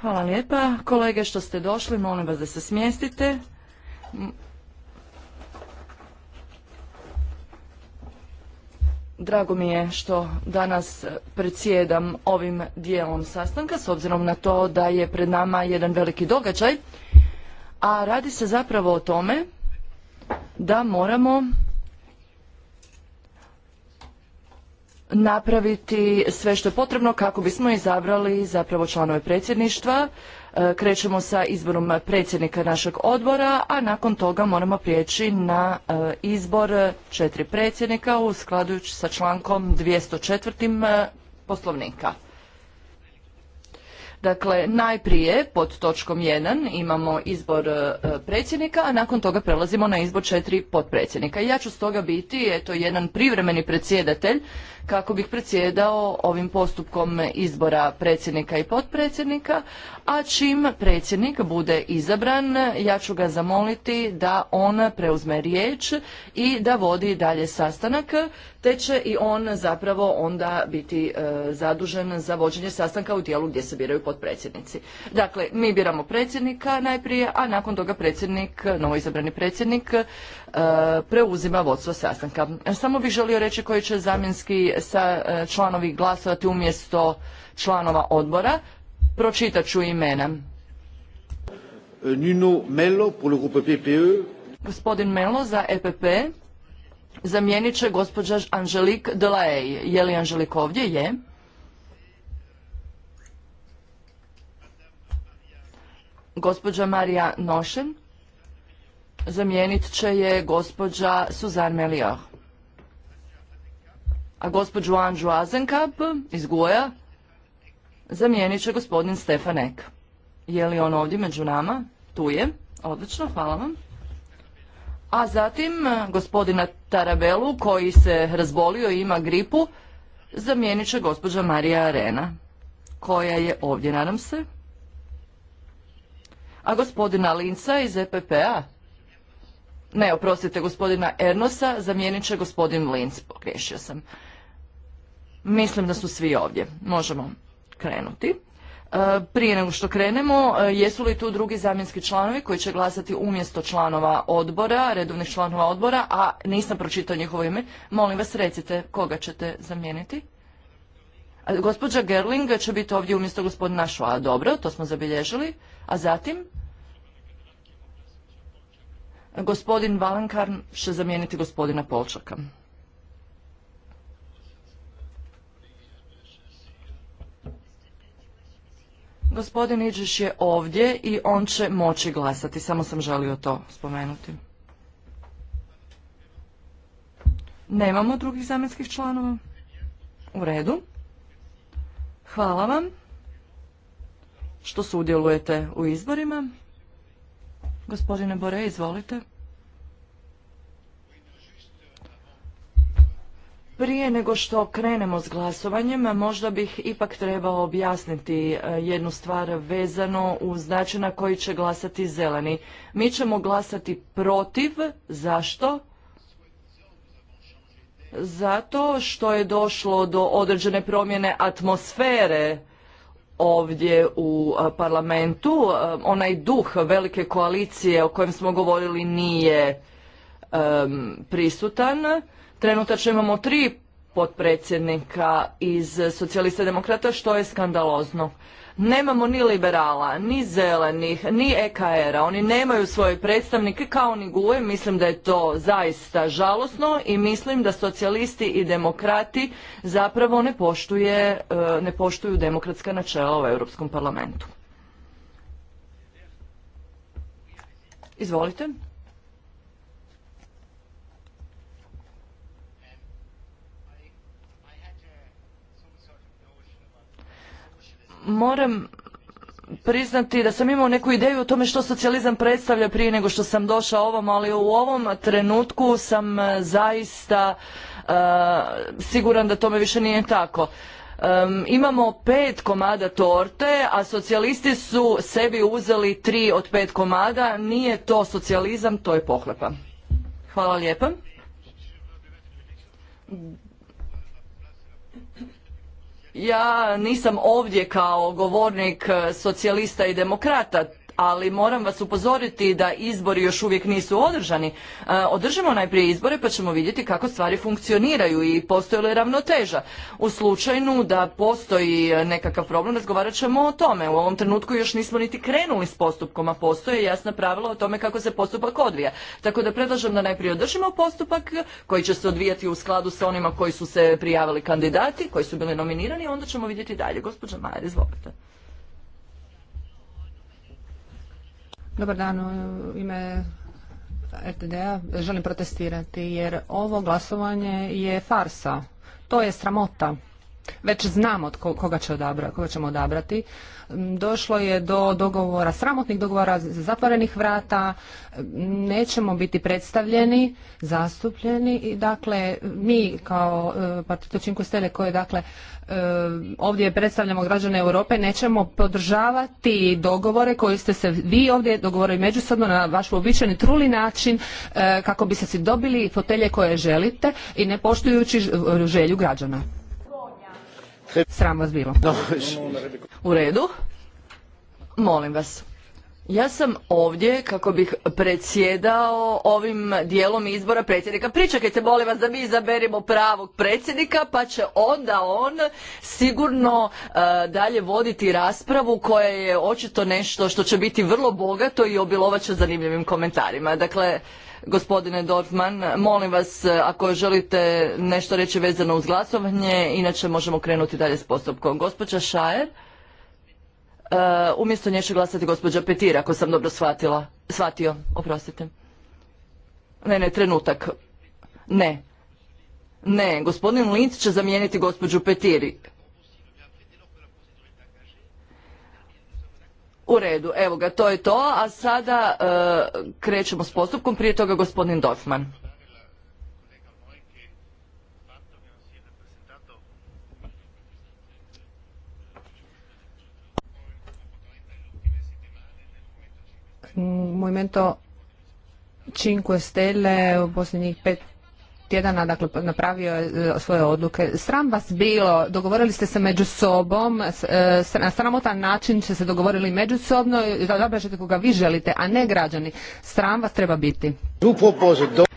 Hvala lijepa. Kolege što ste došli, molim vas da se smjestite. Drago mi je što danas predsjedam ovim dijelom sastanka s obzirom na to da je pred nama jedan veliki događaj, a radi se zapravo o tome da moramo napraviti sve što je potrebno kako bismo izabrali zapravo članove predsjedništva. E, krećemo sa izborom predsjednika našeg odbora, a nakon toga moramo prijeći na e, izbor četiri predsjednika u skladu sa člankom 204. E, poslovnika. Dakle, najprije pod točkom 1 imamo izbor predsjednika, a nakon toga prelazimo na izbor četiri potpredsjednika. Ja ću stoga biti, eto, jedan privremeni predsjedatelj kako bih predsjedao ovim postupkom izbora predsjednika i potpredsjednika, a čim predsjednik bude izabran, ja ću ga zamoliti da on preuzme riječ i da vodi dalje sastanak, te će i on zapravo onda biti e, zadužen za vođenje sastanka u dijelu gdje se biraju potpredsjednici. Dakle, mi biramo predsjednika najprije, a nakon toga predsjednik, novoizabrani predsjednik, E, preuzima vodstvo sastanka. E, samo bih želio reći koji će zamjenski sa e, članovi glasovati umjesto članova odbora. Pročitat ću imena. Nuno Melo pour le groupe PPE. Gospodin Melo za EPP zamijenit će gospođa Anželik Delaej. Je li Anželik ovdje? Je. Gospođa Marija Nošen zamijenit će je gospođa Suzanne Melior. A gospođu Anđu Azenkap iz Guja zamijenit će gospodin Stefan Ek. Je li on ovdje među nama? Tu je. Odlično, hvala vam. A zatim gospodina Tarabelu koji se razbolio i ima gripu zamijenit će gospođa Marija Arena koja je ovdje, nadam se. A gospodina Linca iz EPP-a ne, oprostite, gospodina Ernosa, zamijenit će gospodin Linz, pogriješio sam. Mislim da su svi ovdje. Možemo krenuti. E, prije nego što krenemo, e, jesu li tu drugi zamjenski članovi koji će glasati umjesto članova odbora, redovnih članova odbora, a nisam pročitao njihovo ime. Molim vas, recite koga ćete zamijeniti. E, gospođa Gerling će biti ovdje umjesto gospodina Šva. Dobro, to smo zabilježili. A zatim? Gospodin Valenkarn će zamijeniti gospodina Polčaka. Gospodin Iđiš je ovdje i on će moći glasati. Samo sam želio to spomenuti. Nemamo drugih zamjenskih članova? U redu. Hvala vam što sudjelujete u izborima. Gospodine Bore, izvolite. Prije nego što krenemo s glasovanjem, možda bih ipak trebao objasniti e, jednu stvar vezano uz način na koji će glasati zeleni. Mi ćemo glasati protiv. Zašto? Zato što je došlo do određene promjene atmosfere ovdje u parlamentu. Onaj duh velike koalicije o kojem smo govorili nije prisutan. Trenutačno imamo tri potpredsjednika iz socijalista demokrata, što je skandalozno. Nemamo ni liberala, ni zelenih, ni EKR-a. Oni nemaju svoje predstavnike kao ni guje. Mislim da je to zaista žalosno i mislim da socijalisti i demokrati zapravo ne, poštuje, eh, ne poštuju demokratska načela u Europskom parlamentu. Izvolite. moram priznati da sam imao neku ideju o tome što socijalizam predstavlja prije nego što sam došao ovom, ali u ovom trenutku sam e, zaista e, siguran da tome više nije tako. imamo pet komada torte, a socijalisti su sebi uzeli tri od pet komada. Nije to socijalizam, to je pohlepa. Hvala lijepa ja nisam ovdje kao govornik eh, socijalista i demokrata ali moram vas upozoriti da izbori još uvijek nisu održani. E, održimo najprije izbore pa ćemo vidjeti kako stvari funkcioniraju i postoje li ravnoteža. U slučaju da postoji nekakav problem razgovarat ćemo o tome. U ovom trenutku još nismo niti krenuli s postupkom, a postoje jasna pravila o tome kako se postupak odvija. Tako da predlažem da najprije održimo postupak koji će se odvijati u skladu sa onima koji su se prijavili kandidati, koji su bili nominirani, onda ćemo vidjeti dalje. Gospođa Majer, izvolite. Dobar dan, u ime rtd želim protestirati jer ovo glasovanje je farsa. To je sramota već znamo koga, će odabra, koga ćemo odabrati. Mm, došlo je do dogovora, sramotnih dogovora zatvorenih vrata, nećemo biti predstavljeni, zastupljeni i dakle mi kao e, Partito Cinque koje dakle e, ovdje predstavljamo građane Europe nećemo podržavati dogovore koji ste se vi ovdje dogovorili međusobno na vaš uobičajeni truli način e, kako biste si dobili fotelje koje želite i ne poštujući želju građana. Sram vas bilo. U redu. Molim vas. Ja sam ovdje kako bih predsjedao ovim dijelom izbora predsjednika. Pričekajte, molim vas, da mi izaberimo pravog predsjednika, pa će onda on sigurno e, dalje voditi raspravu koja je očito nešto što će biti vrlo bogato i obilovaće zanimljivim komentarima. Dakle, gospodine Dortman, molim vas, e, ako želite nešto reći vezano uz glasovanje, inače možemo krenuti dalje s postupkom. Gospođa Šajer. Uh, umjesto nje će glasati gospođa Petir, ako sam dobro shvatila. Shvatio, oprostite. Ne, ne, trenutak. Ne. Ne, gospodin Linc će zamijeniti gospođu Petir. U redu, evo ga, to je to, a sada uh, krećemo s postupkom, prije toga gospodin Dorfman. Movimento Cinque Stelle u posljednjih pet tjedana dakle, napravio e, svoje odluke. Sram vas bilo, dogovorili ste se među sobom, e, na sramotan način ste se dogovorili međusobno, odabraćete koga vi želite, a ne građani. Sram vas treba biti.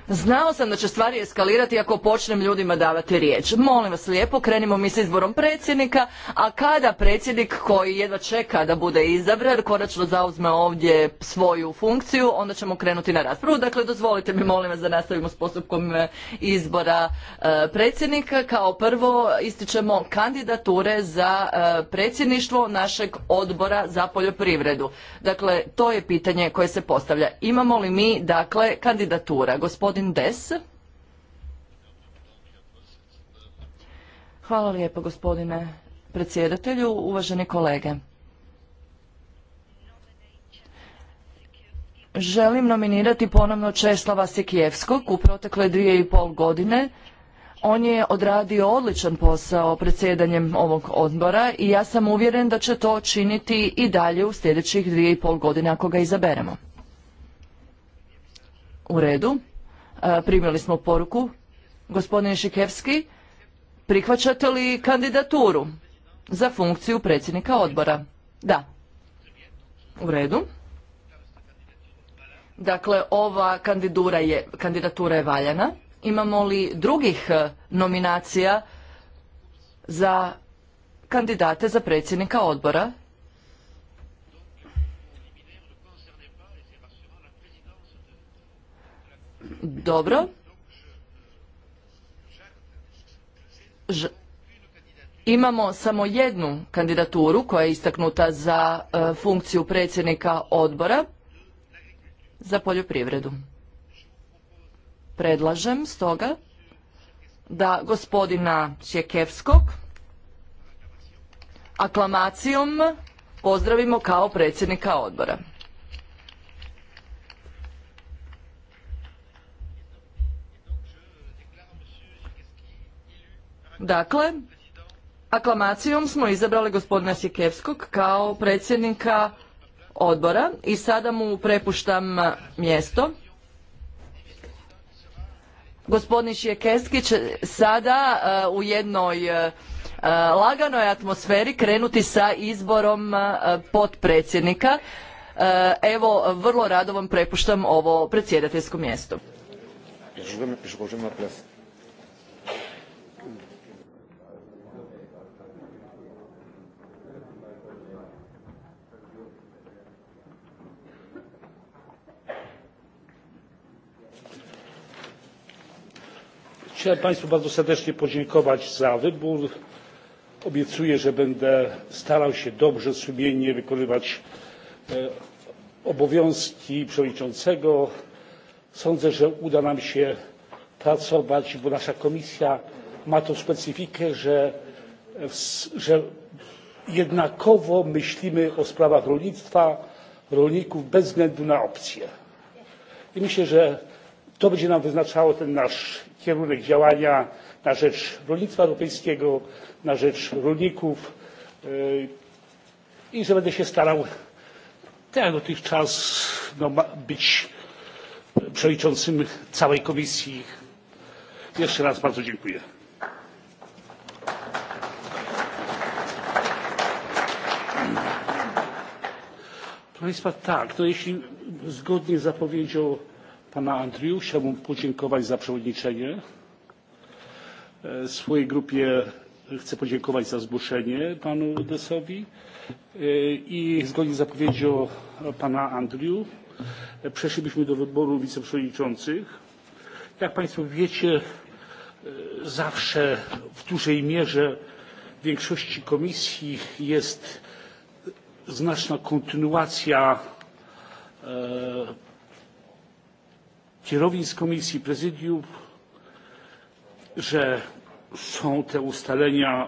Znao sam da će stvari eskalirati ako počnem ljudima davati riječ. Molim vas lijepo, krenimo mi s izborom predsjednika, a kada predsjednik koji jedva čeka da bude izabran, konačno zauzme ovdje svoju funkciju, onda ćemo krenuti na raspravu. Dakle, dozvolite mi, molim vas, da nastavimo s postupkom e, izbora e, predsjednika. Kao prvo ističemo kandidature za e, predsjedništvo našeg odbora za poljoprivredu. Dakle, to je pitanje koje se postavlja. Imamo li mi, dakle, kandidatura? Gospodin gospodin Des. Hvala lijepo gospodine predsjedatelju, uvaženi kolege. Želim nominirati ponovno Česlava Sikijevskog u protekle dvije i pol godine. On je odradio odličan posao predsjedanjem ovog odbora i ja sam uvjeren da će to činiti i dalje u sljedećih dvije i pol godine ako ga izaberemo. U redu. E, primili smo poruku. gospodin Šikevski, prihvaćate li kandidaturu za funkciju predsjednika odbora? Da. U redu. Dakle, ova kandidatura je, kandidatura je valjana. Imamo li drugih e, nominacija za kandidate za predsjednika odbora? dobro. Imamo samo jednu kandidaturu koja je istaknuta za e, funkciju predsjednika odbora za poljoprivredu. Predlažem stoga da gospodina Čekevskog aklamacijom pozdravimo kao predsjednika odbora. Dakle, aklamacijom smo izabrali gospodina Sikevskog kao predsjednika odbora i sada mu prepuštam mjesto. Gospodin Sjekevski će sada uh, u jednoj uh, uh, laganoj atmosferi krenuti sa izborom potpredsjednika. Evo, vrlo rado vam prepuštam ovo predsjedateljsko mjesto. chciałem państwu bardzo serdecznie podziękować za wybór. obiecuję że będę starał się dobrze sumiennie wykonywać e, obowiązki przewodniczącego. sądzę że uda nam się pracować bo nasza komisja ma tą specyfikę że, że jednakowo myślimy o sprawach rolnictwa rolników bez względu na opcję. i myślę że to będzie nam wyznaczało ten nasz kierunek działania na rzecz rolnictwa europejskiego na rzecz rolników i że będę się starał tak jak dotychczas być przewodniczącym całej komisji. jeszcze raz bardzo dziękuję. proszę państwa tak jeśli zgodnie z zapowiedzią pana Andriu. Chciałbym podziękować za przewodniczenie. E, swojej grupie chcę podziękować za zgłoszenie panu Desowi e, i zgodnie z zapowiedzią pana Andriu e, przeszlibyśmy do wyboru wiceprzewodniczących. Jak państwo wiecie, zawsze w dużej mierze w większości komisji jest znaczna kontynuacja kierownic komisji prezydiów że są te ustalenia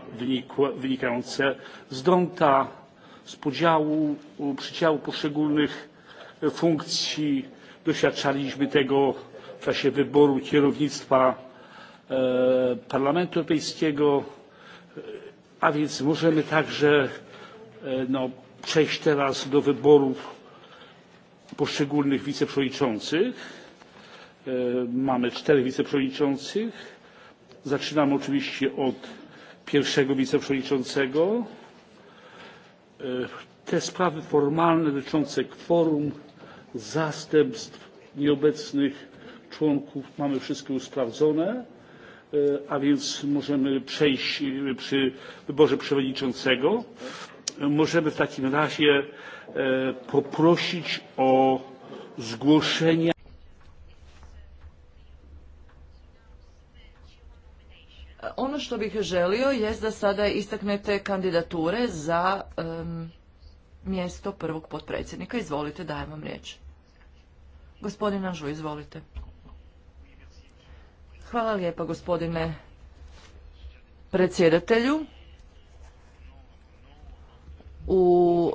wynikające z d'hondta z podziału przydziału poszczególnych funkcji doświadczaliśmy tego w czasie wyboru kierownictwa e, parlamentu europejskiego a więc możemy także e, przejść teraz do wyborów poszczególnych wiceprzewodniczących E, mamy czterech wiceprzewodniczących. Zaczynamy oczywiście od pierwszego wiceprzewodniczącego. E, te sprawy formalne dotyczące kworum, zastępstw nieobecnych członków mamy wszystkie usprawdzone, e, a więc możemy przejść przy wyborze przewodniczącego. Możemy w takim razie poprosić o zgłoszenia Ono što bih želio jest da sada istaknete kandidature za mjesto prvog potpredsjednika. Izvolite, dajem vam riječ. Gospodin Anžu, izvolite. Hvala lijepa, gospodine predsjedatelju. U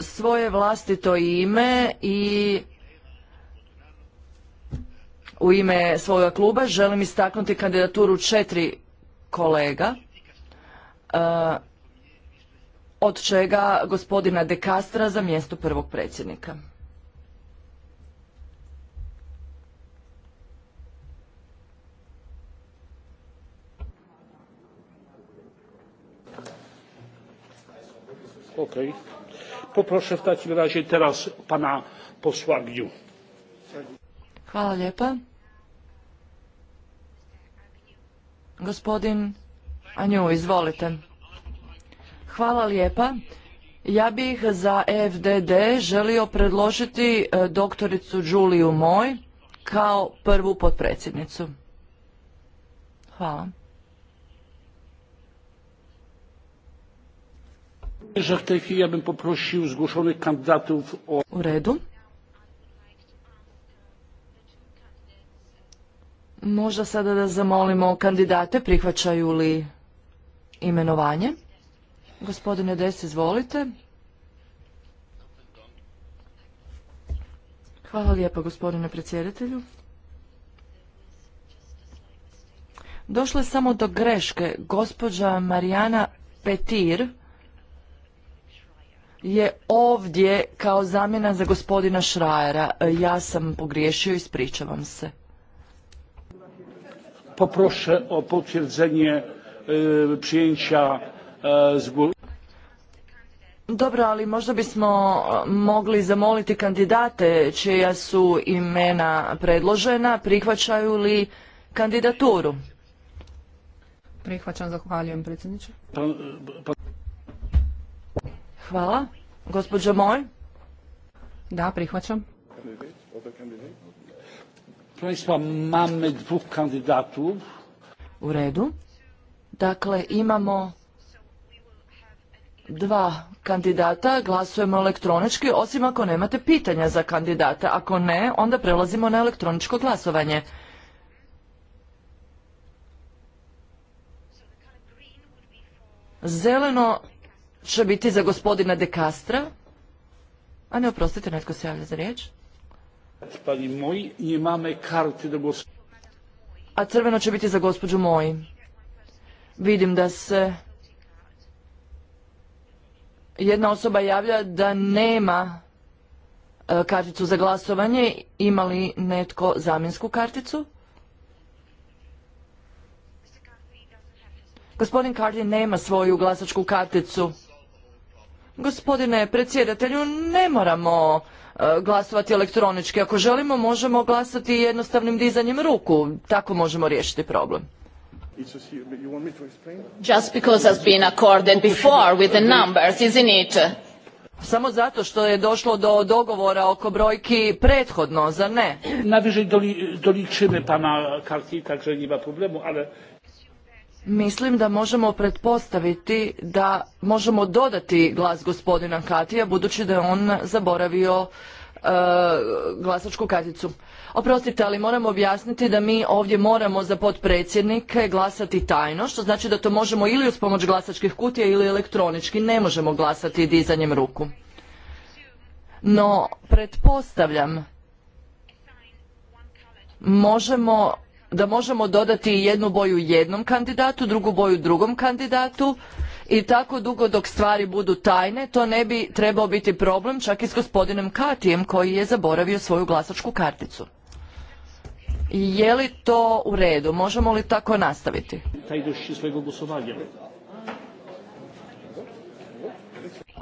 svoje vlastito ime i u ime svoga kluba želim istaknuti kandidaturu četiri kolega, eh, od čega gospodina De Castra za mjesto prvog predsjednika. Ok. Poproszę w takim razie teraz pana posła Hvala lijepa. Gospodin Anju, izvolite. Hvala lijepa. Ja bih za FDD želio predložiti e, doktoricu Đuliju Moj kao prvu potpredsjednicu. Hvala. U redu. Možda sada da zamolimo kandidate, prihvaćaju li imenovanje. Gospodine Des, izvolite. Hvala lijepa gospodine predsjedatelju. Došlo samo do greške. Gospođa Marijana Petir je ovdje kao zamjena za gospodina Šrajera. Ja sam pogriješio, ispričavam se poproszę o potwierdzenie e, przyjęcia e, dobro, ali možda bismo e, mogli zamoliti kandidate čija su imena predložena, prihvaćaju li kandidaturu? Prihvaćam, zahvaljujem predsjedniče. Pa, pa- Hvala. Gospođo Moj? Da, prihvaćam mamy U redu. Dakle, imamo dva kandidata, glasujemo elektronički, osim ako nemate pitanja za kandidata. Ako ne, onda prelazimo na elektroničko glasovanje. Zeleno će biti za gospodina De Castra. A ne, oprostite, netko se javlja za riječ nie mamy A crveno će biti za gospođu Moji. Vidim da se jedna osoba javlja da nema e, karticu za glasovanje. Ima li netko zamjensku karticu? Gospodin Cardin nema svoju glasačku karticu. Gospodine predsjedatelju, ne moramo E, glasovati elektronički. Ako želimo, možemo glasati jednostavnim dizanjem ruku. Tako možemo riješiti problem. Just Samo zato što je došlo do dogovora oko brojki prethodno, zar ne? Najviše doličime pana karti, takže nie problemu, ali Mislim da možemo pretpostaviti da možemo dodati glas gospodina Katija budući da je on zaboravio e, glasačku karticu. Oprostite, ali moramo objasniti da mi ovdje moramo za potpredsjednike glasati tajno, što znači da to možemo ili uz pomoć glasačkih kutija ili elektronički. Ne možemo glasati dizanjem ruku. No, pretpostavljam, možemo da možemo dodati jednu boju jednom kandidatu, drugu boju drugom kandidatu i tako dugo dok stvari budu tajne, to ne bi trebao biti problem čak i s gospodinom Katijem koji je zaboravio svoju glasačku karticu. Je li to u redu? Možemo li tako nastaviti?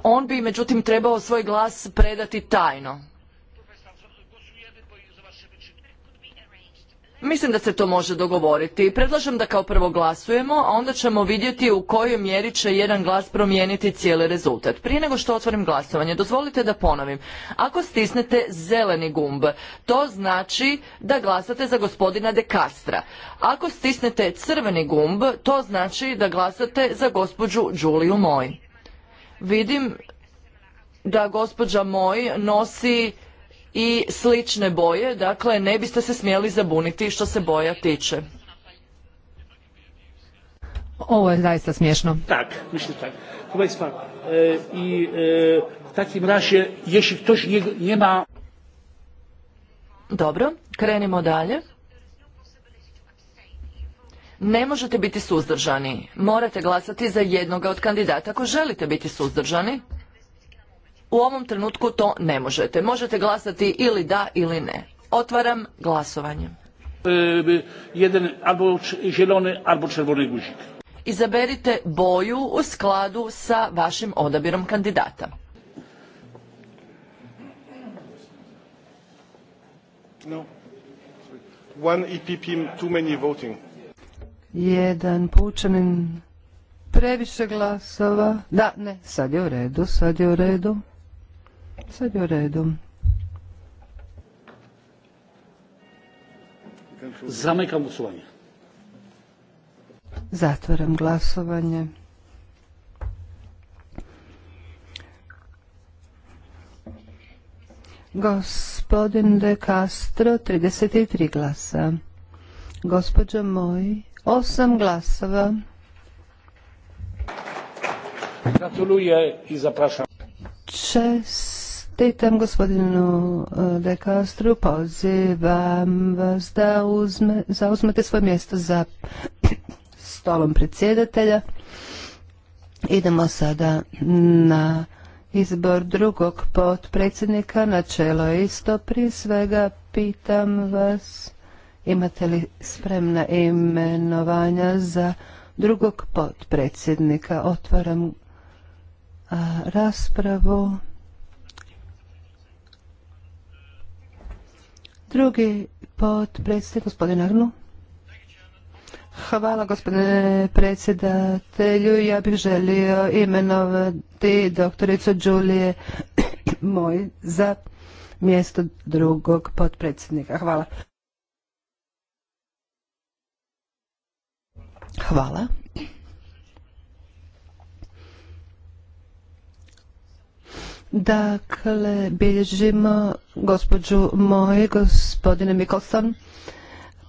On bi međutim trebao svoj glas predati tajno. Mislim da se to može dogovoriti. Predlažem da kao prvo glasujemo, a onda ćemo vidjeti u kojoj mjeri će jedan glas promijeniti cijeli rezultat. Prije nego što otvorim glasovanje, dozvolite da ponovim. Ako stisnete zeleni gumb, to znači da glasate za gospodina De Castra. Ako stisnete crveni gumb, to znači da glasate za gospođu Đuliju Moj. Vidim da gospođa Moj nosi i slične boje, dakle ne biste se smjeli zabuniti što se boja tiče. Ovo je zaista smiješno. Tak, mislim tak. E, i u e, takim razie, ješi Dobro, krenimo dalje. Ne možete biti suzdržani. Morate glasati za jednoga od kandidata ako želite biti suzdržani. U ovom trenutku to ne možete. Možete glasati ili da ili ne. Otvaram glasovanje. E, jedan albo albo Izaberite boju u skladu sa vašim odabirom kandidata. E jedan pučanin previše glasova. Da, ne, sad je u redu, sad je u redu. Sad je u redu. Zamekam Zatvaram glasovanje. Gospodin De Castro, 33 glasa. Gospodža Moj, 8 glasova. Gratuluje i zapraszam. Čest titam gospodinu e, De Castro, pozivam vas da zauzmete svoje mjesto za stolom predsjedatelja. Idemo sada na izbor drugog potpredsjednika. Načelo je isto. Prije svega pitam vas imate li spremna imenovanja za drugog potpredsjednika. Otvaram raspravu. Drugi potpredsjednik, gospodin Arnu. Hvala gospodine predsjedatelju. Ja bih želio imenovati doktoricu Đulije Moj za mjesto drugog potpredsjednika. Hvala. Hvala. Dakle, bilježimo gospođu moje, gospodine Mikolson,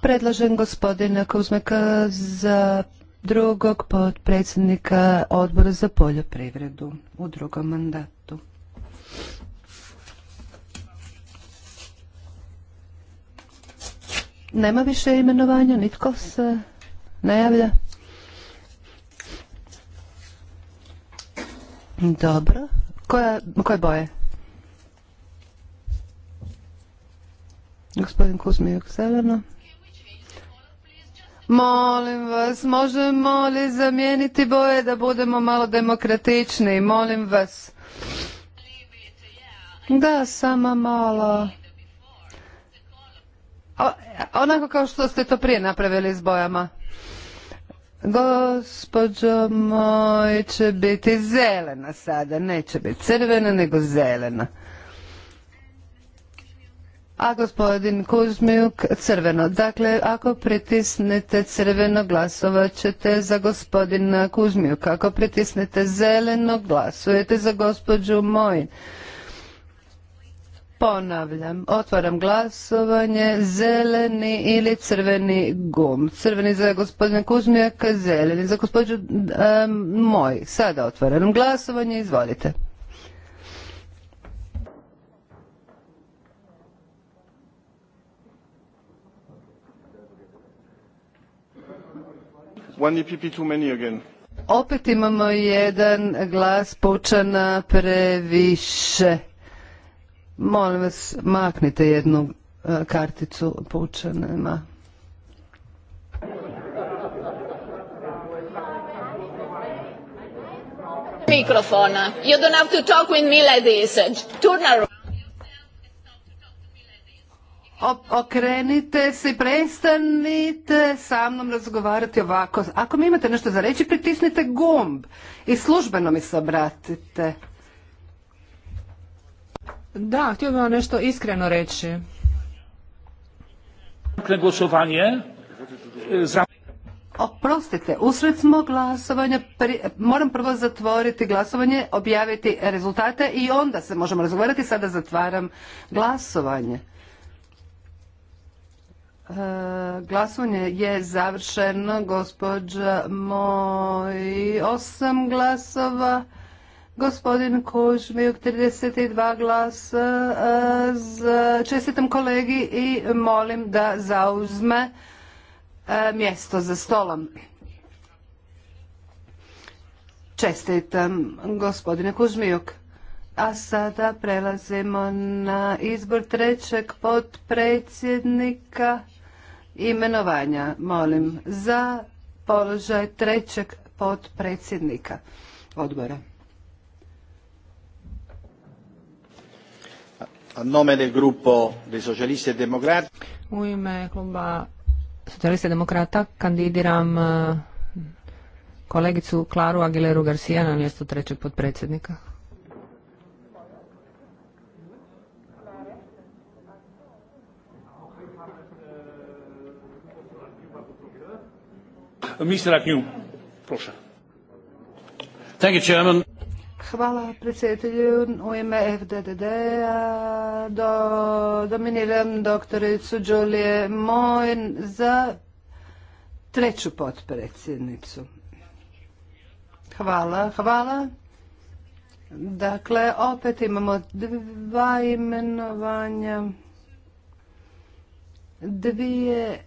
predlažem gospodina Kuzmeka za drugog podpredsjednika odbora za poljoprivredu u drugom mandatu. Nema više imenovanja, nitko se ne Dobro. Koja, koje boje? Gospodin Kuzmijuk zeleno. Molim vas, možemo li zamijeniti boje da budemo malo demokratični? Molim vas. Da, samo malo. onako kao što ste to prije napravili s bojama. Gospođo moj će biti zelena sada, neće biti crvena nego zelena. A gospodin Kuzmijuk crveno. Dakle, ako pritisnete crveno glasovat ćete za gospodina Kuzmijuk. Ako pritisnete zeleno glasujete za gospođu moj Ponavljam, otvaram glasovanje, zeleni ili crveni gum. Crveni za gospodina Kuzmijaka, zeleni za gospođu moj. Sada otvaram glasovanje, izvolite. E Opet imamo jedan glas pučana previše. Molim vas, maknite jednu e, karticu pučanima. Mikrofona. You don't have to talk with me okrenite se prestanite sa mnom razgovarati ovako. Ako mi imate nešto za reći, pritisnite gumb i službeno mi se obratite. Da, htio bih vam nešto iskreno reći. Oprostite, usred smo glasovanja, moram prvo zatvoriti glasovanje, objaviti rezultate i onda se možemo razgovarati. Sada zatvaram glasovanje. E, glasovanje je završeno, gospođa moj osam glasova. Gospodin trideset 32 glasa. E, Čestitam kolegi i molim da zauzme e, mjesto za stolom. Čestitam gospodine Kužmijuk. A sada prelazimo na izbor trećeg potpredsjednika imenovanja, molim, za položaj trećeg potpredsjednika odbora. a nome del gruppo dei socialisti e democrati. U ime kluba socialista i demokrata kandidiram eh, kolegicu Klaru Aguileru Garcia na mjesto trećeg potpredsjednika. Mr. Agnew, prošao. Thank you, Chairman. Hvala predsjedatelju. U ime FDDD-a dominiram doktoricu Đulije Mojn za treću potpredsjednicu. Hvala, hvala. Dakle, opet imamo dva imenovanja, dvije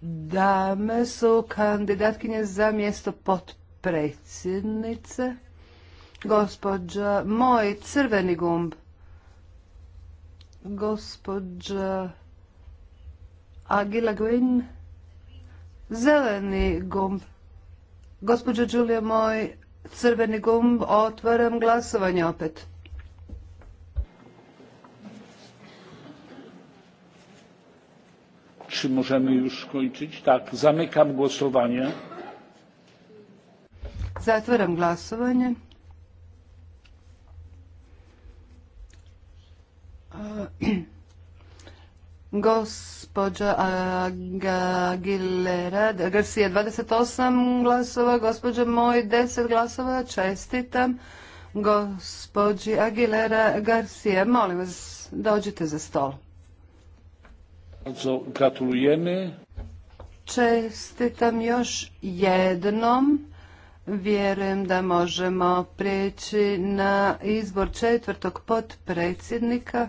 dame su kandidatkinje za mjesto potpredsjednice predsjednice. Gospođa, moj crveni gumb. Gospođa Agila Gwyn, zeleni gumb. Gospođa Đulija, moj crveni gumb, otvaram glasovanje opet. Czy możemy już skończyć? Tak, zamykam głosowanie. Zatvaram glasovanje. Gospođa Aguilera Garcia 28 glasova, gospođa Moj 10 glasova, čestitam. Gospođi Aguilera Garcia, molim vas, dođite za stol. Čestitam još jednom Vjerujem da možemo prijeći na izbor četvrtog potpredsjednika.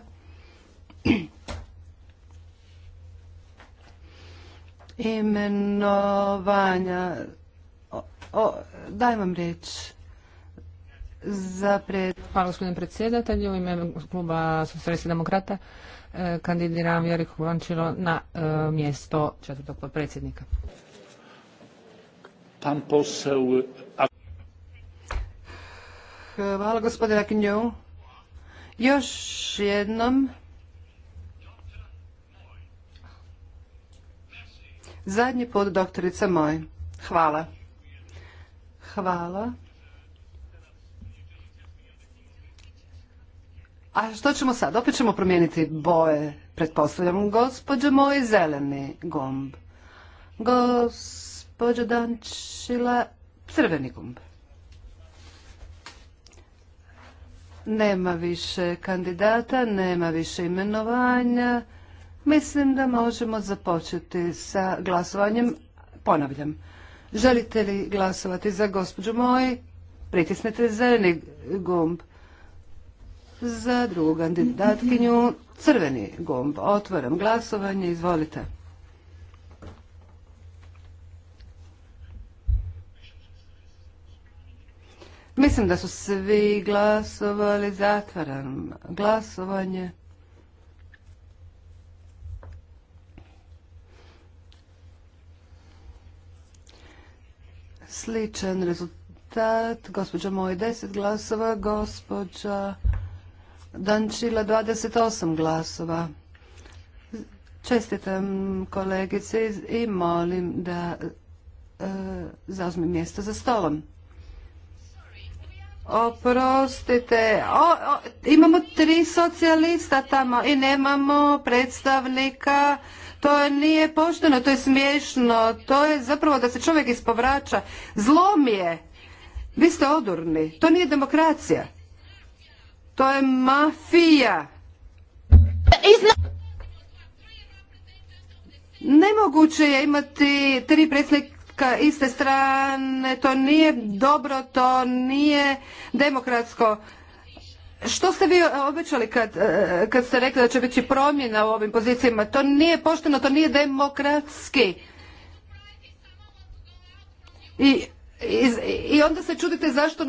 Imenovanja. daj vam riječ. Za pred... Hvala gospodine predsjedatelju. U ime kluba Socialista demokrata e, kandidiram Jeriku Vančilo na e, mjesto četvrtog potpredsjednika. Pan poseł Hvala gospodin Knju. Još jednom. Zadnji put doktorica moj. Hvala. Hvala. A što ćemo sad? Opet ćemo promijeniti boje, pretpostavljam. Gospođe moj, zeleni gomb. Gospođo Dančila, crveni gumb. Nema više kandidata, nema više imenovanja. Mislim da možemo započeti sa glasovanjem. Ponavljam, želite li glasovati za gospođu moj? Pritisnite zeleni gumb. Za drugu kandidatkinju crveni gumb. Otvaram glasovanje, izvolite. Mislim da su svi glasovali zatvaram glasovanje. Sličan rezultat, gospođa Moj 10 glasova, gospođa Dančila 28 glasova. Čestitam kolegice i molim da e, mjesto za stolom. Oprostite, o, imamo tri socijalista tamo i nemamo predstavnika. To nije pošteno, to je smiješno, to je zapravo da se čovjek ispovraća. Zlom je. Vi ste odurni. To nije demokracija. To je mafija. Nemoguće je imati tri predstavnika ka iste strane, to nije dobro, to nije demokratsko. Što ste vi obećali kad, e, kad ste rekli da će biti promjena u ovim pozicijama? To nije pošteno, to nije demokratski. I i onda se čudite zašto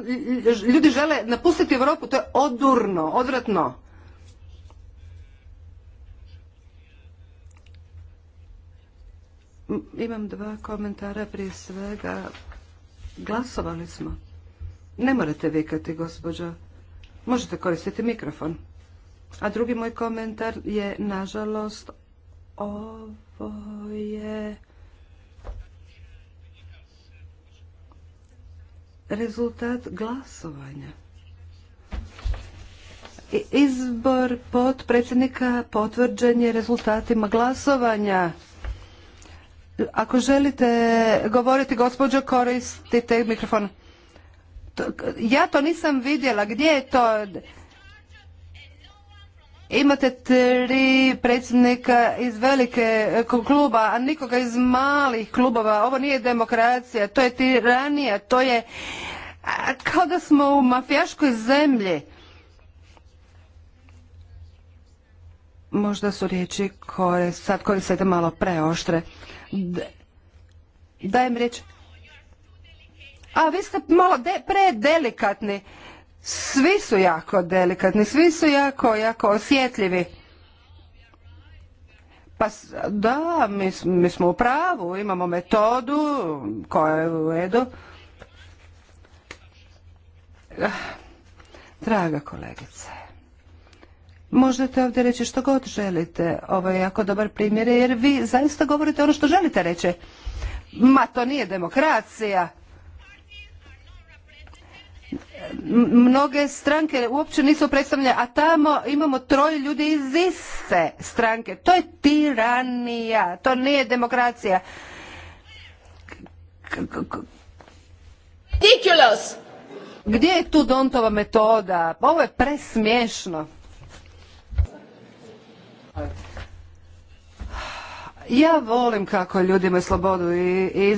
ljudi žele napustiti Europu, to je odurno, odvratno. Imam dva komentara prije svega. Glasovali smo. Ne morate vikati, gospođo. Možete koristiti mikrofon. A drugi moj komentar je, nažalost, ovo je... rezultat glasovanja. Izbor potpredsjednika potvrđen je rezultatima glasovanja. Ako želite govoriti, gospođo, koristite mikrofon. Ja to nisam vidjela. Gdje je to? Imate tri predsjednika iz velike e, kluba, a nikoga iz malih klubova. Ovo nije demokracija, to je tiranija, to je kao da smo u mafijaškoj zemlji. Možda su riječi koje sad koristite malo preoštre dajem riječ. A vi ste malo de, predelikatni. Svi su jako delikatni, svi su jako, jako osjetljivi. Pa da, mi, mi smo u pravu, imamo metodu koja je u redu. Ah, draga kolegice, možete ovdje reći što god želite. Ovo je jako dobar primjer jer vi zaista govorite ono što želite reći. Ma to nije demokracija. Mnoge stranke uopće nisu predstavljene, a tamo imamo troje ljudi iz iste stranke. To je tiranija, to nije demokracija. Gdje je tu Dontova metoda? Ovo je presmiješno. Ja volim kako ljudi imaju slobodu i, i,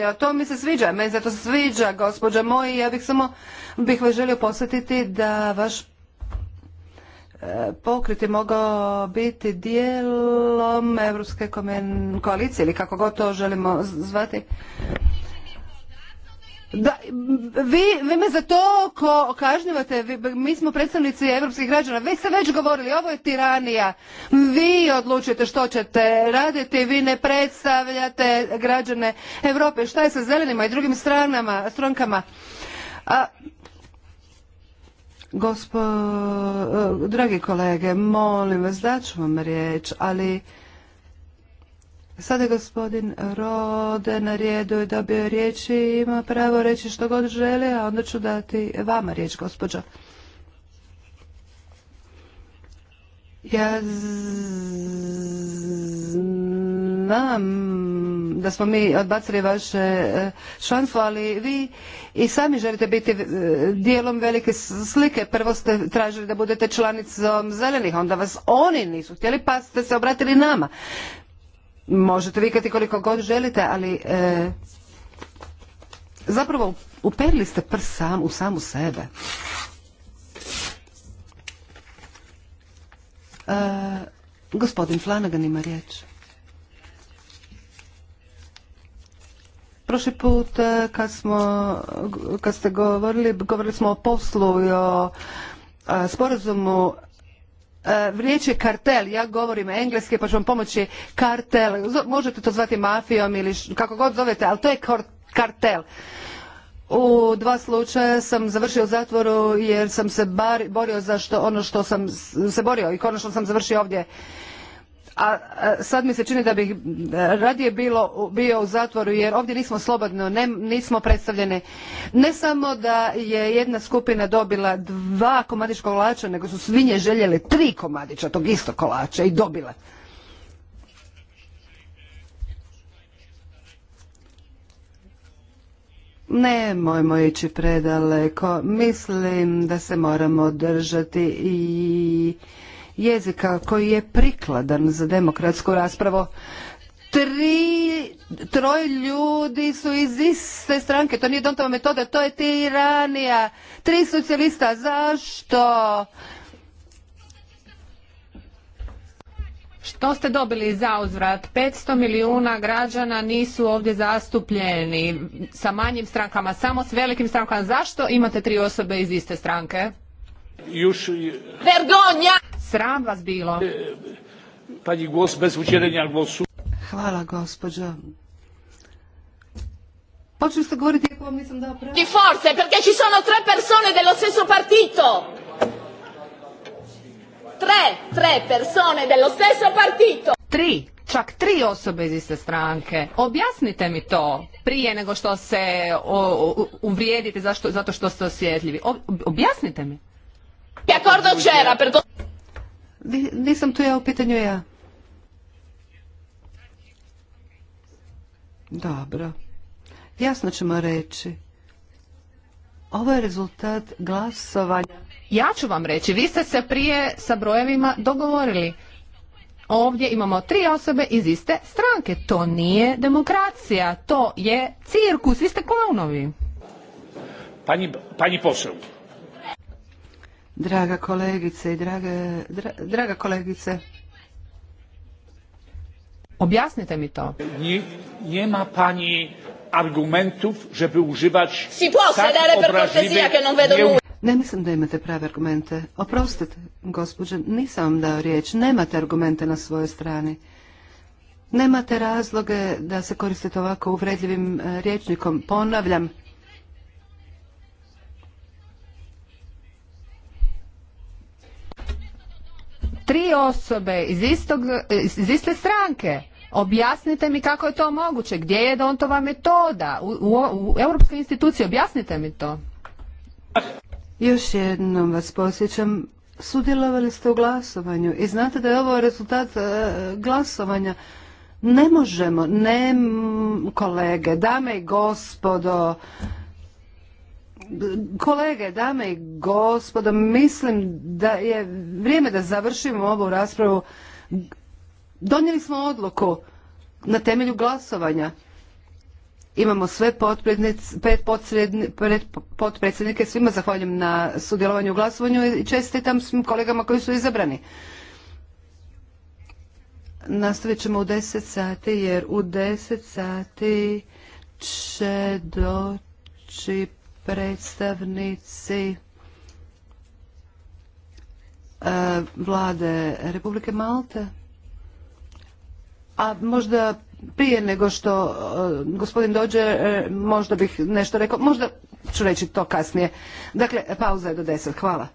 e, a to mi se sviđa, meni se to sviđa, gospođa moji, ja bih samo, bih vas želio posjetiti da vaš e, pokrit je mogao biti dijelom Europske koalicije ili kako god to želimo zvati da, vi, vi me za to ko kažnjavate, mi smo predstavnici europskih građana, vi ste već govorili, ovo je tiranija, vi odlučujete što ćete raditi, vi ne predstavljate građane Europe, šta je sa zelenima i drugim stranama, strankama. A, gospo, eh, dragi kolege, molim vas, daću vam riječ, ali Sada je gospodin Rode na rijedu i dobio riječ i ima pravo reći što god želi, a onda ću dati vama riječ, gospođo. Ja znam da smo mi odbacili vaše šansu, e, ali vi i sami želite biti e, dijelom velike slike. Prvo ste tražili da budete članicom zelenih, onda vas oni nisu htjeli, pa ste se obratili nama možete vikati koliko god želite, ali e, zapravo uperili ste prs sam u samu sebe. E, gospodin Flanagan ima riječ. Prošli put e, kad, kad ste govorili, govorili smo o poslu i o sporazumu E, riječ je kartel, ja govorim engleski pa ću vam pomoći kartel, možete to zvati mafijom ili kako god zovete, ali to je kartel. U dva slučaja sam završio u zatvoru jer sam se borio za ono što sam se borio i konačno sam završio ovdje a sad mi se čini da bih e, radije bio u zatvoru jer ovdje nismo slobodno, nismo predstavljeni. Ne samo da je jedna skupina dobila dva komadića kolača, nego su svinje željele tri komadića tog istog kolača i dobila. Nemojmo ići predaleko. Mislim da se moramo držati i jezika koji je prikladan za demokratsku raspravu. Tri, troj ljudi su iz iste stranke, to nije Dontova metoda, to je tiranija. Tri socijalista, zašto? Što ste dobili za uzvrat? 500 milijuna građana nisu ovdje zastupljeni sa manjim strankama, samo s velikim strankama. Zašto imate tri osobe iz iste stranke? Vergonja! Sram vas bilo. E, pani głos bez udzielenia głosu. Hvala, gospođo. Počeli ste govoriti ako vam nisam dao pravo. Ti force, perché ci sono tre persone dello stesso partito. Tre, tre persone dello stesso partito. Tri, čak tri osobe iz iste stranke. Objasnite mi to prije nego što se uvrijedite zato što ste osjetljivi. Objasnite mi. Che accordo c'era nisam tu ja u pitanju ja. Dobro. Jasno ćemo reći. Ovo je rezultat glasovanja. Ja ću vam reći, vi ste se prije sa brojevima dogovorili. Ovdje imamo tri osobe iz iste stranke. To nije demokracija, to je cirkus, vi ste klaunovi. Pani, pani Draga kolegice i draga kolegice. Objasnite mi to. Nie, nie ma pani argumentów, żeby używać si Ne mislim da imate prave argumente. Oprostite, gospođe, nisam vam dao riječ. Nemate argumente na svojoj strani. Nemate razloge da se koristite ovako uvredljivim eh, rječnikom. Ponavljam, tri osobe iz, istog, iz iste stranke. Objasnite mi kako je to moguće, gdje je Dontova metoda u, u, u europskoj institucije, objasnite mi to. Još jednom vas posjećam, sudjelovali ste u glasovanju i znate da je ovo rezultat e, glasovanja. Ne možemo, ne kolege, dame i gospodo, Kolege, dame i gospodo, mislim da je vrijeme da završimo ovu raspravu. Donijeli smo odluku na temelju glasovanja. Imamo sve potpredsjednike, svima zahvaljujem na sudjelovanju u glasovanju i čestitam svim kolegama koji su izabrani. Nastavit ćemo u 10 sati jer u 10 sati će doći predstavnici e, vlade Republike Malte. A možda prije nego što e, gospodin dođe, e, možda bih nešto rekao, možda ću reći to kasnije. Dakle, pauza je do deset. Hvala.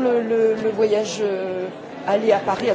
le, le, le voyage euh, aller à Paris.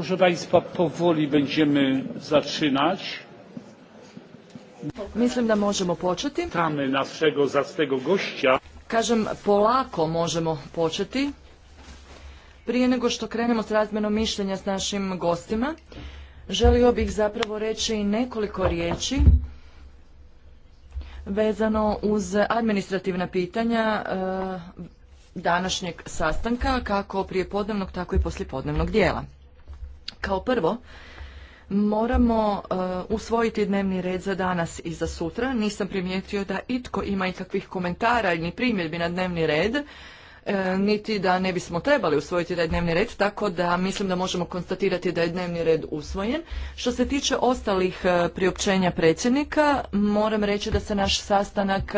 Proszę Państwa, powoli będziemy zaczynać. Mislim da možemo početi. Tamy naszego zastego gościa. Kažem, polako možemo početi. Prije nego što krenemo s razmenom mišljenja s našim gostima, želio bih zapravo reći nekoliko riječi vezano uz administrativna pitanja eh, današnjeg sastanka, kako prijepodnevnog, tako i poslijepodnevnog dijela. Kao prvo, moramo e, usvojiti dnevni red za danas i za sutra. Nisam primijetio da itko ima ikakvih komentara ni primjedbi na dnevni red, e, niti da ne bismo trebali usvojiti taj dnevni red, tako da mislim da možemo konstatirati da je dnevni red usvojen. Što se tiče ostalih e, priopćenja predsjednika, moram reći da se naš sastanak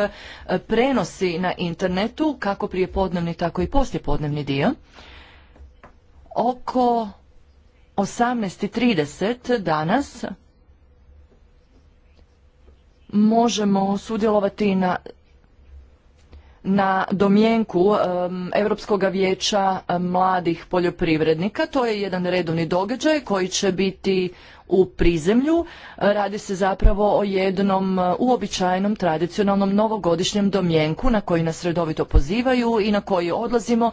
prenosi na internetu, kako prije podnevni, tako i podnevni dio. Oko 18.30 danas možemo sudjelovati na na domjenku Europskog vijeća mladih poljoprivrednika. To je jedan redovni događaj koji će biti u prizemlju. Radi se zapravo o jednom uobičajenom tradicionalnom novogodišnjem domjenku na koji nas redovito pozivaju i na koji odlazimo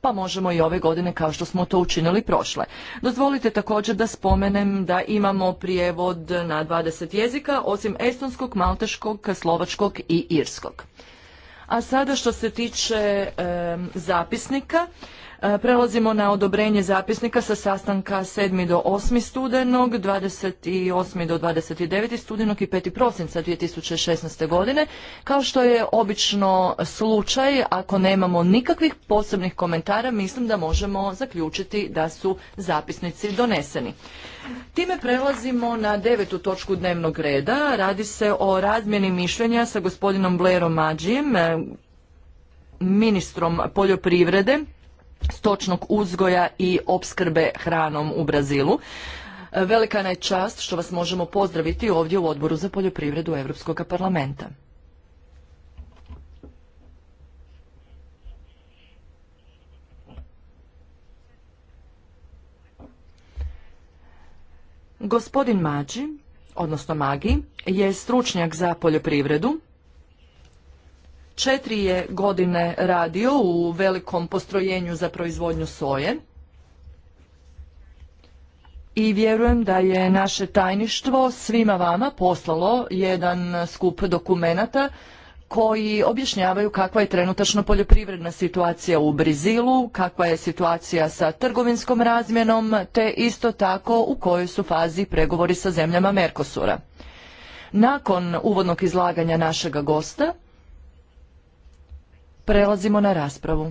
pa možemo i ove godine kao što smo to učinili prošle. Dozvolite također da spomenem da imamo prijevod na 20 jezika, osim estonskog, malteškog, slovačkog i irskog. A sada što se tiče zapisnika, E, prelazimo na odobrenje zapisnika sa sastanka 7. do 8. studenog, 28. do 29. studenog i 5. prosinca 2016. godine. Kao što je obično slučaj, ako nemamo nikakvih posebnih komentara, mislim da možemo zaključiti da su zapisnici doneseni. Time prelazimo na devetu točku dnevnog reda. Radi se o razmjeni mišljenja sa gospodinom Blairom Mađijem, e, ministrom poljoprivrede stočnog uzgoja i opskrbe hranom u Brazilu. E, velika je čast što vas možemo pozdraviti ovdje u Odboru za poljoprivredu Europskog parlamenta. Gospodin Mađi, odnosno Magi, je stručnjak za poljoprivredu Četiri je godine radio u velikom postrojenju za proizvodnju soje i vjerujem da je naše tajništvo svima vama poslalo jedan skup dokumenata koji objašnjavaju kakva je trenutačno poljoprivredna situacija u Brazilu, kakva je situacija sa trgovinskom razmjenom, te isto tako u kojoj su fazi pregovori sa zemljama Merkosura. Nakon uvodnog izlaganja našega gosta, Prelazimo na raspravu.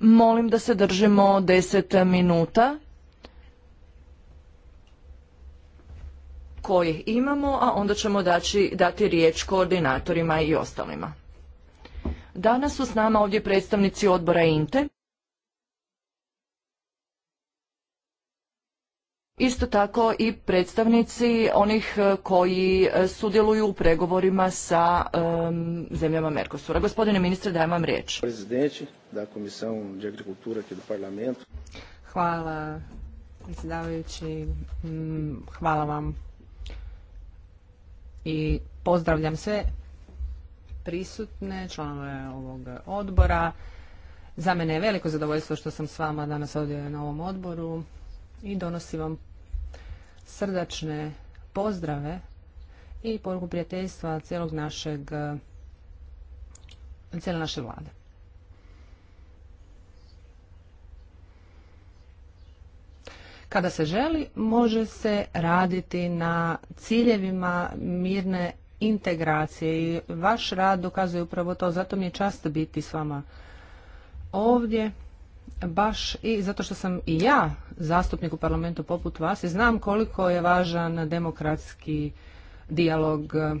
Molim da se držimo deset minuta koje imamo, a onda ćemo dati riječ koordinatorima i ostalima. Danas su s nama ovdje predstavnici odbora INTE. Isto tako i predstavnici onih e, koji e, sudjeluju u pregovorima sa zemljama Mercosura. Gospodine ministre, dajem vam riječ. Dakle, da Hvala, predsjedavajući. Mm, hvala vam. I pozdravljam sve prisutne članove ovog odbora. Za mene je veliko zadovoljstvo što sam s vama danas ovdje na ovom odboru i donosi vam srdačne pozdrave i poruku prijateljstva cijelog našeg cijele naše vlade. Kada se želi, može se raditi na ciljevima mirne integracije i vaš rad dokazuje upravo to. Zato mi je čast biti s vama ovdje baš i zato što sam i ja zastupnik u parlamentu poput vas i znam koliko je važan demokratski dijalog e,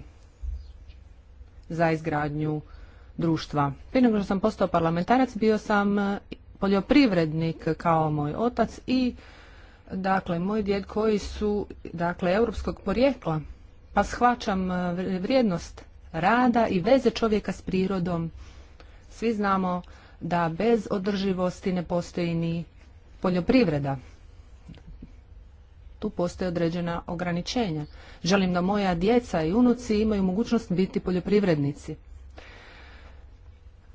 za izgradnju društva. Prije nego što sam postao parlamentarac, bio sam e, poljoprivrednik kao moj otac i dakle moj djed koji su dakle europskog porijekla, pa shvaćam e, vrijednost rada i veze čovjeka s prirodom. Svi znamo da bez održivosti ne postoji ni poljoprivreda. Tu postoje određena ograničenja. Želim da moja djeca i unuci imaju mogućnost biti poljoprivrednici.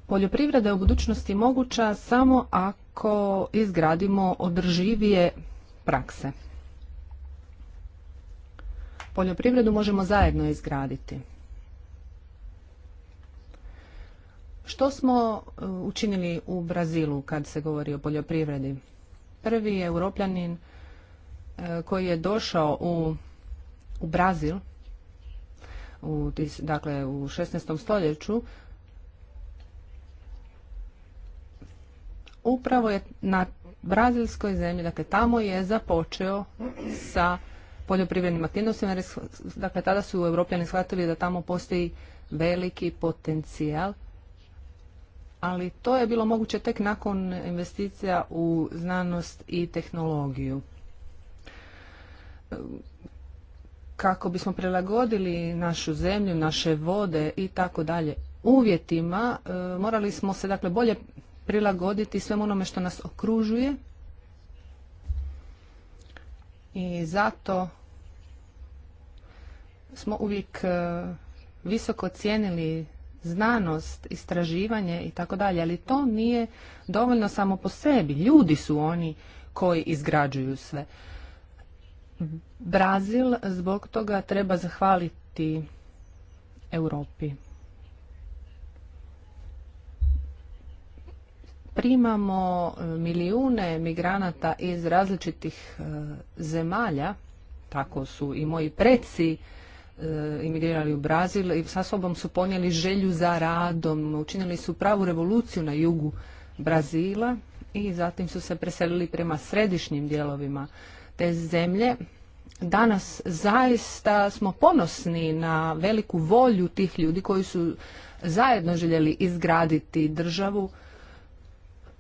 Poljoprivreda je u budućnosti moguća samo ako izgradimo održivije prakse. Poljoprivredu možemo zajedno izgraditi. Što smo e, učinili u Brazilu kad se govori o poljoprivredi? Prvi je europljanin e, koji je došao u, u Brazil, u, dakle u 16. stoljeću, upravo je na brazilskoj zemlji, dakle tamo je započeo sa poljoprivrednim aktivnostima, dakle tada su europljani shvatili da tamo postoji veliki potencijal ali to je bilo moguće tek nakon investicija u znanost i tehnologiju. Kako bismo prilagodili našu zemlju, naše vode i tako dalje uvjetima, e, morali smo se dakle bolje prilagoditi svemu onome što nas okružuje i zato smo uvijek e, visoko cijenili znanost, istraživanje i tako dalje, ali to nije dovoljno samo po sebi. Ljudi su oni koji izgrađuju sve. Brazil zbog toga treba zahvaliti Europi. Primamo milijune migranata iz različitih e, zemalja, tako su i moji preci E, imigrirali u Brazil i sa sobom su ponijeli želju za radom, učinili su pravu revoluciju na jugu Brazila i zatim su se preselili prema središnjim dijelovima te zemlje. Danas zaista smo ponosni na veliku volju tih ljudi koji su zajedno željeli izgraditi državu.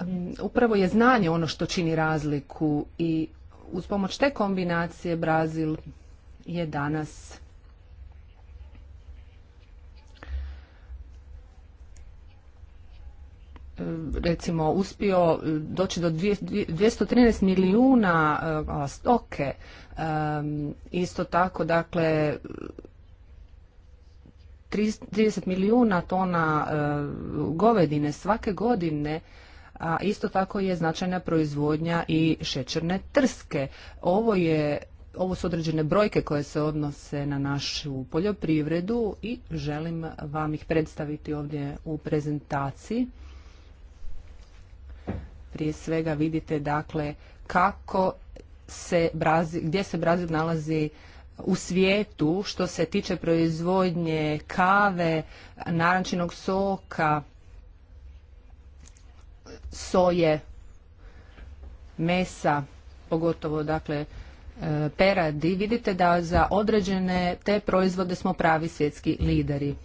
Mm, upravo je znanje ono što čini razliku i uz pomoć te kombinacije Brazil je danas E, recimo uspio e, doći do 213 milijuna e, stoke. Isto tako, dakle, 30 milijuna tona govedine svake godine a isto tako je značajna proizvodnja i šećerne trske. Ovo je ovo su određene brojke koje se odnose na našu poljoprivredu i želim vam ih predstaviti ovdje u prezentaciji prije svega vidite dakle kako se Brazil, gdje se Brazil nalazi u svijetu što se tiče proizvodnje kave, narančinog soka, soje, mesa, pogotovo dakle e, peradi, vidite da za određene te proizvode smo pravi svjetski lideri.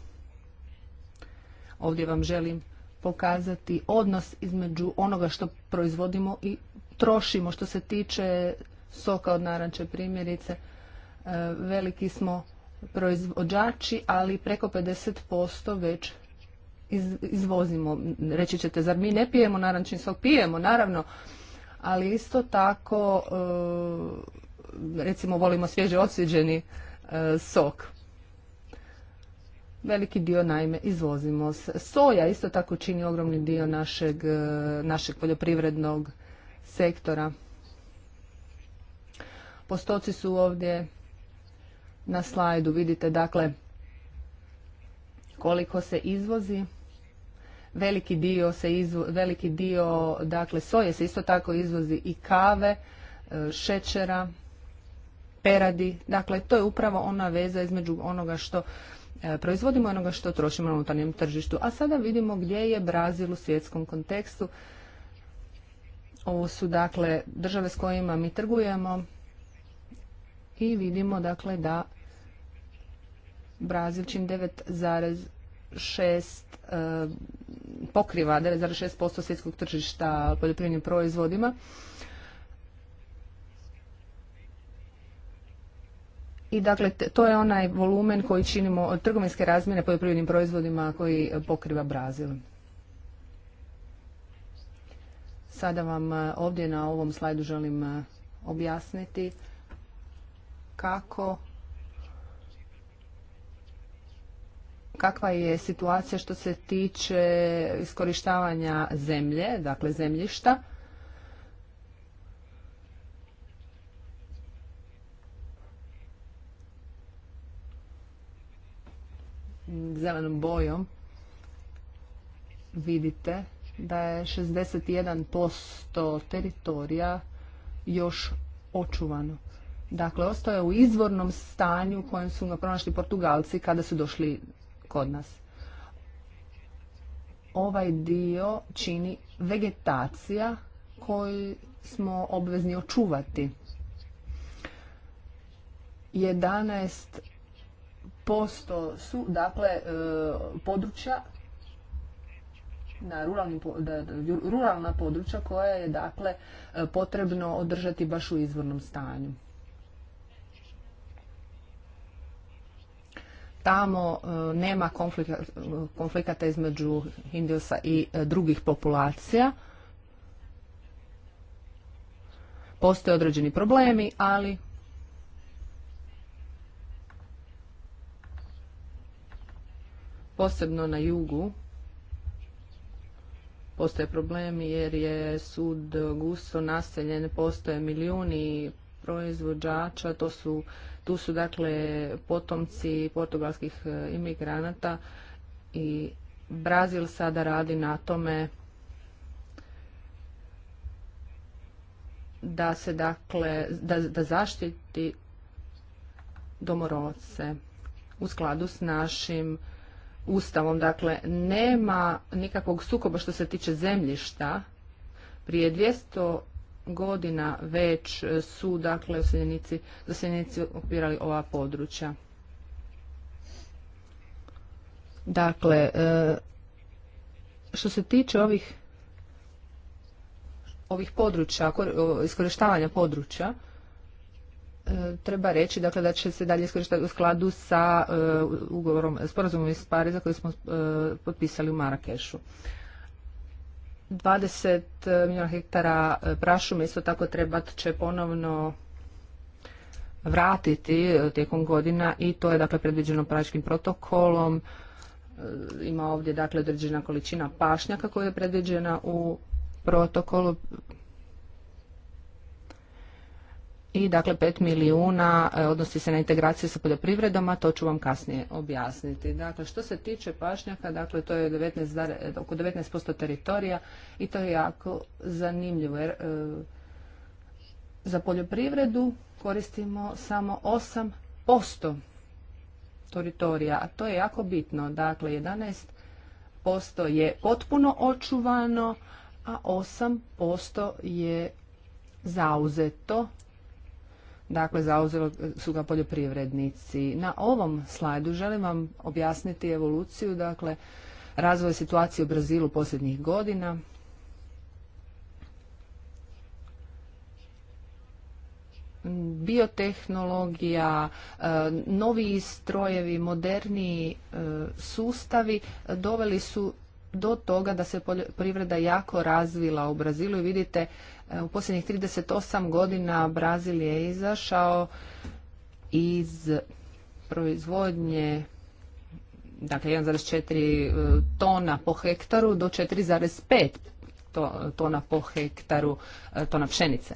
Ovdje vam želim pokazati odnos između onoga što proizvodimo i trošimo. Što se tiče soka od naranče primjerice, e, veliki smo proizvođači, ali preko 50% već izvozimo. Reći ćete, zar mi ne pijemo narančni sok? Pijemo, naravno, ali isto tako e, recimo volimo svježe osvjeđeni e, sok. Veliki dio naime izvozimo. Soja isto tako čini ogromni dio našeg, e, našeg poljoprivrednog sektora. Postoci su ovdje na slajdu. Vidite dakle koliko se izvozi. Veliki dio, se izvo, veliki dio dakle, soje se isto tako izvozi i kave, e, šećera, peradi. Dakle, to je upravo ona veza između onoga što E, proizvodimo onoga što trošimo na unutarnjem tržištu. A sada vidimo gdje je Brazil u svjetskom kontekstu. Ovo su dakle države s kojima mi trgujemo i vidimo dakle da Brazil čin 9,6 e, pokriva 9,6% svjetskog tržišta poljoprivrednim proizvodima I dakle, to je onaj volumen koji činimo od trgovinske razmjene poljoprivrednim proizvodima koji e, pokriva Brazil. Sada vam e, ovdje na ovom slajdu želim e, objasniti kako kakva je situacija što se tiče iskorištavanja zemlje, dakle zemljišta. zelenom bojom vidite da je 61% teritorija još očuvano. Dakle, ostaje u izvornom stanju u kojem su ga pronašli Portugalci kada su došli kod nas. Ovaj dio čini vegetacija koju smo obvezni očuvati. 11 posto su dakle e, područja na ruralna područja koja je dakle e, potrebno održati baš u izvornom stanju. Tamo e, nema konflikata između Indiosa i drugih populacija. Postoje određeni problemi, ali posebno na jugu postoje problemi jer je sud gusto naseljen, postoje milijuni proizvođača, to su, tu su dakle potomci portugalskih e, imigranata i Brazil sada radi na tome da se dakle, da, da zaštiti domorodce u skladu s našim ustavom. Dakle, nema nikakvog sukoba što se tiče zemljišta. Prije 200 godina već su dakle useljenici, okupirali ova područja. Dakle, e, što se tiče ovih ovih područja, iskorištavanja područja, treba reći dakle, da će se dalje iskoristiti u skladu sa e, ugovorom, sporazumom iz Pariza koji smo e, potpisali u Marakešu. 20 e, milijuna hektara prašume isto tako trebat će ponovno vratiti tijekom godina i to je dakle predviđeno praškim protokolom. Ima ovdje dakle određena količina pašnjaka koja je predviđena u protokolu i dakle 5 milijuna e, odnosi se na integraciju sa poljoprivredom, a to ću vam kasnije objasniti. Dakle, što se tiče pašnjaka, dakle to je 19, e, oko 19% teritorija i to je jako zanimljivo jer e, za poljoprivredu koristimo samo 8% teritorija, a to je jako bitno. Dakle, 11% je potpuno očuvano, a 8% je zauzeto Dakle, zauzeli su ga poljoprivrednici. Na ovom slajdu želim vam objasniti evoluciju, dakle, razvoj situacije u Brazilu posljednjih godina. biotehnologija, e, novi strojevi, moderni e, sustavi doveli su do toga da se poljoprivreda jako razvila u Brazilu i vidite E, u posljednjih 38 godina Brazil je izašao iz proizvodnje dakle 1,4 e, tona po hektaru do 4,5 tona po hektaru e, tona pšenice.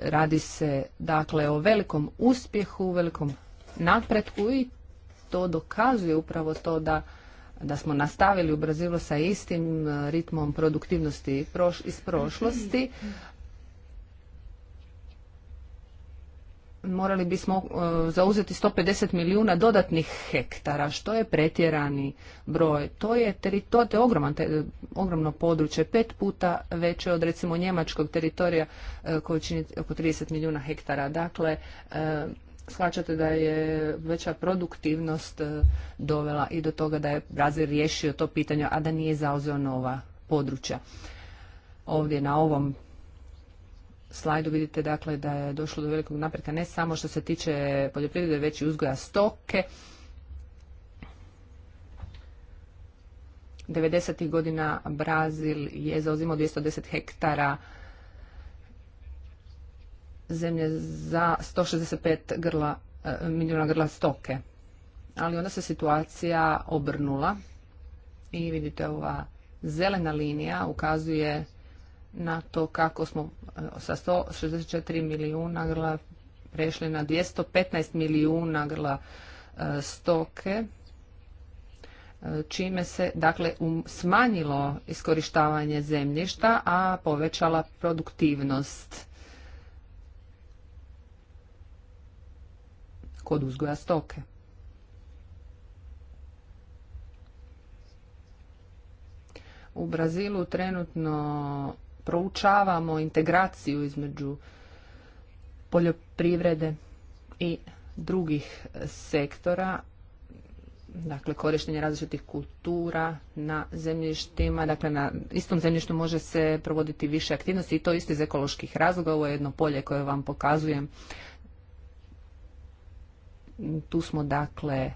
Radi se dakle o velikom uspjehu, velikom napretku i to dokazuje upravo to da da smo nastavili u Brazilu sa istim ritmom produktivnosti iz prošlosti, morali bismo e, zauzeti 150 milijuna dodatnih hektara, što je pretjerani broj. To je, to je ogroman, ogromno područje, pet puta veće od recimo njemačkog teritorija e, koji čini oko 30 milijuna hektara. Dakle, e, shvaćate da je veća produktivnost dovela i do toga da je Brazil riješio to pitanje, a da nije zauzeo nova područja. Ovdje na ovom slajdu vidite dakle da je došlo do velikog napretka ne samo što se tiče poljoprivrede već i uzgoja stoke. 90. godina Brazil je zauzimao 210 hektara zemlje za 165 grla, eh, milijuna grla stoke. Ali onda se situacija obrnula i vidite ova zelena linija ukazuje na to kako smo e, sa 164 milijuna grla prešli na 215 milijuna grla e, stoke e, čime se dakle smanjilo iskorištavanje zemljišta, a povećala produktivnost kod uzgoja stoke. U Brazilu trenutno proučavamo integraciju između poljoprivrede i drugih sektora, dakle korištenje različitih kultura na zemljištima, dakle na istom zemljištu može se provoditi više aktivnosti i to isto iz ekoloških razloga. Ovo je jedno polje koje vam pokazujem. Tu smo dakle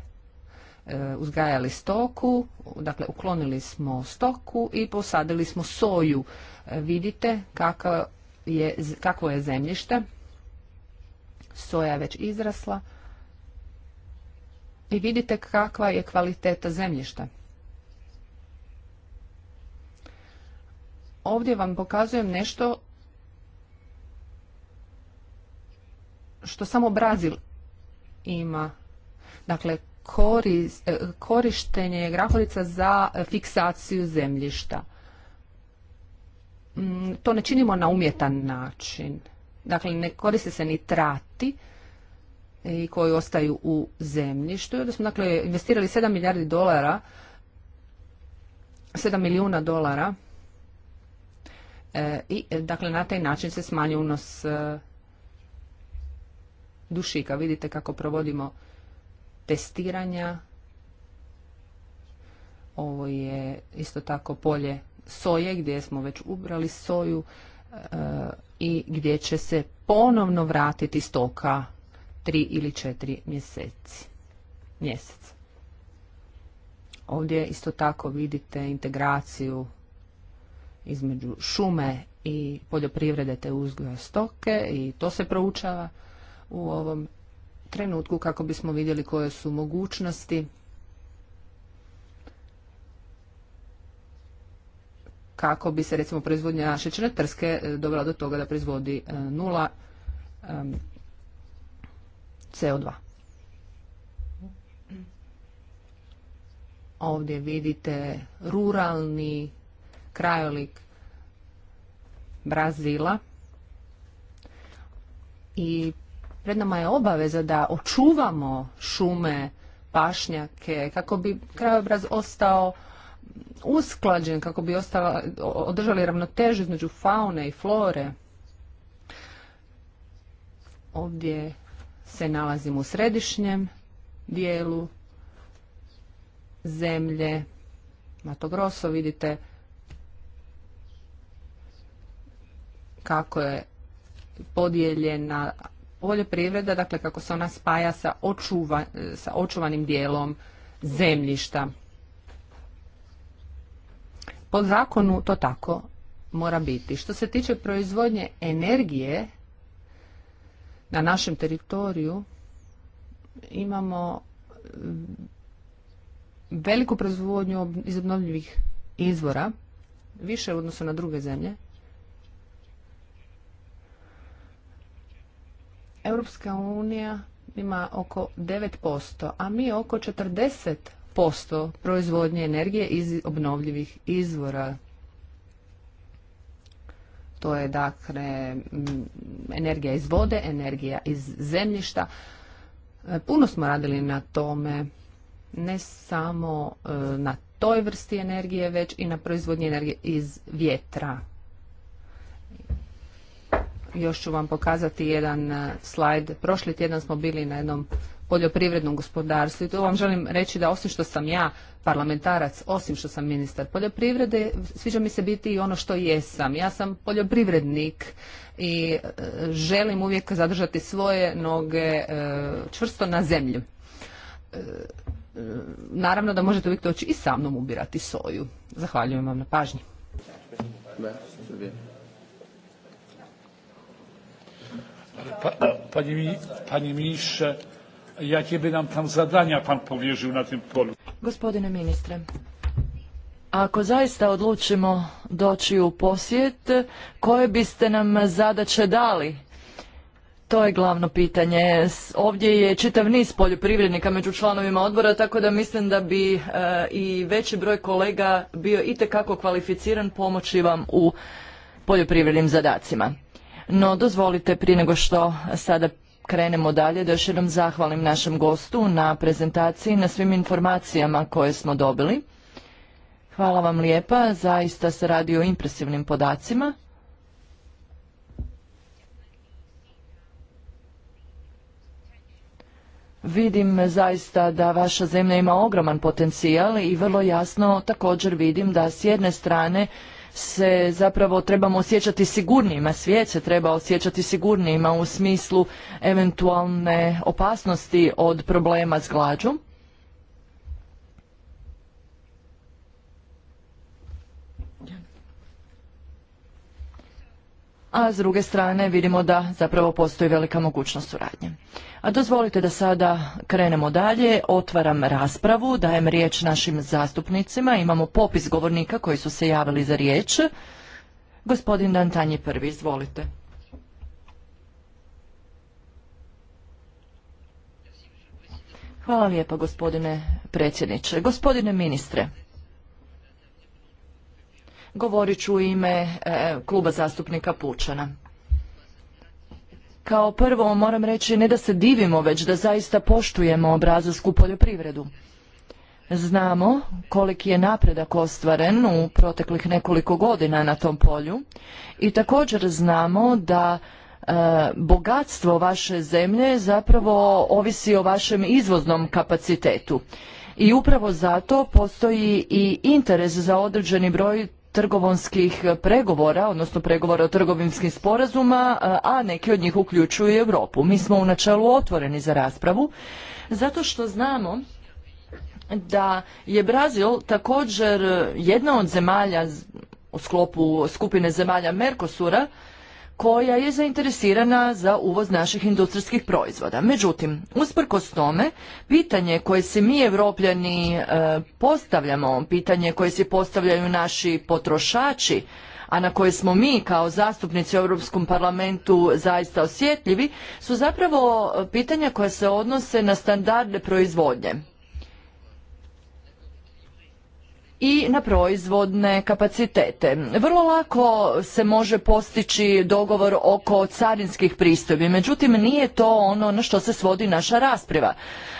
E, uzgajali stoku, dakle uklonili smo stoku i posadili smo soju. E, vidite kako je, kakvo je zemljište. Soja je već izrasla. I vidite kakva je kvaliteta zemljišta. Ovdje vam pokazujem nešto što samo Brazil ima. Dakle, E, korištenje grahorica za fiksaciju zemljišta. Mm, to ne činimo na umjetan način. Dakle, ne koriste se nitrati i e, koji ostaju u zemljištu. I onda smo dakle, investirali 7 milijardi dolara, 7 milijuna dolara e, i dakle na taj način se smanju unos dušika. Vidite kako provodimo testiranja. Ovo je isto tako polje soje gdje smo već ubrali soju eh, i gdje će se ponovno vratiti stoka tri ili četiri mjeseci. Mjesec. Ovdje isto tako vidite integraciju između šume i poljoprivrede te uzgoja stoke i to se proučava u ovom trenutku kako bismo vidjeli koje su mogućnosti kako bi se recimo proizvodnja šećerne trske e, dovela do toga da proizvodi e, nula e, CO2. Ovdje vidite ruralni krajolik Brazila i pred nama je obaveza da očuvamo šume, pašnjake, kako bi krajobraz ostao usklađen, kako bi ostala, održali ravnotežu između faune i flore. Ovdje se nalazimo u središnjem dijelu zemlje. Mato Grosso vidite kako je podijeljena poljoprivreda, dakle kako se ona spaja sa, očuvanim dijelom zemljišta. Po zakonu to tako mora biti. Što se tiče proizvodnje energije na našem teritoriju imamo mm, veliku proizvodnju iz obnovljivih izvora, više u odnosu na druge zemlje. Europska unija ima oko 9%, a mi oko 40% proizvodnje energije iz obnovljivih izvora. To je dakle energija iz vode, energija iz zemljišta. E, puno smo radili na tome, ne samo e, na toj vrsti energije, već i na proizvodnji energije iz vjetra još ću vam pokazati jedan e, slajd. Prošli tjedan smo bili na jednom poljoprivrednom gospodarstvu i tu vam želim reći da osim što sam ja parlamentarac, osim što sam ministar poljoprivrede, sviđa mi se biti i ono što jesam. Ja sam poljoprivrednik i e, želim uvijek zadržati svoje noge e, čvrsto na zemlju. Naravno da možete uvijek doći i sa mnom ubirati soju. Zahvaljujem vam na pažnji. Pa, panie, ministrze, jakie by nam tam zadania pan powierzył na tym polu? Gospodine ministre, ako zaista odlučimo doći u posjet, koje biste nam zadaće dali? To je glavno pitanje. Ovdje je čitav niz poljoprivrednika među članovima odbora, tako da mislim da bi e, i veći broj kolega bio itekako kvalificiran pomoći vam u poljoprivrednim zadacima. No dozvolite prije nego što sada krenemo dalje da još jednom zahvalim našem gostu na prezentaciji, na svim informacijama koje smo dobili. Hvala vam lijepa, zaista se radi o impresivnim podacima. Vidim zaista da vaša zemlja ima ogroman potencijal i vrlo jasno također vidim da s jedne strane se zapravo trebamo osjećati sigurnijima, svijet se treba osjećati sigurnijima u smislu eventualne opasnosti od problema s glađom. a s druge strane vidimo da zapravo postoji velika mogućnost suradnje. A dozvolite da sada krenemo dalje, otvaram raspravu, dajem riječ našim zastupnicima, imamo popis govornika koji su se javili za riječ. Gospodin Dantanji prvi, izvolite. Hvala lijepa gospodine predsjedniče. Gospodine ministre, Govorit ću u ime e, kluba zastupnika Pučana. Kao prvo moram reći ne da se divimo, već da zaista poštujemo obrazovsku poljoprivredu. Znamo koliki je napredak ostvaren u proteklih nekoliko godina na tom polju i također znamo da e, bogatstvo vaše zemlje zapravo ovisi o vašem izvoznom kapacitetu. I upravo zato postoji i interes za određeni broj trgovinskih pregovora, odnosno pregovora o trgovinskim sporazuma, a neki od njih uključuju Europu. Mi smo u načelu otvoreni za raspravu, zato što znamo da je Brazil također jedna od zemalja u sklopu skupine zemalja Mercosura koja je zainteresirana za uvoz naših industrijskih proizvoda. Međutim, usprkos tome, pitanje koje se mi evropljani e, postavljamo, pitanje koje se postavljaju naši potrošači, a na koje smo mi kao zastupnici u Europskom parlamentu zaista osjetljivi, su zapravo e, pitanja koja se odnose na standarde proizvodnje i na proizvodne kapacitete. Vrlo lako se može postići dogovor oko carinskih pristojbi, međutim nije to ono na što se svodi naša rasprava.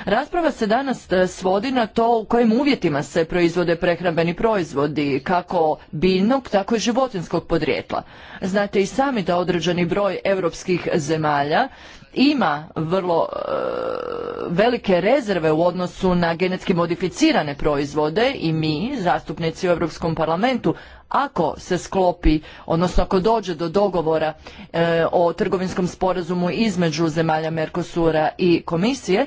Rasprava se danas e, svodi na to u kojim uvjetima se proizvode prehrambeni proizvodi, kako biljnog, tako i životinskog podrijetla. Znate i sami da određeni broj europskih zemalja ima vrlo e, velike rezerve u odnosu na genetski modificirane proizvode i mi, zastupnici u Europskom parlamentu, ako se sklopi, odnosno ako dođe do dogovora e, o trgovinskom sporazumu između zemalja Mercosura i komisije, e,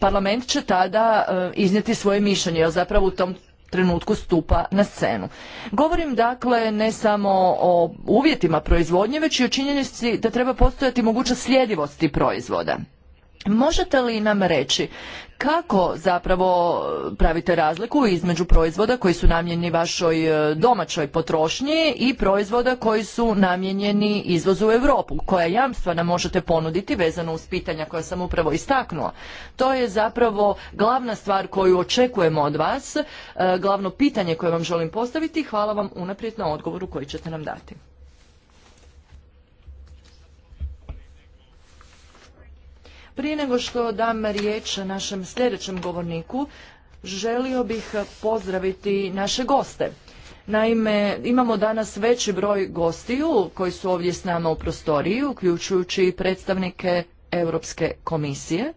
parlament će tada iznijeti svoje mišljenje, jer zapravo u tom trenutku stupa na scenu. Govorim dakle ne samo o uvjetima proizvodnje, već i o činjenici da treba postojati mogućnost sljedivosti proizvoda. Možete li nam reći kako zapravo pravite razliku između proizvoda koji su namijenjeni vašoj e, domaćoj potrošnji i proizvoda koji su namijenjeni izvozu u Europu? Koja jamstva nam možete ponuditi vezano uz pitanja koja sam upravo istaknula? To je zapravo glavna stvar koju očekujemo od vas, e, glavno pitanje koje vam želim postaviti. Hvala vam unaprijed na odgovoru koji ćete nam dati. Prije nego što dam riječ našem sljedećem govorniku, želio bih pozdraviti naše goste. Naime, imamo danas veći broj gostiju koji su ovdje s nama u prostoriji, uključujući i predstavnike Europske komisije.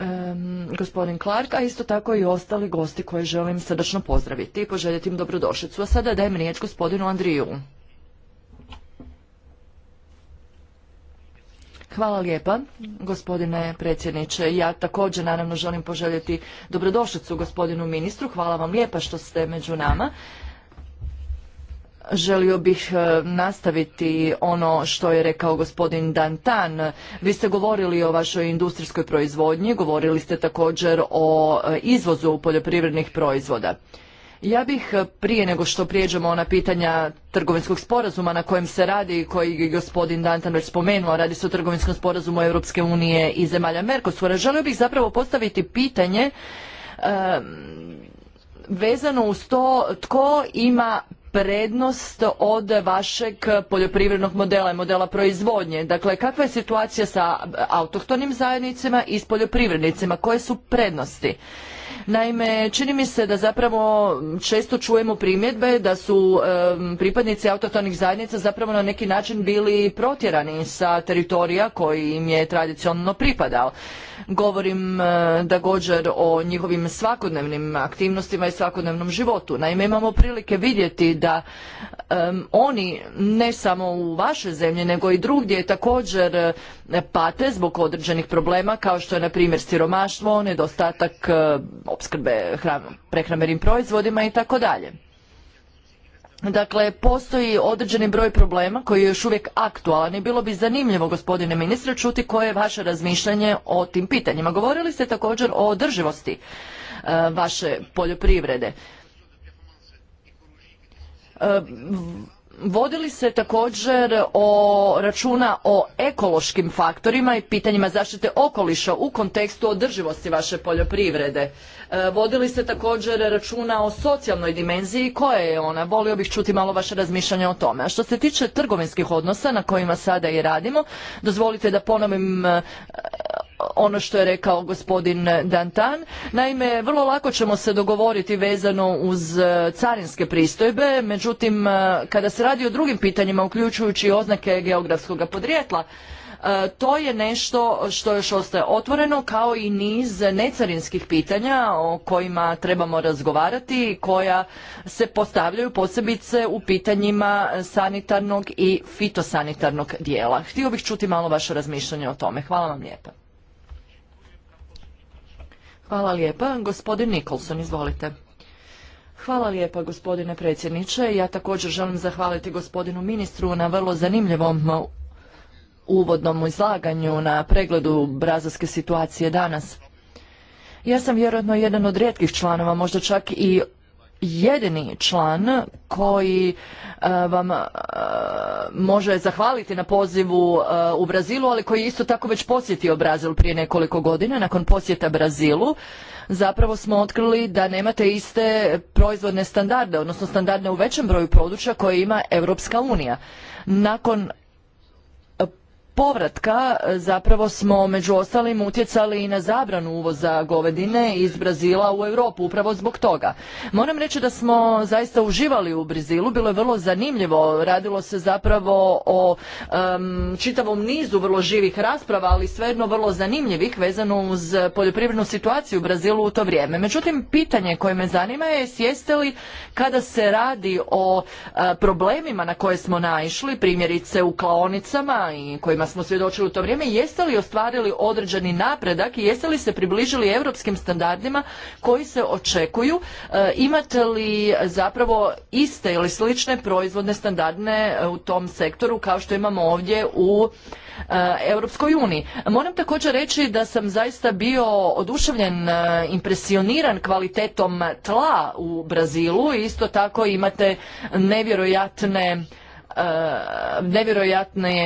Um, gospodin Clark, a isto tako i ostali gosti koje želim srdačno pozdraviti i poželjeti im dobrodošlicu. A sada dajem riječ gospodinu Andriju. Hvala lijepa, gospodine predsjedniče. Ja također, naravno, želim poželjeti dobrodošlicu gospodinu ministru. Hvala vam lijepa što ste među nama. Želio bih e, nastaviti ono što je rekao gospodin Dantan. Vi ste govorili o vašoj industrijskoj proizvodnji, govorili ste također o e, izvozu poljoprivrednih proizvoda. Ja bih eh, prije nego što prijeđemo ona pitanja trgovinskog sporazuma na kojem se radi i koji je gospodin Dantan već spomenuo, radi se o trgovinskom sporazumu Europske unije i zemalja Merkosura, želio bih zapravo postaviti pitanje vezano uz to tko ima prednost od vašeg poljoprivrednog modela i modela proizvodnje. Dakle, kakva je situacija sa autohtonim zajednicama i s poljoprivrednicima? Koje su prednosti? Naime, čini mi se da zapravo često čujemo primjedbe da su pripadnici autotonih zajednica zapravo na neki način bili protjerani sa teritorija koji im je tradicionalno pripadao govorim e, također o njihovim svakodnevnim aktivnostima i svakodnevnom životu. Naime, imamo prilike vidjeti da oni ne samo u vašoj zemlji nego i drugdje također e, pate zbog određenih problema kao što je na primjer siromaštvo, nedostatak e, opskrbe prehrambenim proizvodima i tako dalje. Dakle, postoji određeni broj problema koji je još uvijek aktualan i bilo bi zanimljivo, gospodine ministre, čuti koje je vaše razmišljanje o tim pitanjima. Govorili ste također o održivosti e, vaše poljoprivrede e, vodili se također o računa o ekološkim faktorima i pitanjima zaštite okoliša u kontekstu održivosti vaše poljoprivrede. E, vodili se također računa o socijalnoj dimenziji koja je ona. Volio bih čuti malo vaše razmišljanje o tome. A što se tiče trgovinskih odnosa na kojima sada i radimo, dozvolite da ponovim e, ono što je rekao gospodin Dantan. Naime, vrlo lako ćemo se dogovoriti vezano uz e, carinske pristojbe, međutim, e, kada se radi o drugim pitanjima, uključujući oznake geografskog podrijetla, e, to je nešto što još ostaje otvoreno kao i niz necarinskih pitanja o kojima trebamo razgovarati i koja se postavljaju posebice u pitanjima sanitarnog i fitosanitarnog dijela. Htio bih čuti malo vaše razmišljanje o tome. Hvala vam lijepa. Hvala lijepa. Gospodin Nikolson, izvolite. Hvala lijepa gospodine predsjedniče. Ja također želim zahvaliti gospodinu ministru na vrlo zanimljivom uvodnom izlaganju na pregledu brazilske situacije danas. Ja sam vjerojatno jedan od rijetkih članova, možda čak i jedini član koji e, vam e, može zahvaliti na pozivu e, u Brazilu, ali koji je isto tako već posjetio Brazil prije nekoliko godina. Nakon posjeta Brazilu zapravo smo otkrili da nemate iste proizvodne standarde, odnosno standarde u većem broju područja koje ima Europska unija. Nakon povratka e, zapravo smo među ostalim utjecali i na zabranu uvoza govedine iz Brazila u Europu upravo zbog toga. Moram reći da smo zaista uživali u Brazilu, bilo je vrlo zanimljivo, radilo se zapravo o čitavom nizu vrlo živih rasprava, ali svejedno vrlo zanimljivih vezano uz poljoprivrednu situaciju u Brazilu u to vrijeme. Međutim, pitanje koje me zanima je jeste li kada se radi o e, problemima na koje smo naišli, primjerice u klaonicama i kojima smo svjedočili u to vrijeme, jeste li ostvarili određeni napredak i jeste li se približili europskim standardima koji se očekuju, e, imate li zapravo iste ili slične proizvodne standardne e, u tom sektoru kao što imamo ovdje u e, Europskoj uniji. Moram također reći da sam zaista bio oduševljen, impresioniran kvalitetom tla u Brazilu i isto tako imate nevjerojatne nevjerojatne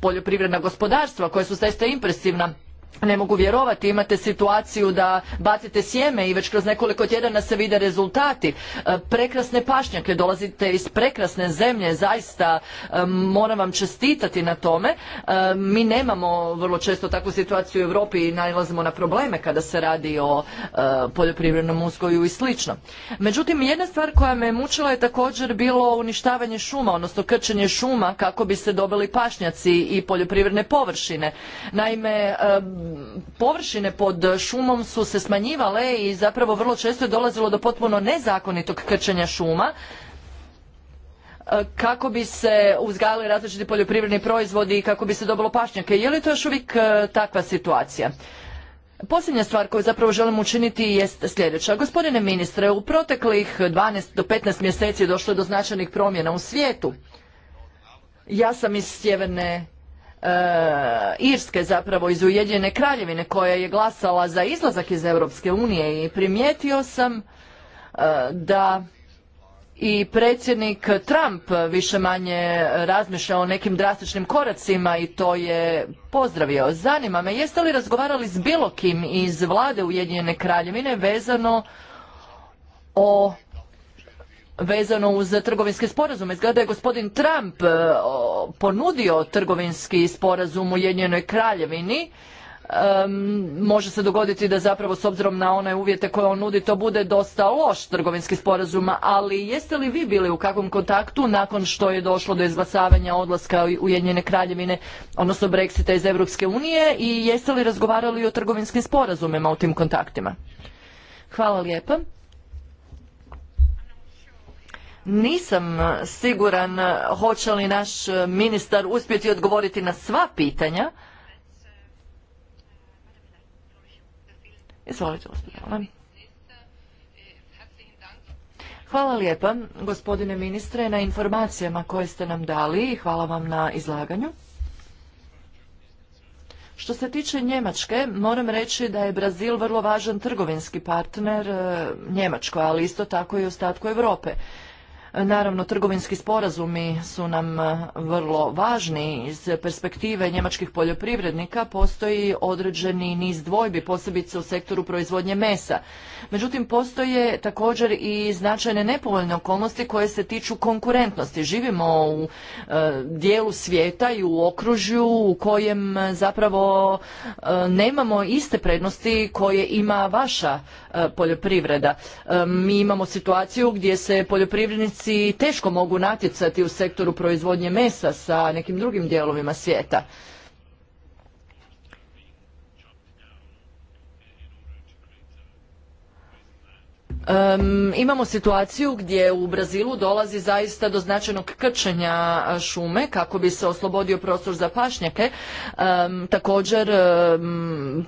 poljoprivredna gospodarstva koja su zaista impresivna ne mogu vjerovati, imate situaciju da bacite sjeme i već kroz nekoliko tjedana se vide rezultati. E, prekrasne pašnjake, dolazite iz prekrasne zemlje, zaista e, moram vam čestitati na tome. E, mi nemamo vrlo često takvu situaciju u Europi i nalazimo na probleme kada se radi o poljoprivrednom uzgoju i slično. Međutim, jedna stvar koja me mučila je također bilo uništavanje šuma, odnosno krčenje šuma kako bi se dobili pašnjaci i poljoprivredne površine. Naime, površine pod šumom su se smanjivale i zapravo vrlo često je dolazilo do potpuno nezakonitog krčenja šuma e, kako bi se uzgajali različiti poljoprivredni proizvodi i kako bi se dobilo pašnjake. Je li to još uvijek e, takva situacija? Posljednja stvar koju zapravo želim učiniti jest sljedeća. Gospodine ministre, u proteklih 12 do 15 mjeseci došlo je do značajnih promjena u svijetu. Ja sam iz sjeverne Eh, Irske zapravo iz Ujedinjene kraljevine koja je glasala za izlazak iz Europske unije i primijetio sam eh, da i predsjednik Trump više manje razmišlja o nekim drastičnim koracima i to je pozdravio. Zanima me, jeste li razgovarali s bilo kim iz vlade Ujedinjene kraljevine vezano o vezano uz trgovinske sporazume. Izgleda je gospodin Trump e, ponudio trgovinski sporazum u Ujedinjenoj kraljevini. može se dogoditi da zapravo s obzirom na one uvjete koje on nudi to bude dosta loš trgovinski sporazum, ali jeste li vi bili u kakvom kontaktu nakon što je došlo do izglasavanja odlaska Ujedinjene kraljevine, odnosno Brexita iz Europske unije i jeste li razgovarali o trgovinskim sporazumima u tim kontaktima? Hvala lijepa. Nisam siguran eh, hoće li naš eh, ministar uspjeti odgovoriti na sva pitanja. Izvolite, Hvala lijepa, gospodine ministre, na informacijama koje ste nam dali i hvala vam na izlaganju. Što se tiče Njemačke, moram reći da je Brazil vrlo važan trgovinski partner eh, Njemačkoj, ali isto tako i ostatku Europe. Naravno, trgovinski sporazumi su nam e, vrlo važni. Iz perspektive njemačkih poljoprivrednika postoji određeni niz dvojbi, posebice u sektoru proizvodnje mesa. Međutim, postoje također i značajne nepovoljne okolnosti koje se tiču konkurentnosti. Živimo u e, dijelu svijeta i u okružju u kojem zapravo e, nemamo iste prednosti koje ima vaša poljoprivreda. Mi imamo situaciju gdje se poljoprivrednici teško mogu natjecati u sektoru proizvodnje mesa sa nekim drugim dijelovima svijeta. Um, imamo situaciju gdje u Brazilu dolazi zaista do značajnog krčenja šume kako bi se oslobodio prostor za pašnjake. također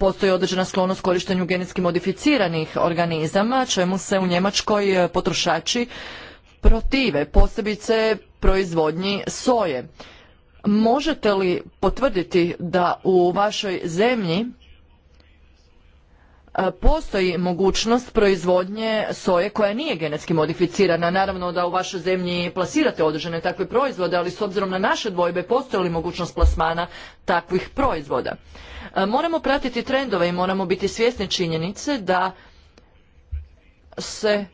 postoji određena sklonost korištenju genetski modificiranih organizama, čemu se u Njemačkoj e, potrošači protive, posebice proizvodnji soje. Možete li potvrditi da u vašoj zemlji e, postoji mogućnost proizvodnje soje koja nije genetski modificirana. Naravno da u vašoj zemlji plasirate određene takve proizvode, ali s obzirom na naše dvojbe postoji li mogućnost plasmana takvih proizvoda. E, moramo pratiti trendove i moramo biti svjesni činjenice da se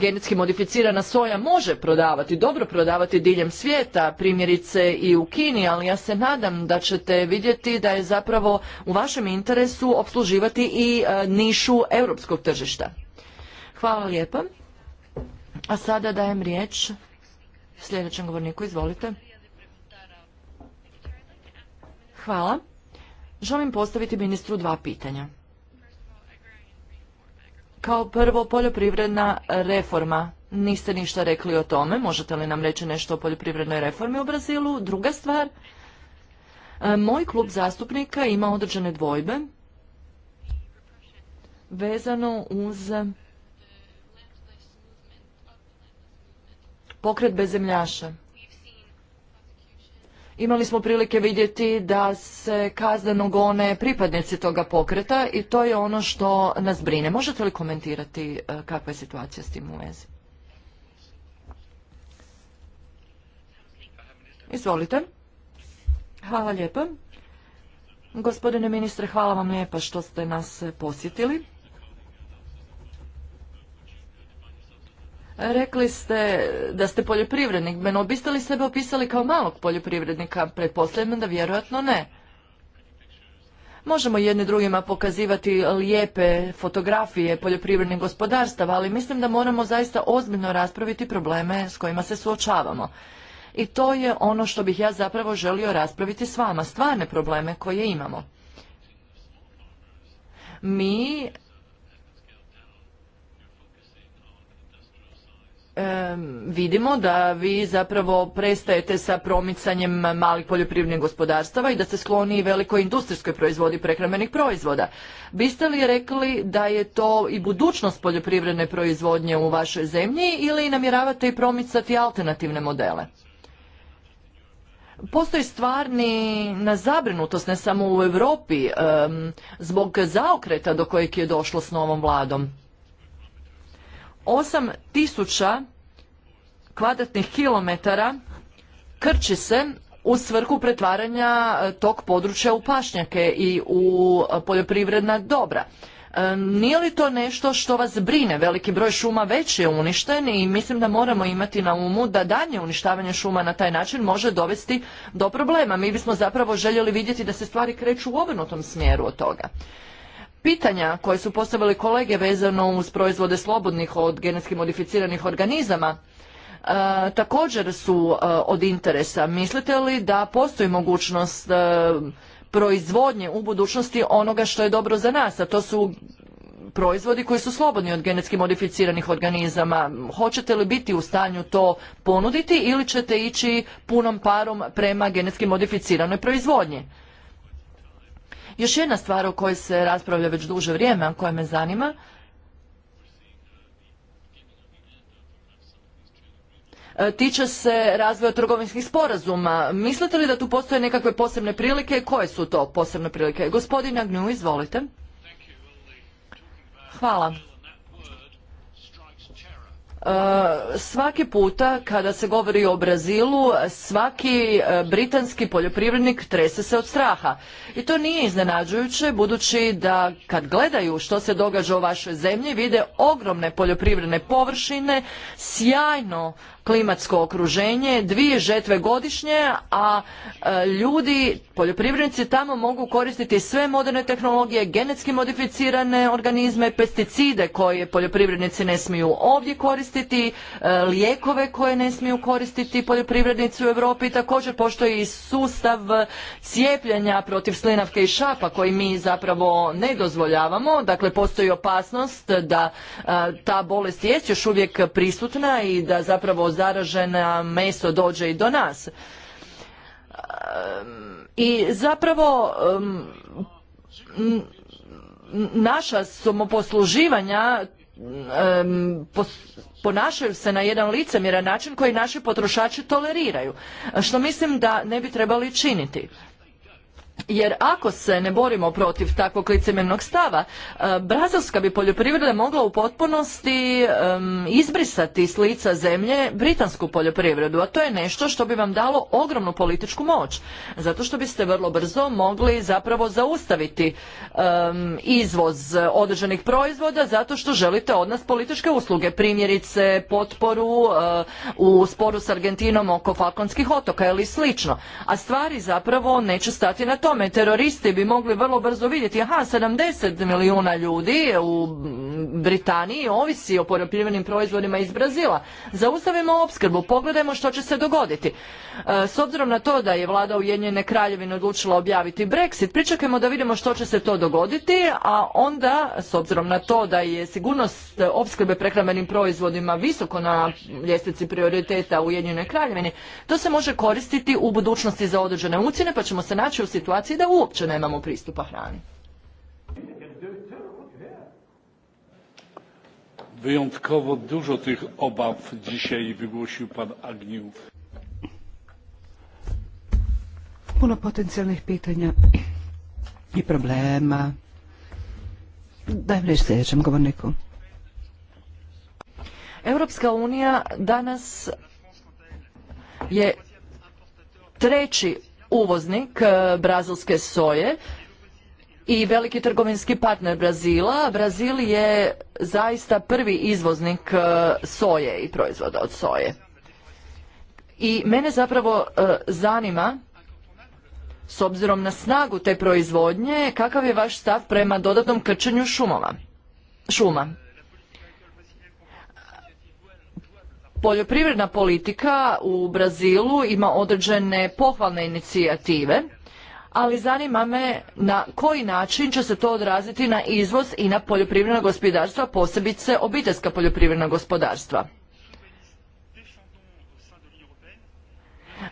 genetski modificirana soja može prodavati, dobro prodavati diljem svijeta, primjerice i u Kini, ali ja se nadam da ćete vidjeti da je zapravo u vašem interesu obsluživati i e, nišu europskog tržišta. Hvala lijepa. A sada dajem riječ sljedećem govorniku, izvolite. Hvala. Želim postaviti ministru dva pitanja. Kao prvo, poljoprivredna reforma. Niste ništa rekli o tome, možete li nam reći nešto o poljoprivrednoj reformi u Brazilu? Druga stvar, e, moj klub zastupnika ima određene dvojbe vezano uz pokret bez zemljaša. Imali smo prilike vidjeti da se kazneno gone pripadnici toga pokreta i to je ono što nas brine. Možete li komentirati e, kakva je situacija s tim u vezi? Izvolite. Hvala lijepa. Gospodine ministre, hvala vam lijepa što ste nas posjetili. Rekli ste da ste poljoprivrednik, meno biste li sebe opisali kao malog poljoprivrednika? Pretpostavljam da vjerojatno ne. Možemo jedni drugima pokazivati lijepe fotografije poljoprivrednih gospodarstava, ali mislim da moramo zaista ozbiljno raspraviti probleme s kojima se suočavamo. I to je ono što bih ja zapravo želio raspraviti s vama, stvarne probleme koje imamo. Mi vidimo da vi zapravo prestajete sa promicanjem malih poljoprivrednih gospodarstava i da ste skloni velikoj industrijskoj proizvodi prehrambenih proizvoda. Biste li rekli da je to i budućnost poljoprivredne proizvodnje u vašoj zemlji ili namjeravate i promicati alternativne modele? Postoji stvarni zabrinutost ne samo u Europi zbog zaokreta do kojeg je došlo s novom vladom tisuća kvadratnih kilometara krči se u svrhu pretvaranja e, tog područja u pašnjake i u e, poljoprivredna dobra. E, nije li to nešto što vas brine? Veliki broj šuma već je uništen i mislim da moramo imati na umu da danje uništavanje šuma na taj način može dovesti do problema. Mi bismo zapravo željeli vidjeti da se stvari kreću u obrnutom smjeru od toga pitanja koje su postavili kolege vezano uz proizvode slobodnih od genetski modificiranih organizama e, također su e, od interesa. Mislite li da postoji mogućnost e, proizvodnje u budućnosti onoga što je dobro za nas, a to su proizvodi koji su slobodni od genetski modificiranih organizama. Hoćete li biti u stanju to ponuditi ili ćete ići punom parom prema genetski modificiranoj proizvodnji? Još jedna stvar o kojoj se raspravlja već duže vrijeme, a koja me zanima, e, tiče se razvoja trgovinskih sporazuma. Mislite li da tu postoje nekakve posebne prilike? Koje su to posebne prilike? Gospodin Agnew, izvolite. Hvala. Eh, svaki puta kada se govori o Brazilu, svaki eh, britanski poljoprivrednik trese se od straha. I to nije iznenađujuće, budući da kad gledaju što se događa u vašoj zemlji, vide ogromne poljoprivredne površine, sjajno klimatsko okruženje, dvije žetve godišnje, a e, ljudi, poljoprivrednici tamo mogu koristiti sve moderne tehnologije, genetski modificirane organizme, pesticide koje poljoprivrednici ne smiju ovdje koristiti, e, lijekove koje ne smiju koristiti poljoprivrednici u Europi. Također postoji sustav cijepljenja protiv slinavke i šapa koji mi zapravo ne dozvoljavamo. Dakle, postoji opasnost da e, ta bolest jest još uvijek prisutna i da zapravo zaražena meso dođe i do nas. I zapravo naša samoposluživanja ponašaju se na jedan licemjeran način koji naši potrošači toleriraju, što mislim da ne bi trebali činiti jer ako se ne borimo protiv takvog licemjernog stava, e, brazilska bi poljoprivreda mogla u potpunosti izbrisati s lica zemlje britansku poljoprivredu, a to je nešto što bi vam dalo ogromnu političku moć, zato što biste vrlo brzo mogli zapravo zaustaviti izvoz određenih proizvoda zato što želite od nas političke usluge, primjerice potporu e, u sporu s Argentinom oko Falkonskih otoka ili slično, a stvari zapravo neće stati na tome, teroristi bi mogli vrlo brzo vidjeti, aha, 70 milijuna ljudi u Britaniji ovisi o poljoprivrednim proizvodima iz Brazila. Zaustavimo opskrbu, pogledajmo što će se dogoditi. E, s obzirom na to da je vlada Ujedinjene kraljevine odlučila objaviti Brexit, pričakajmo da vidimo što će se to dogoditi, a onda, s obzirom na to da je sigurnost opskrbe prehrambenim proizvodima visoko na ljestvici prioriteta Ujedinjene kraljevine, to se može koristiti u budućnosti za određene ucjene, pa ćemo se naći u situaciji situaciji da uopće nemamo pristupa hrani. Wyjątkowo dużo tych obaw dzisiaj wygłosił pan Agniu. Puno potencijalnih pitanja i problema. Dajem reći sljedećem govorniku. Europska unija danas je treći uvoznik e, brazilske soje i veliki trgovinski partner Brazila. Brazil je zaista prvi izvoznik e, soje i proizvoda od soje. I mene zapravo e, zanima s obzirom na snagu te proizvodnje, kakav je vaš stav prema dodatnom krčenju šumova? Šuma. poljoprivredna politika u Brazilu ima određene pohvalne inicijative, ali zanima me na koji način će se to odraziti na izvoz i na poljoprivredna gospodarstva, posebice obiteljska poljoprivredna gospodarstva.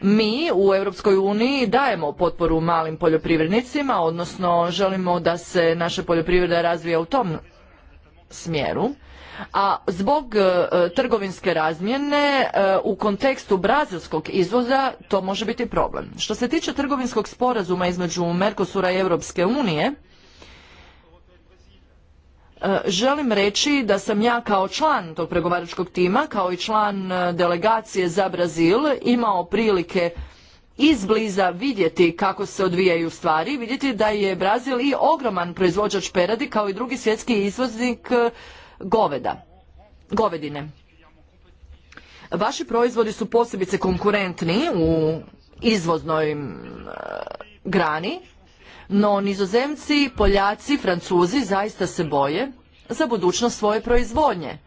Mi u Europskoj uniji dajemo potporu malim poljoprivrednicima, odnosno želimo da se naša poljoprivreda razvija u tom smjeru a zbog e, e, trgovinske razmjene e, u kontekstu brazilskog izvoza to može biti problem. Što se tiče trgovinskog sporazuma između Merkosura i Europske unije, želim reći da sam ja kao član tog pregovaračkog tima, kao i član delegacije za Brazil imao prilike izbliza vidjeti kako se odvijaju stvari, vidjeti da je Brazil i ogroman proizvođač peradi kao i drugi svjetski izvoznik goveda, govedine. Vaši proizvodi su posebice konkurentni u izvoznoj eh, grani, no nizozemci, Poljaci, Francuzi zaista se boje za budućnost svoje proizvodnje.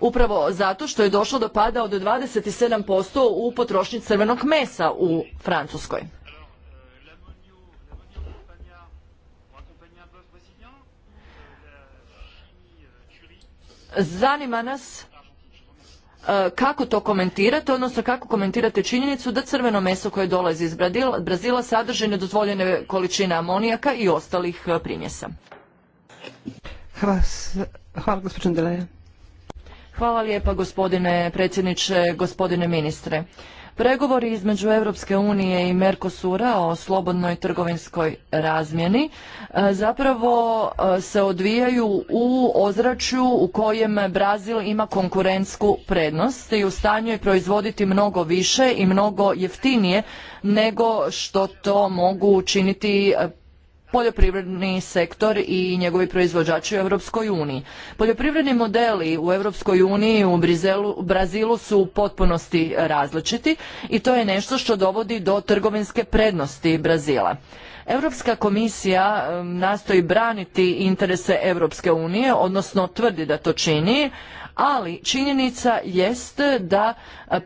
Upravo zato što je došlo do pada od 27% u potrošnji crvenog mesa u Francuskoj. Zanima nas e, kako to komentirate, odnosno kako komentirate činjenicu da crveno meso koje dolazi iz Brazila sadrži nedozvoljene količine amonijaka i ostalih e, primjesa? Hvala, Hvala lijepa gospodine predsjedniče, gospodine ministre. Pregovori između Europske unije i Mercosura o slobodnoj trgovinskoj razmjeni e, zapravo e, se odvijaju u ozračju u kojem Brazil ima konkurentsku prednost i u stanju je proizvoditi mnogo više i mnogo jeftinije nego što to mogu učiniti e, poljoprivredni sektor i njegovi proizvođači u Europskoj uniji. Poljoprivredni modeli u Europskoj uniji i u Brazilu su u potpunosti različiti i to je nešto što dovodi do trgovinske prednosti Brazila. Europska komisija um, nastoji braniti interese Europske unije, odnosno tvrdi da to čini, ali činjenica jest da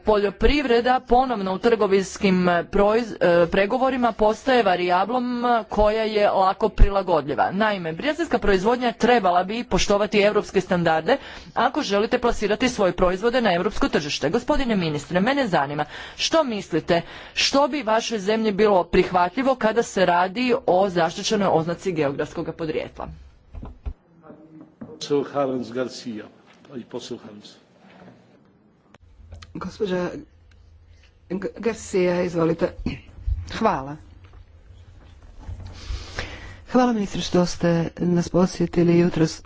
poljoprivreda ponovno u trgovinskim e, e, pregovorima postaje varijablom e, koja je lako prilagodljiva. Naime, brijanska proizvodnja trebala bi poštovati europske standarde ako želite plasirati svoje proizvode na europsko tržište. Gospodine ministre, mene zanima što mislite, što bi vašoj zemlji bilo prihvatljivo kada se radi o zaštićenoj oznaci geografskog podrijetla? i poseł Garcia, izvolite. Hvala. Hvala ministre što ste nas posjetili jutros.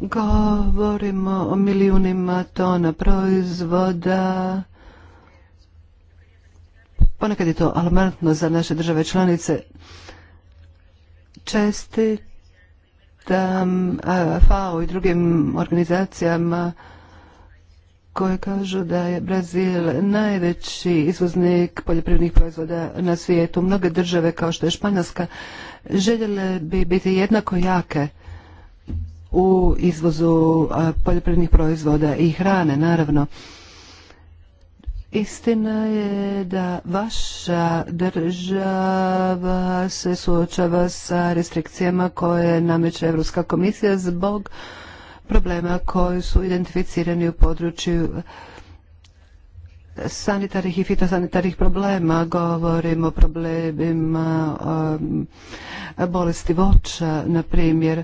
Govorimo o milijunima tona proizvoda. Ponekad je to alarmantno za naše države članice. Čestit da FAO i drugim organizacijama koje kažu da je Brazil najveći izvoznik poljoprivrednih proizvoda na svijetu. Mnoge države kao što je Španjolska željele bi biti jednako jake u izvozu poljoprivrednih proizvoda i hrane naravno. Istina je da vaša država se suočava sa restrikcijama koje nameće Europska komisija zbog problema koji su identificirani u području sanitarnih i fitosanitarnih problema, govorimo o problemima um, bolesti voća, na primjer.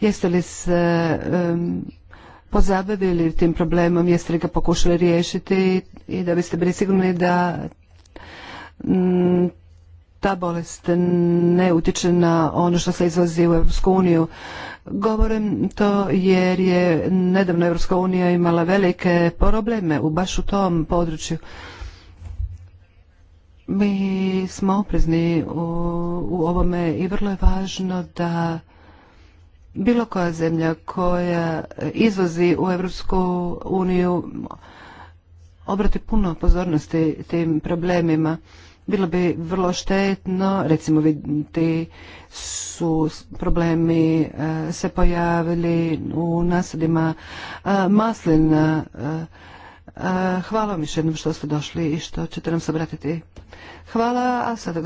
Jeste li se um, pozabavili tim problemom, jeste li ga pokušali riješiti i da biste bili sigurni da mm, ta bolest ne utječe na ono što se izlazi u Evropsku uniju. Govorim to jer je nedavno Evropska unija imala velike probleme u baš u tom području. Mi smo oprezni u, u ovome i vrlo je važno da bilo koja zemlja koja izvozi u Europsku uniju obrati puno pozornosti tim problemima. Bilo bi vrlo štetno, recimo vidjeti su problemi e, se pojavili u nasadima e, maslina. E, hvala vam još jednom što ste došli i što ćete nam se obratiti. Hvala, a sada e,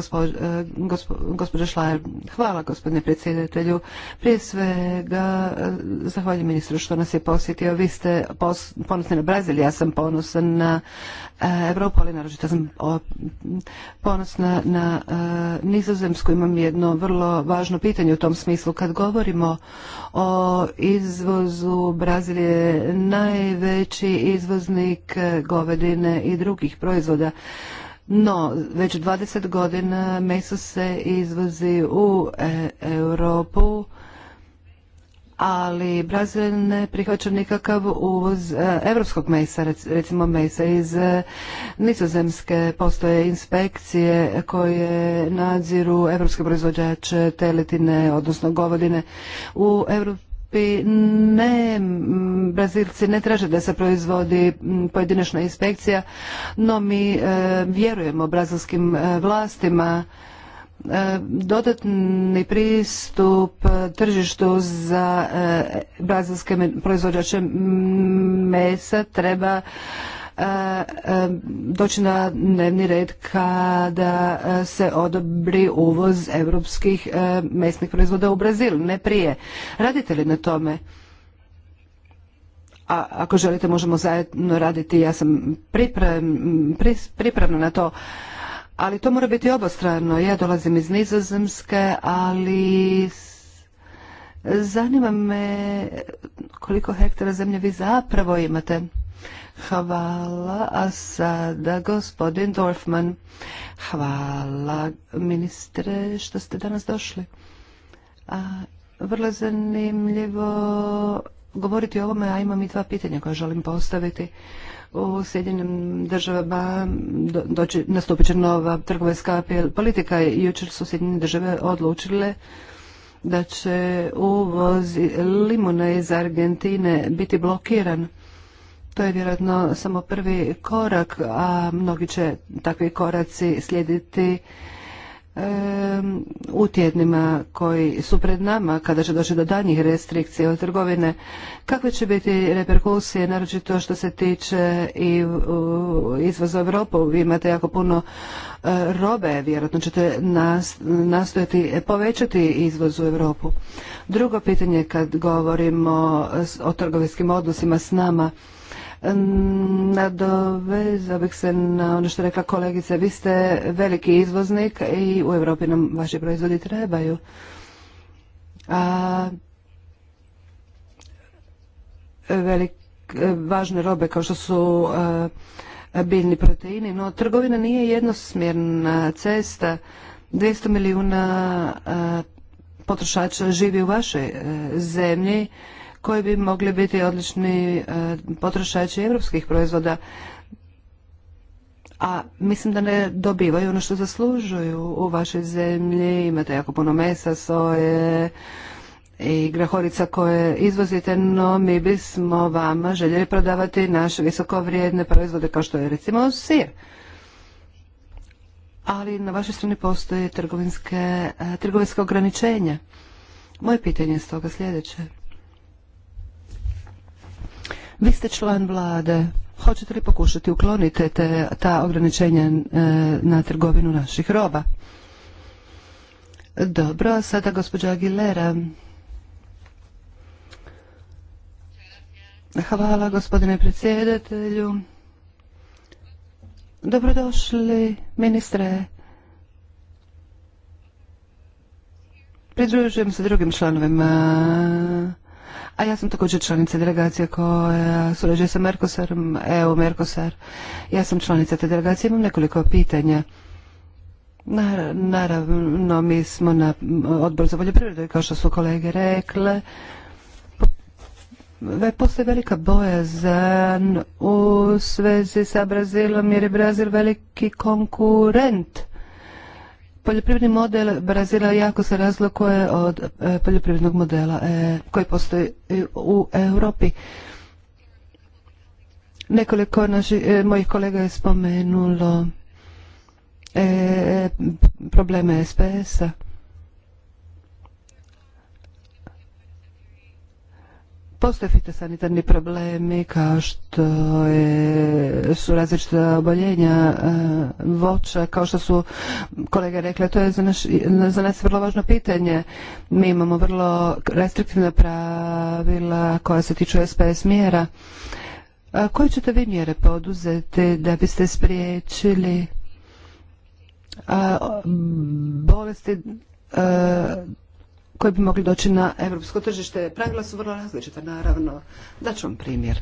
gospođa, Šlajer. Hvala gospodine predsjedatelju. Prije svega e, zahvaljujem ministru što nas je posjetio. Vi ste ponosni na Brazil, ja sam ponosan na e, Evropu, ali naročito sam ponosna na Nizozemsku. Imam jedno vrlo važno pitanje u tom smislu. Kad govorimo o izvozu, Brazil je najveći izvoznik govedine i drugih proizvoda no, već 20 godina meso se izvozi u e, Europu, ali Brazil ne prihvaća nikakav uvoz e, evropskog mesa, recimo mesa iz e, nizozemske. Postoje inspekcije koje nadziru evropske proizvođače teletine, odnosno govodine. U Europu Europi ne, Brazilci ne traže da se proizvodi pojedinačna inspekcija, no mi e, vjerujemo brazilskim e, vlastima e, dodatni pristup tržištu za brazilske proizvođače mesa treba E, e, doći na dnevni red kada e, se odobri uvoz europskih mesnih proizvoda u Brazil, ne prije. Radite li na tome? A ako želite možemo zajedno raditi, ja sam pripravna na to. Ali to mora biti obostrano. Ja dolazim iz Nizozemske, ali zanima me koliko hektara zemlje vi zapravo imate. Hvala. A sada gospodin Dorfman. Hvala ministre što ste danas došli. A, vrlo zanimljivo govoriti o ovome, a imam i dva pitanja koja želim postaviti. U Sjedinim državama nastupit će nova trgovinska politika. Jučer su Sjedinim države odlučile da će uvoz limuna iz Argentine biti blokiran to je vjerojatno samo prvi korak, a mnogi će takvi koraci slijediti u tjednima koji su pred nama kada će doći do danjih restrikcija od trgovine kakve će biti reperkusije naročito što se tiče i izvoza u Europu vi imate jako puno e, robe vjerojatno ćete nastojati povećati izvoz u Europu drugo pitanje kad govorimo o trgovinskim odnosima s nama Nadovezao bih se na ono što rekla kolegica. Vi ste veliki izvoznik i u Europi nam vaši proizvodi trebaju. A važne robe kao što su e, biljni proteini, no trgovina nije jednosmjerna cesta. 200 milijuna e, potrošača živi u vašoj e, zemlji koji bi mogli biti odlični e, potrošači europskih proizvoda a mislim da ne dobivaju ono što zaslužuju u vašoj zemlji. Imate jako puno mesa, soje i grahorica koje izvozite, no mi bismo vama željeli prodavati naše visoko vrijedne proizvode kao što je recimo sir. Ali na vašoj strani postoje trgovinske, e, ograničenja. Moje pitanje je stoga sljedeće. Vi ste član vlade. Hoćete li pokušati ukloniti te, ta ograničenja e, na trgovinu naših roba? Dobro, sada gospođa Aguilera. Hvala gospodine predsjedatelju. Dobrodošli ministre. Pridružujem se drugim članovima a ja sam također članica delegacije koja surađuje sa Merkosarom, EU Merkosar. Ja sam članica te delegacije, imam nekoliko pitanja. Naravno, mi smo na odbor za poljoprivredu i kao što su kolege rekle, postoji velika bojazan u svezi sa Brazilom jer je Brazil veliki konkurent poljoprivredni model Brazila jako se razlikuje od e, poljoprivrednog modela e, koji postoji u Europi. Nekoliko e, mojih kolega je spomenulo probleme SPS-a. Postoje fitosanitarni problemi kao što su različita oboljenja e, voća, kao što su kolege rekle, to je za, za nas vrlo važno pitanje. Mi imamo vrlo restriktivna pravila koja se tiču SPS mjera. Koje ćete vi mjere poduzeti da biste spriječili bolesti e, koji bi mogli doći na europsko tržište. Pravila su vrlo različita, naravno. Daću vam primjer.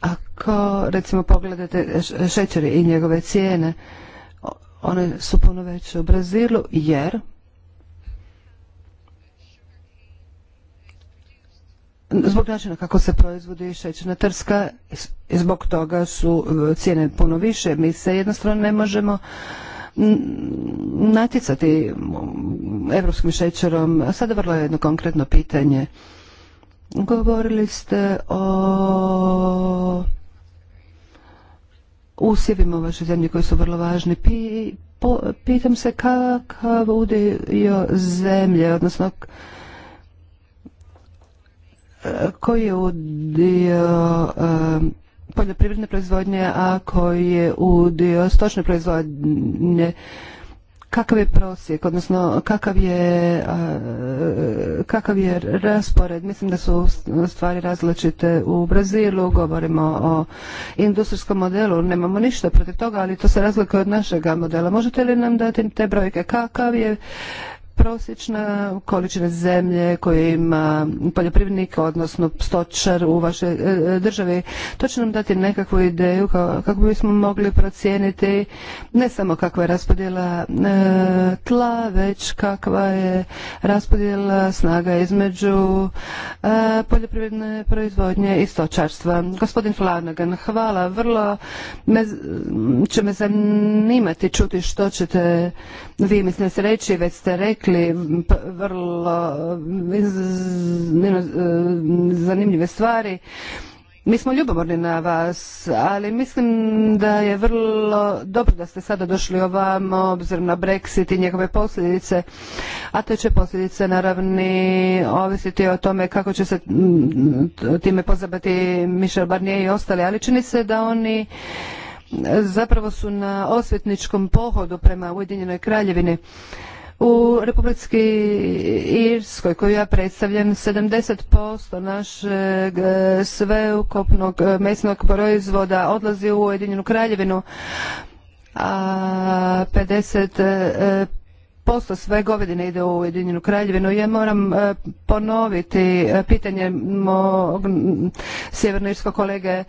Ako, recimo, pogledate šećer i njegove cijene, one su puno veće u Brazilu, jer zbog načina kako se proizvodi šećerna trska, zbog toga su e, cijene puno više. Mi se jednostavno ne možemo natjecati mm, evropskim šećerom. Sada vrlo jedno konkretno pitanje. Govorili ste o usjevima u vašoj zemlji koji su vrlo važni. pitam se kakav udio zemlje, odnosno e, koji je udio e, poljoprivredne proizvodnje, ako koji je udio stočne proizvodnje kakav je prosjek, odnosno kakav je, kakav je raspored. Mislim da su stvari različite u Brazilu, govorimo o industrijskom modelu, nemamo ništa protiv toga, ali to se razlikuje od našega modela. Možete li nam dati te brojke? Kakav je prosječna količina zemlje koju ima poljoprivrednik, odnosno stočar u vašoj e, e, državi. To će nam dati nekakvu ideju kako bismo mogli procijeniti ne samo kakva je raspodjela e, tla, već kakva je raspodjela snaga između poljoprivredne proizvodnje i stočarstva. Gospodin Flanagan, hvala. Vrlo će me zanimati čuti što ćete vi mi ste sreći, već ste rekli vrlo zanimljive stvari. Mi smo ljubomorni na vas, ali mislim da je vrlo dobro da ste sada došli ovamo, obzirom na Brexit i njegove posljedice, a te će posljedice naravno ovisiti o tome kako će se time pozabati Michel Barnier i ostali, ali čini se da oni zapravo su na osvetničkom pohodu prema Ujedinjenoj kraljevini. U Republici Irskoj koju ja predstavljam 70% našeg e, sveukopnog e, mesnog proizvoda odlazi u Ujedinjenu kraljevinu, a 50% posto sve govedine ide u Ujedinjenu kraljevinu. Ja moram e, ponoviti pitanje mog sjevernoirskog kolege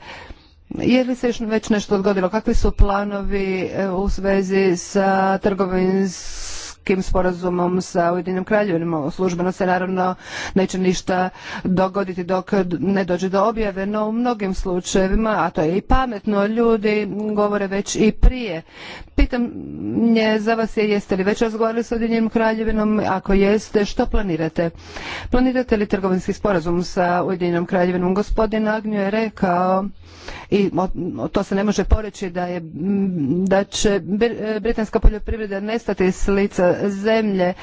je li se još već nešto odgodilo? Kakvi su planovi e, u svezi sa trgovinskim trgovinskim sporazumom sa Ujedinim kraljevinom. Službeno se naravno neće ništa dogoditi dok ne dođe do objave, no u mnogim slučajevima, a to je i pametno, ljudi govore već i prije. Pitam nje za vas je jeste li već razgovarali sa Ujedinjenim kraljevinom, ako jeste, što planirate? Planirate li trgovinski sporazum sa Ujedinjenom kraljevinom? Gospodin Agnju je rekao i to se ne može poreći da je da će britanska poljoprivreda nestati s lica zemlje.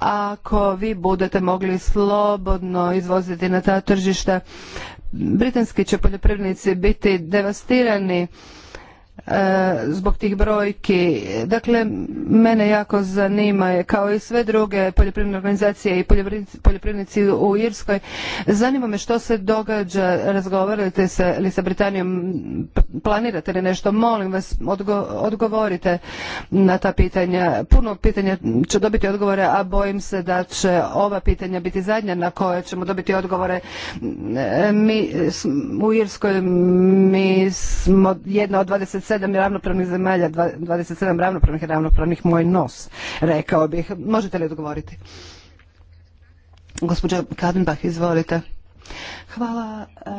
Ako vi budete mogli slobodno izvoziti na ta tržišta, britanski će poljoprivrednici biti devastirani E, zbog tih brojki. Dakle, mene jako zanima kao i sve druge poljoprivredne organizacije i poljoprivrednici u Irskoj, zanima me što se događa, razgovarate se li sa Britanijom, planirate li nešto, molim vas, odgovorite na ta pitanja. Puno pitanja će dobiti odgovore, a bojim se da će ova pitanja biti zadnja na koje ćemo dobiti odgovore. E, mi u Irskoj mi smo jedna od 27 27 ravnopravnih zemalja, 27 ravnopravnih ravnopravnih moj nos, rekao bih. Možete li odgovoriti? Gospodin Kadenbach, izvolite. Hvala e,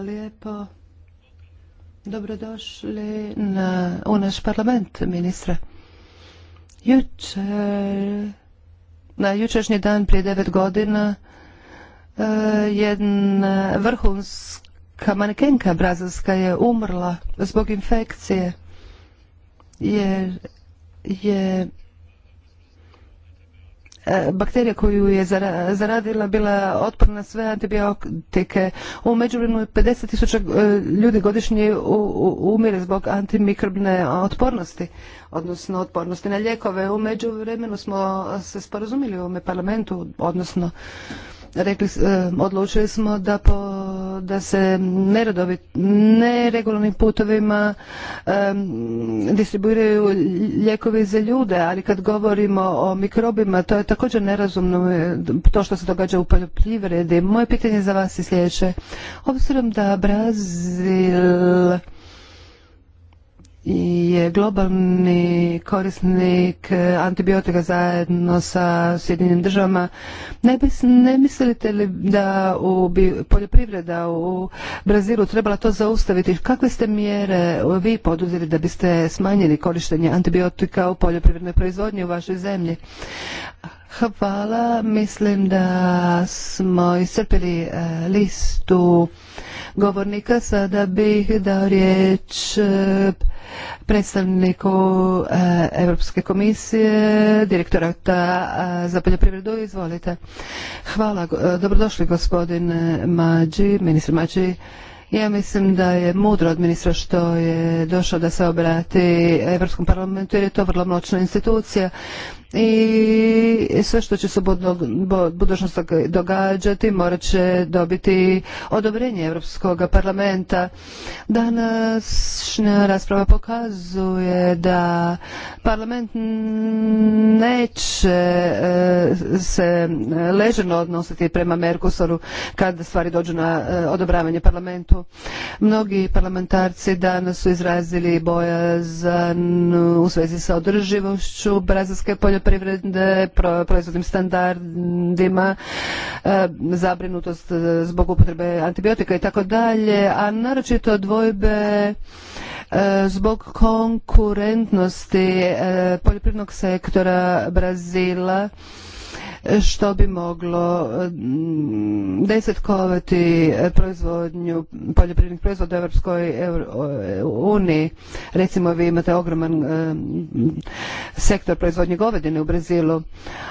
lijepo. Dobrodošli na, u naš parlament, ministra. Jučer, na jučerašnji dan prije devet godina, jedan jedna manekenka brazilska je umrla zbog infekcije jer je e, bakterija koju je zaradila bila otporna na sve antibiotike. U međuvremenu 50 tisuća e, ljudi godišnje umire zbog antimikrobne otpornosti, odnosno otpornosti na ljekove. U međuvremenu smo se sporazumili u ovome parlamentu, odnosno rekli, e, odlučili smo da, da se nerodovi, neregularnim putovima e, distribuiraju lijekovi za ljude, ali kad govorimo o mikrobima, to je također nerazumno e, to što se događa u poljoprivredi. Moje pitanje za vas je sljedeće. Obzirom da Brazil je globalni korisnik e, antibiotika zajedno sa Sjedinim državama. Ne, ne mislite li da u poljoprivreda u Brazilu trebala to zaustaviti? Kakve ste mjere vi poduzeli da biste smanjili korištenje antibiotika u poljoprivrednoj proizvodnji u vašoj zemlji? Hvala, mislim da smo iscrpili e, listu govornika. Sada bih dao riječ e, predstavniku e, Europske komisije, direktorata za poljoprivredu. Izvolite. Hvala. E, dobrodošli gospodin Mađi, ministar Mađi. Ja mislim da je mudro od ministra što je došao da se obrati Europskom parlamentu jer je to vrlo moćna institucija i sve što će se budućnost događati morat će dobiti odobrenje Europskog parlamenta. Današnja rasprava pokazuje da parlament neće e, se leženo odnositi prema Merkusoru kad stvari dođu na e, odobravanje parlamentu. Mnogi parlamentarci danas su izrazili bojazan u svezi sa održivošću brazilske poljoprivrede poljoprivrede, proizvodnim standardima, e, zabrinutost e, zbog upotrebe antibiotika i tako dalje, a naročito dvojbe e, zbog konkurentnosti poljoprivrednog sektora Brazila što bi moglo mm, desetkovati proizvodnju poljoprivrednih proizvoda u Europskoj uniji. Recimo vi imate ogroman e, sektor proizvodnje govedine u Brazilu.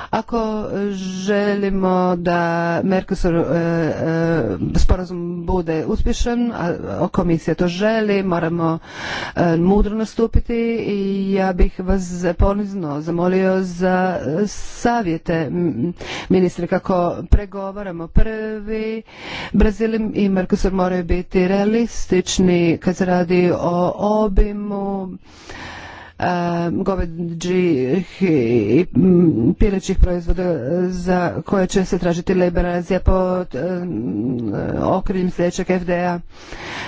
Ako želimo da Mercosur e, e, sporazum bude uspješan, a komisija to želi, moramo mudro nastupiti i ja bih vas ponizno zamolio za savjete ministre kako pregovaramo prvi. Brazil i Mercosur moraju biti realistični kad se radi o obimu Ehm, goveđih i mm, pilećih proizvoda eh, za koje će se tražiti liberalizacija pod ehm, okriljem sljedećeg FDA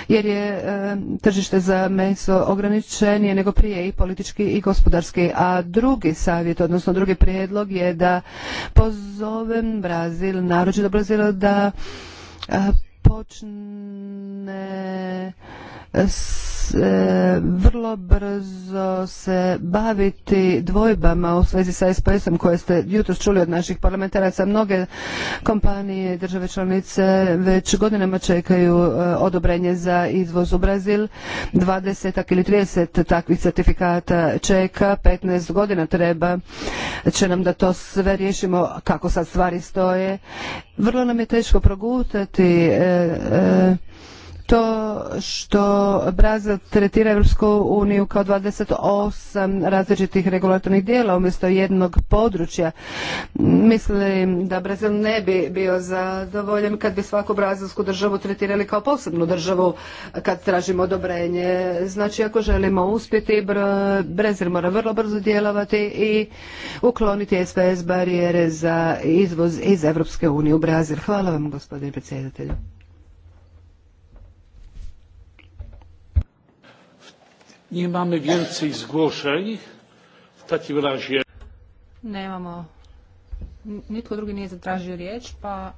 jer je ehm, tržište za meso ograničenije nego prije i politički i gospodarski a drugi savjet odnosno drugi prijedlog je da pozovem Brazil naročito Brazila da eh, počne s E, vrlo brzo se baviti dvojbama u svezi sa SPS-om koje ste jutros čuli od naših parlamentaraca. Mnoge kompanije i države članice već godinama čekaju e, odobrenje za izvoz u Brazil. 20 ili 30 takvih certifikata čeka, 15 godina treba će nam da to sve riješimo kako sad stvari stoje. Vrlo nam je teško progutati e, to što Brazil tretira Evropsku uniju kao 28 različitih regulatornih dijela umjesto jednog područja. Mislim da Brazil ne bi bio zadovoljan kad bi svaku brazilsku državu tretirali kao posebnu državu kad tražimo odobrenje. Znači ako želimo uspjeti, Brazil mora vrlo brzo djelovati i ukloniti SPS barijere za izvoz iz Evropske unije u Brazil. Hvala vam gospodine predsjedatelju. Nie mamy więcej zgłoszeń. W takim razie... Nemamo. Nitko drugi nije zatražio riječ, pa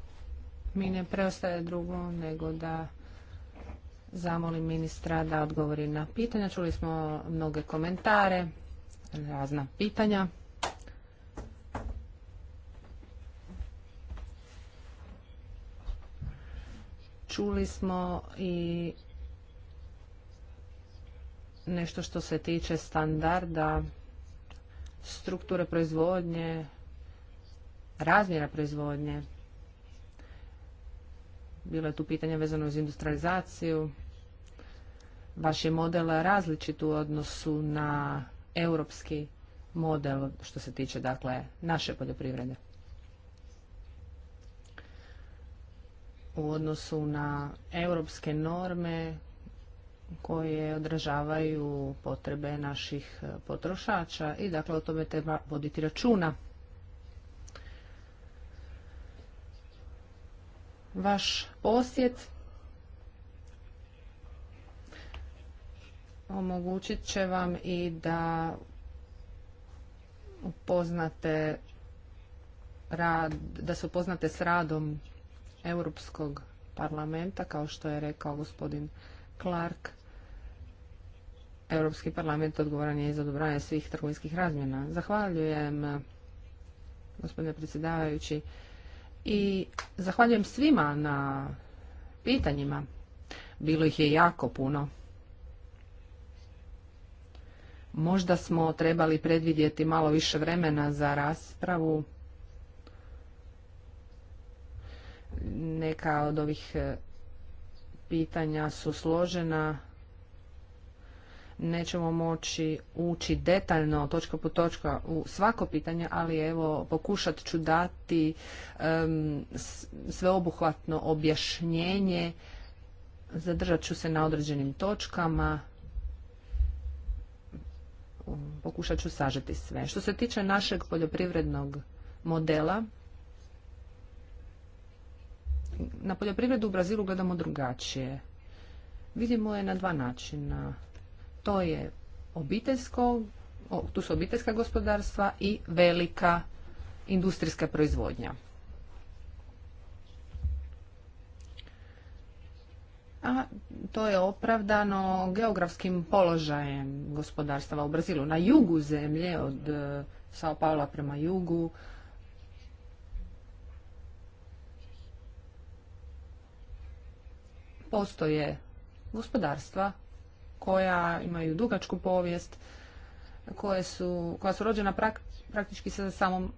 mi ne preostaje drugo nego da zamolim ministra da odgovori na pitanja. Čuli smo mnoge komentare, razna pitanja. Čuli smo i nešto što se tiče standarda, strukture proizvodnje, razmjera proizvodnje. Bilo je tu pitanje vezano uz industrializaciju. Vaš je model različit u odnosu na europski model što se tiče dakle naše poljoprivrede. U odnosu na europske norme koje odražavaju potrebe naših e, potrošača i dakle o tome treba voditi računa. Vaš posjet omogućit će vam i da upoznate rad, da se upoznate s radom Europskog parlamenta, kao što je rekao gospodin Clark. Europski parlament odgovoran je za odobranje svih trgovinskih razmjena. Zahvaljujem, eh, gospodine predsjedavajući, i zahvaljujem svima na pitanjima. Bilo ih je jako puno. Možda smo trebali predvidjeti malo više vremena za raspravu. Neka od ovih eh, pitanja su složena, nećemo moći ući detaljno točka po točka u svako pitanje, ali evo pokušat ću dati sveobuhvatno objašnjenje. Zadržat ću se na određenim točkama. Pokušat ću sažeti sve. Što se tiče našeg poljoprivrednog modela, na poljoprivredu u Brazilu gledamo drugačije. Vidimo je na dva načina. To je obiteljsko, tu su obiteljska gospodarstva i velika industrijska proizvodnja. a to je opravdano geografskim položajem gospodarstva u Brazilu. Na jugu zemlje, od e, Sao Paula prema jugu, Postoje gospodarstva koja imaju dugačku povijest, koje su, koja su rođena praktički sa samom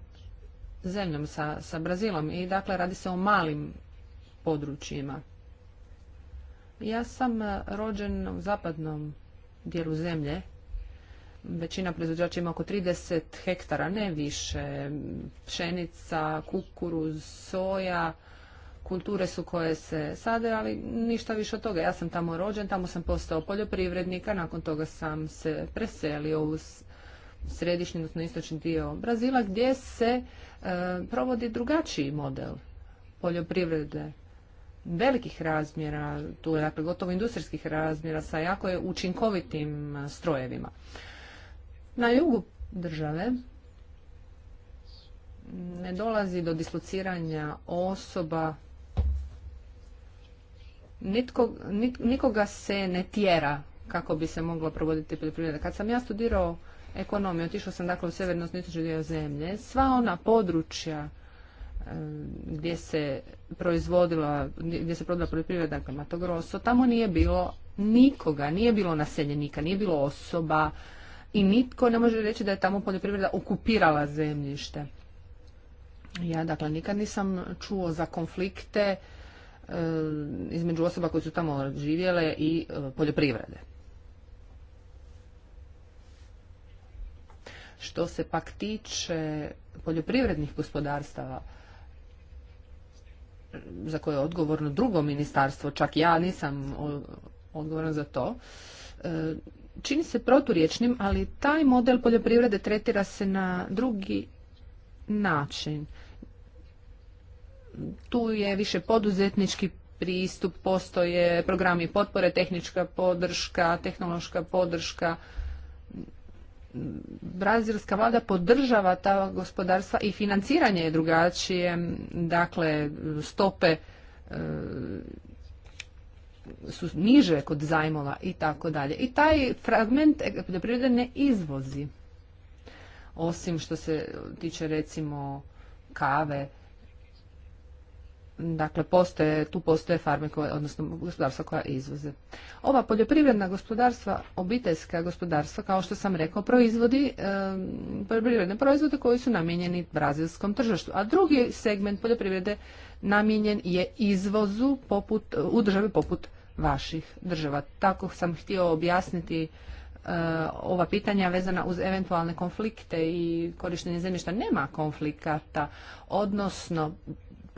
zemljom, sa, sa Brazilom i dakle radi se o malim područjima. Ja sam e, rođen u zapadnom dijelu zemlje. Većina proizvođača ima oko 30 hektara, ne više. Pšenica, kukuruz, soja, kulture su koje se sade, ali ništa više od toga. Ja sam tamo rođen, tamo sam postao poljoprivrednika, nakon toga sam se preselio u središnji, odnosno istočni dio Brazila, gdje se e, provodi drugačiji model poljoprivrede velikih razmjera, tu je dakle gotovo industrijskih razmjera sa jako je učinkovitim e, strojevima. Na jugu države ne dolazi do dislociranja osoba nikoga se ne tjera kako bi se moglo provoditi poljoprivreda. Kad sam ja studirao ekonomiju, otišao sam dakle u sjeverno dio zemlje, sva ona područja e, gdje se proizvodila, gdje se prodala poljoprivreda, dakle Matogroso, Grosso, tamo nije bilo nikoga, nije bilo naseljenika, nije bilo osoba i nitko ne može reći da je tamo poljoprivreda okupirala zemljište. Ja dakle nikad nisam čuo za konflikte Eh, između osoba koje su tamo živjele i eh, poljoprivrede. Što se pak tiče poljoprivrednih gospodarstava, za koje je odgovorno drugo ministarstvo, čak ja nisam odgovorna za to, eh, čini se proturječnim, ali taj model poljoprivrede tretira se na drugi način tu je više poduzetnički pristup, postoje programi potpore, tehnička podrška, tehnološka podrška. Brazilska vlada podržava ta gospodarstva i financiranje je drugačije, dakle stope e, su niže kod zajmova i tako dalje. I taj fragment poljoprivrede ne izvozi. Osim što se tiče recimo kave, Dakle, postoje, tu postoje farme, koje, odnosno gospodarstva koja izvoze. Ova poljoprivredna gospodarstva, obiteljska gospodarstva, kao što sam rekao, proizvodi poljoprivredne proizvode koji su namijenjeni brazilskom tržištu. A drugi segment poljoprivrede namijenjen je izvozu poput, u države poput vaših država. Tako sam htio objasniti e, ova pitanja vezana uz eventualne konflikte i korištenje zemljišta nema konflikata, odnosno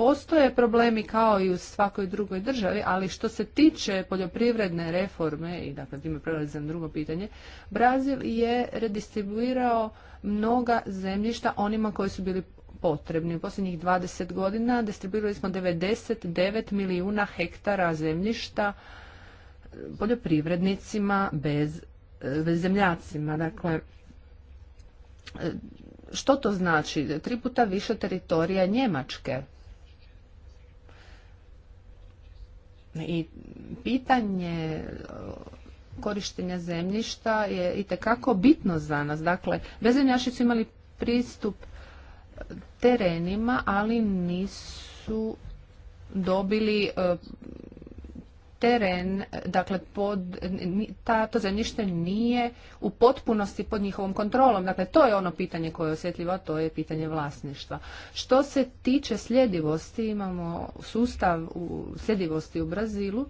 Postoje problemi kao i u svakoj drugoj državi, ali što se tiče poljoprivredne reforme, i dakle time prelazim drugo pitanje, Brazil je redistribuirao mnoga zemljišta onima koji su bili potrebni. U posljednjih 20 godina distribuirali smo 99 milijuna hektara zemljišta poljoprivrednicima bez, bez zemljacima. Dakle, e, što to znači? Tri puta više teritorija Njemačke I pitanje e, korištenja zemljišta je i tekako bitno za nas. Dakle, bezemljaši su imali pristup terenima, ali nisu dobili e, teren, dakle pod, ta, to zemljište nije u potpunosti pod njihovom kontrolom. Dakle, to je ono pitanje koje je osjetljivo, a to je pitanje vlasništva. Što se tiče sljedivosti, imamo sustav u sljedivosti u Brazilu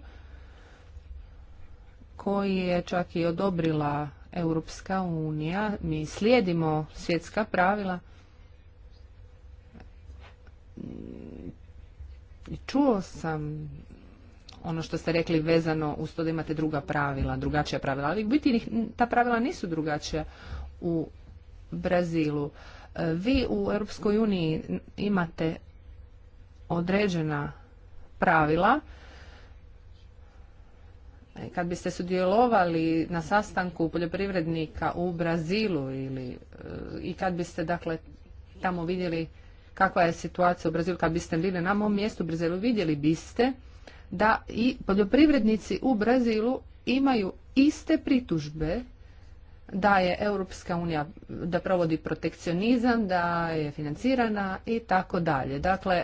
koji je čak i odobrila Europska unija. Mi slijedimo svjetska pravila. Čuo sam ono što ste rekli vezano uz to da imate druga pravila, drugačija pravila, ali biti ta pravila nisu drugačija u Brazilu. E, vi u Europskoj uniji imate određena pravila. E, kad biste sudjelovali na sastanku poljoprivrednika u Brazilu ili e, i kad biste dakle tamo vidjeli kakva je situacija u Brazilu, kad biste bili na mom mjestu u Brazilu vidjeli biste da i poljoprivrednici u Brazilu imaju iste pritužbe da je Europska unija da provodi protekcionizam, da je financirana i tako dalje. Dakle,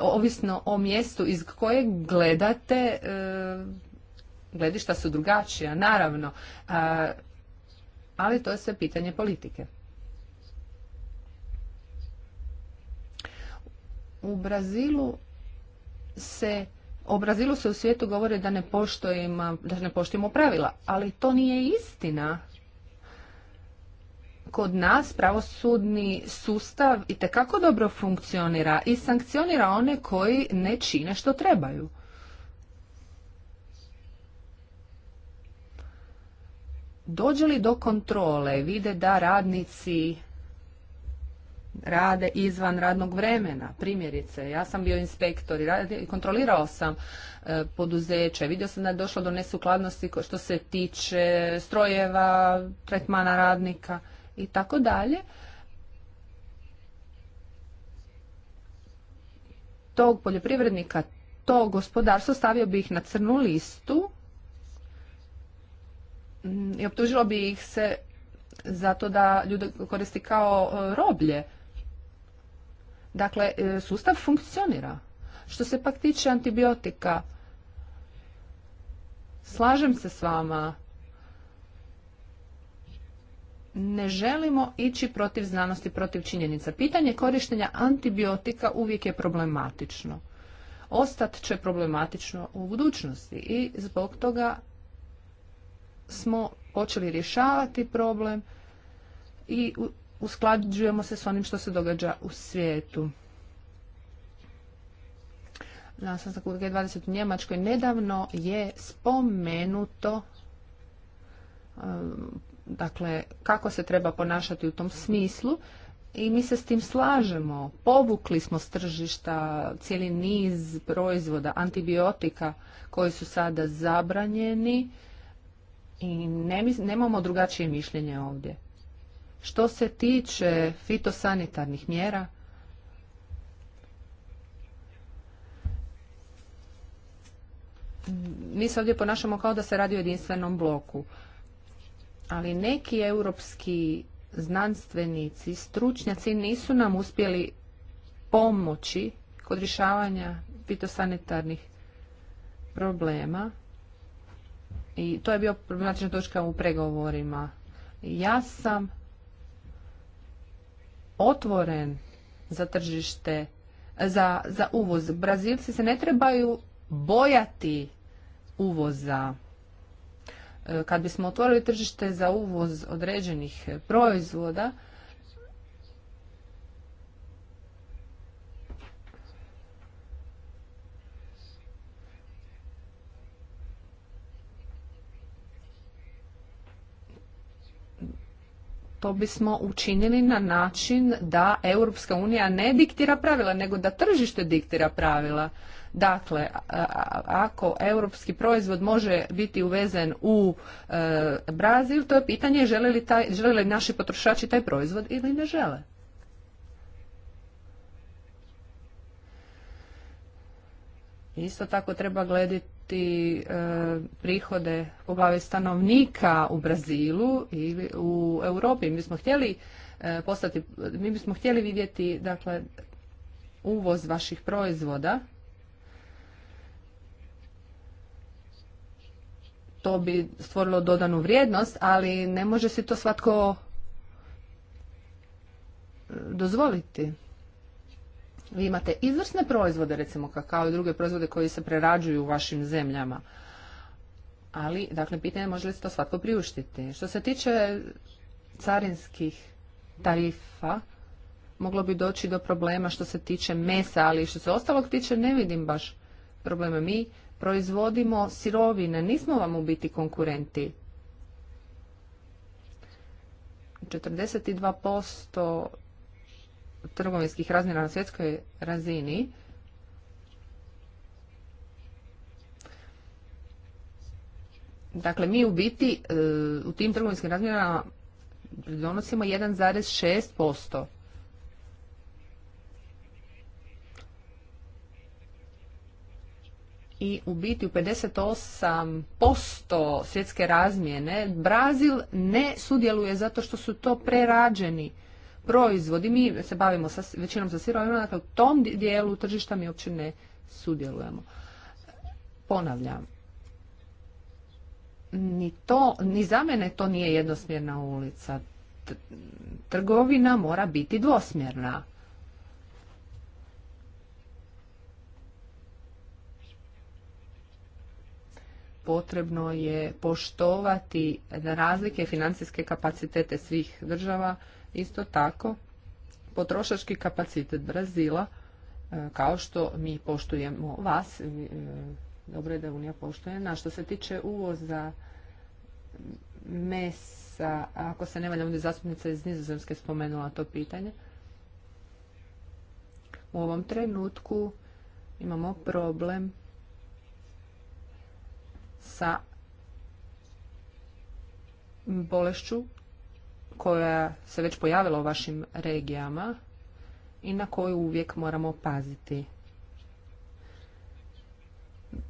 ovisno o mjestu iz kojeg gledate, e, gledišta su drugačija, naravno, ali to je sve pitanje politike. U Brazilu se o Brazilu se u svijetu govori da ne poštojimo, da ne poštujemo pravila, ali to nije istina. Kod nas pravosudni sustav i tekako dobro funkcionira i sankcionira one koji ne čine što trebaju. Dođe li do kontrole, vide da radnici rade izvan radnog vremena. Primjerice, ja sam bio inspektor i kontrolirao sam e, poduzeće. Vidio sam da je došlo do nesukladnosti što se tiče strojeva, tretmana radnika i tako dalje. Tog poljoprivrednika, to gospodarstvo stavio bih ih na crnu listu i optužilo bi ih se zato da ljude koristi kao e, roblje. Dakle, e, sustav funkcionira. Što se pak tiče antibiotika, slažem se s vama. Ne želimo ići protiv znanosti, protiv činjenica. Pitanje korištenja antibiotika uvijek je problematično. Ostat će problematično u budućnosti i zbog toga smo počeli rješavati problem i usklađujemo se s onim što se događa u svijetu. Na sastanku G20 u Njemačkoj nedavno je spomenuto um, dakle, kako se treba ponašati u tom smislu i mi se s tim slažemo. Povukli smo s tržišta cijeli niz proizvoda, antibiotika koji su sada zabranjeni i nemamo drugačije mišljenje ovdje. Što se tiče fitosanitarnih mjera, mi se ovdje ponašamo kao da se radi o jedinstvenom bloku. Ali neki europski znanstvenici, stručnjaci nisu nam uspjeli pomoći kod rješavanja fitosanitarnih problema. I to je bio problematična znači, točka u pregovorima. Ja sam otvoren za tržište, za, za uvoz. Brazilci se ne trebaju bojati uvoza. E, kad bismo otvorili tržište za uvoz određenih proizvoda, to bismo učinili na način da Europska unija ne diktira pravila, nego da tržište diktira pravila. Dakle, ako europski proizvod može biti uvezen u e, Brazil, to je pitanje žele li, taj, naši potrošači taj proizvod ili ne žele. Isto tako treba gledati ti e, prihode po glavi stanovnika u Brazilu ili u Europi. Mi bismo htjeli e, postati, mi bismo htjeli vidjeti dakle uvoz vaših proizvoda. To bi stvorilo dodanu vrijednost, ali ne može si to svatko dozvoliti. Vi imate izvrsne proizvode, recimo kakao i druge proizvode koji se prerađuju u vašim zemljama. Ali, dakle, pitanje je može li se to svatko priuštiti. Što se tiče carinskih tarifa, moglo bi doći do problema što se tiče mesa, ali što se ostalog tiče ne vidim baš problema. Mi proizvodimo sirovine, nismo vam u biti konkurenti. 42% trgovinskih razmjera na svjetskoj razini, Dakle, mi u biti e, u tim trgovinskim razmjerama donosimo 1,6%. I u biti u 58% svjetske razmjene Brazil ne sudjeluje zato što su to prerađeni proizvodi. Mi se bavimo sa, većinom sa sirovinama, dakle u tom dijelu tržišta mi uopće ne sudjelujemo. Ponavljam, ni to, ni za mene to nije jednosmjerna ulica. Trgovina mora biti dvosmjerna. potrebno je poštovati razlike financijske kapacitete svih država Isto tako, potrošački kapacitet Brazila, e, kao što mi poštujemo vas, e, dobro je da Unija poštuje, na što se tiče uvoza mesa, ako se ne valja, ovdje zastupnica iz Nizozemske spomenula to pitanje, u ovom trenutku imamo problem sa bolešću koja se već pojavila u vašim regijama i na koju uvijek moramo paziti.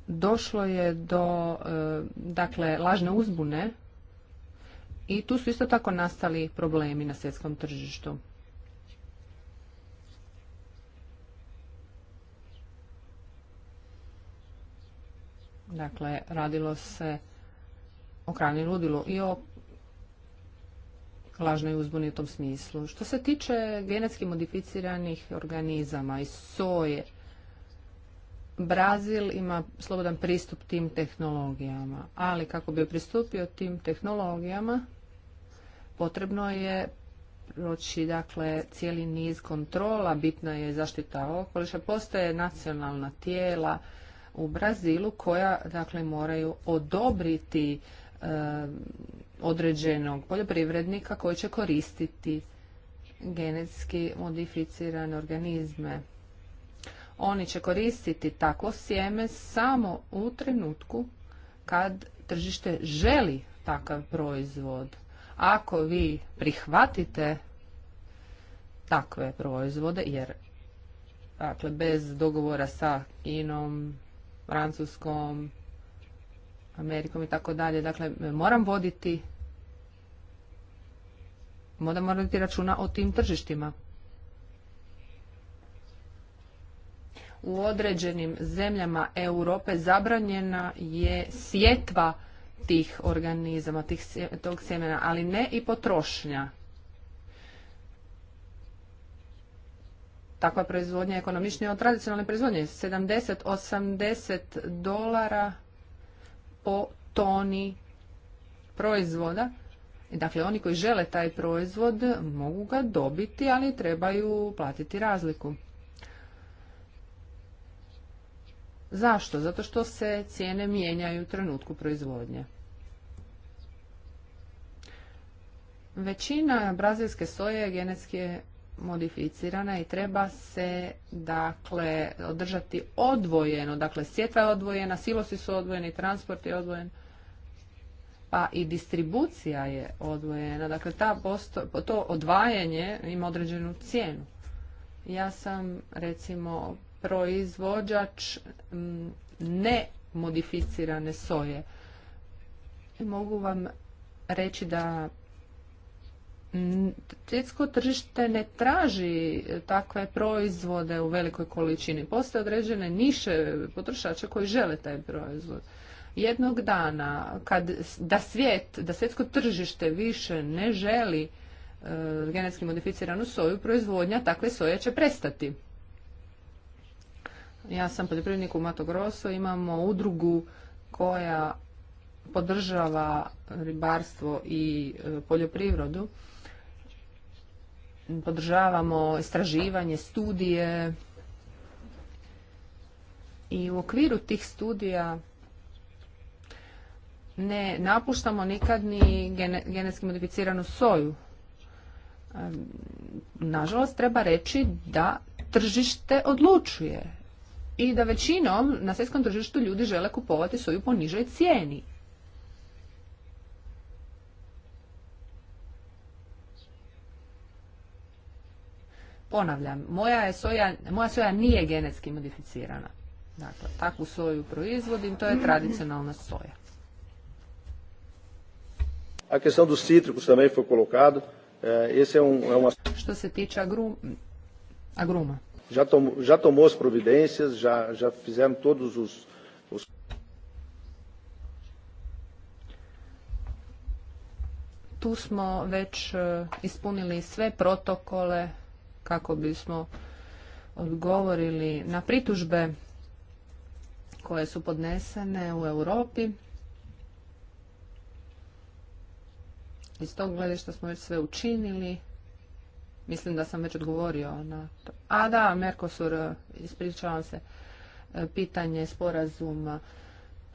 Došlo je do e, dakle lažne uzbune i tu su isto tako nastali problemi na svjetskom tržištu. Dakle, radilo se o krajnjem ludilu i o lažnoj uzbuni u tom smislu. Što se tiče genetski modificiranih organizama i soje, Brazil ima slobodan pristup tim tehnologijama, ali kako bi pristupio tim tehnologijama, potrebno je proći dakle, cijeli niz kontrola, bitna je zaštita okoliša. Postoje nacionalna tijela u Brazilu koja dakle, moraju odobriti određenog poljoprivrednika koji će koristiti genetski modificirane organizme. Oni će koristiti takvo sjeme samo u trenutku kad tržište želi takav proizvod. Ako vi prihvatite takve proizvode, jer dakle, bez dogovora sa inom Francuskom, Amerikom i tako dalje. Dakle, moram voditi moram voditi računa o tim tržištima. U određenim zemljama Europe zabranjena je sjetva tih organizama, tih, tog sjemena, ali ne i potrošnja. Takva proizvodnja je ekonomičnija od tradicionalne proizvodnje. 70-80 dolara o toni proizvoda. Dakle, oni koji žele taj proizvod mogu ga dobiti, ali trebaju platiti razliku. Zašto? Zato što se cijene mijenjaju u trenutku proizvodnje. Većina brazilske soje je genetski modificirana i treba se dakle održati odvojeno. Dakle, sjetva je odvojena, silosi su odvojeni, transport je odvojen, pa i distribucija je odvojena. Dakle, ta posto, to odvajanje ima određenu cijenu. Ja sam recimo proizvođač mm, ne modificirane soje. Mogu vam reći da svjetsko tržište ne traži takve proizvode u velikoj količini. Postoje određene niše potrošača koji žele taj proizvod. Jednog dana kad da svijet, da svjetsko tržište više ne želi e, genetski modificiranu soju, proizvodnja takve soje će prestati. Ja sam poljoprivrednik u Mato Grosso, imamo udrugu koja podržava ribarstvo i e, poljoprivrodu podržavamo istraživanje, studije i u okviru tih studija ne napuštamo nikad ni genetski modificiranu soju. Nažalost, treba reći da tržište odlučuje i da većinom na svjetskom tržištu ljudi žele kupovati soju po nižoj cijeni. Ponavljam, moja, je soja, moja soja nije genetski modificirana. Dakle, takvu soju proizvodim, to je tradicionalna soja. A questão do cítricos também foi colocado. Esse é um, é uma... Što se tiče agrum, agruma. Já tomou, já tomou as providências, já, já fizeram todos os, os... Tu smo već eh, ispunili sve protokole kako bismo odgovorili na pritužbe koje su podnesene u Europi. Iz tog što smo već sve učinili. Mislim da sam već odgovorio na to. A da, Merkosur, ispričavam se, pitanje sporazuma,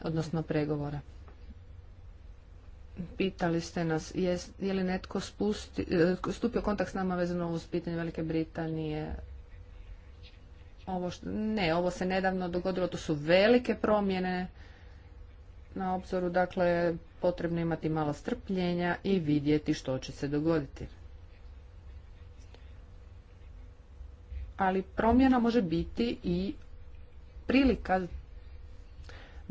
odnosno pregovora. Pitali ste nas je, je li netko spusti, e, stupio kontakt s nama vezano uz pitanje Velike Britanije. Ovo ne, ovo se nedavno dogodilo, to su velike promjene na obzoru, dakle potrebno imati malo strpljenja i vidjeti što će se dogoditi. Ali promjena može biti i prilika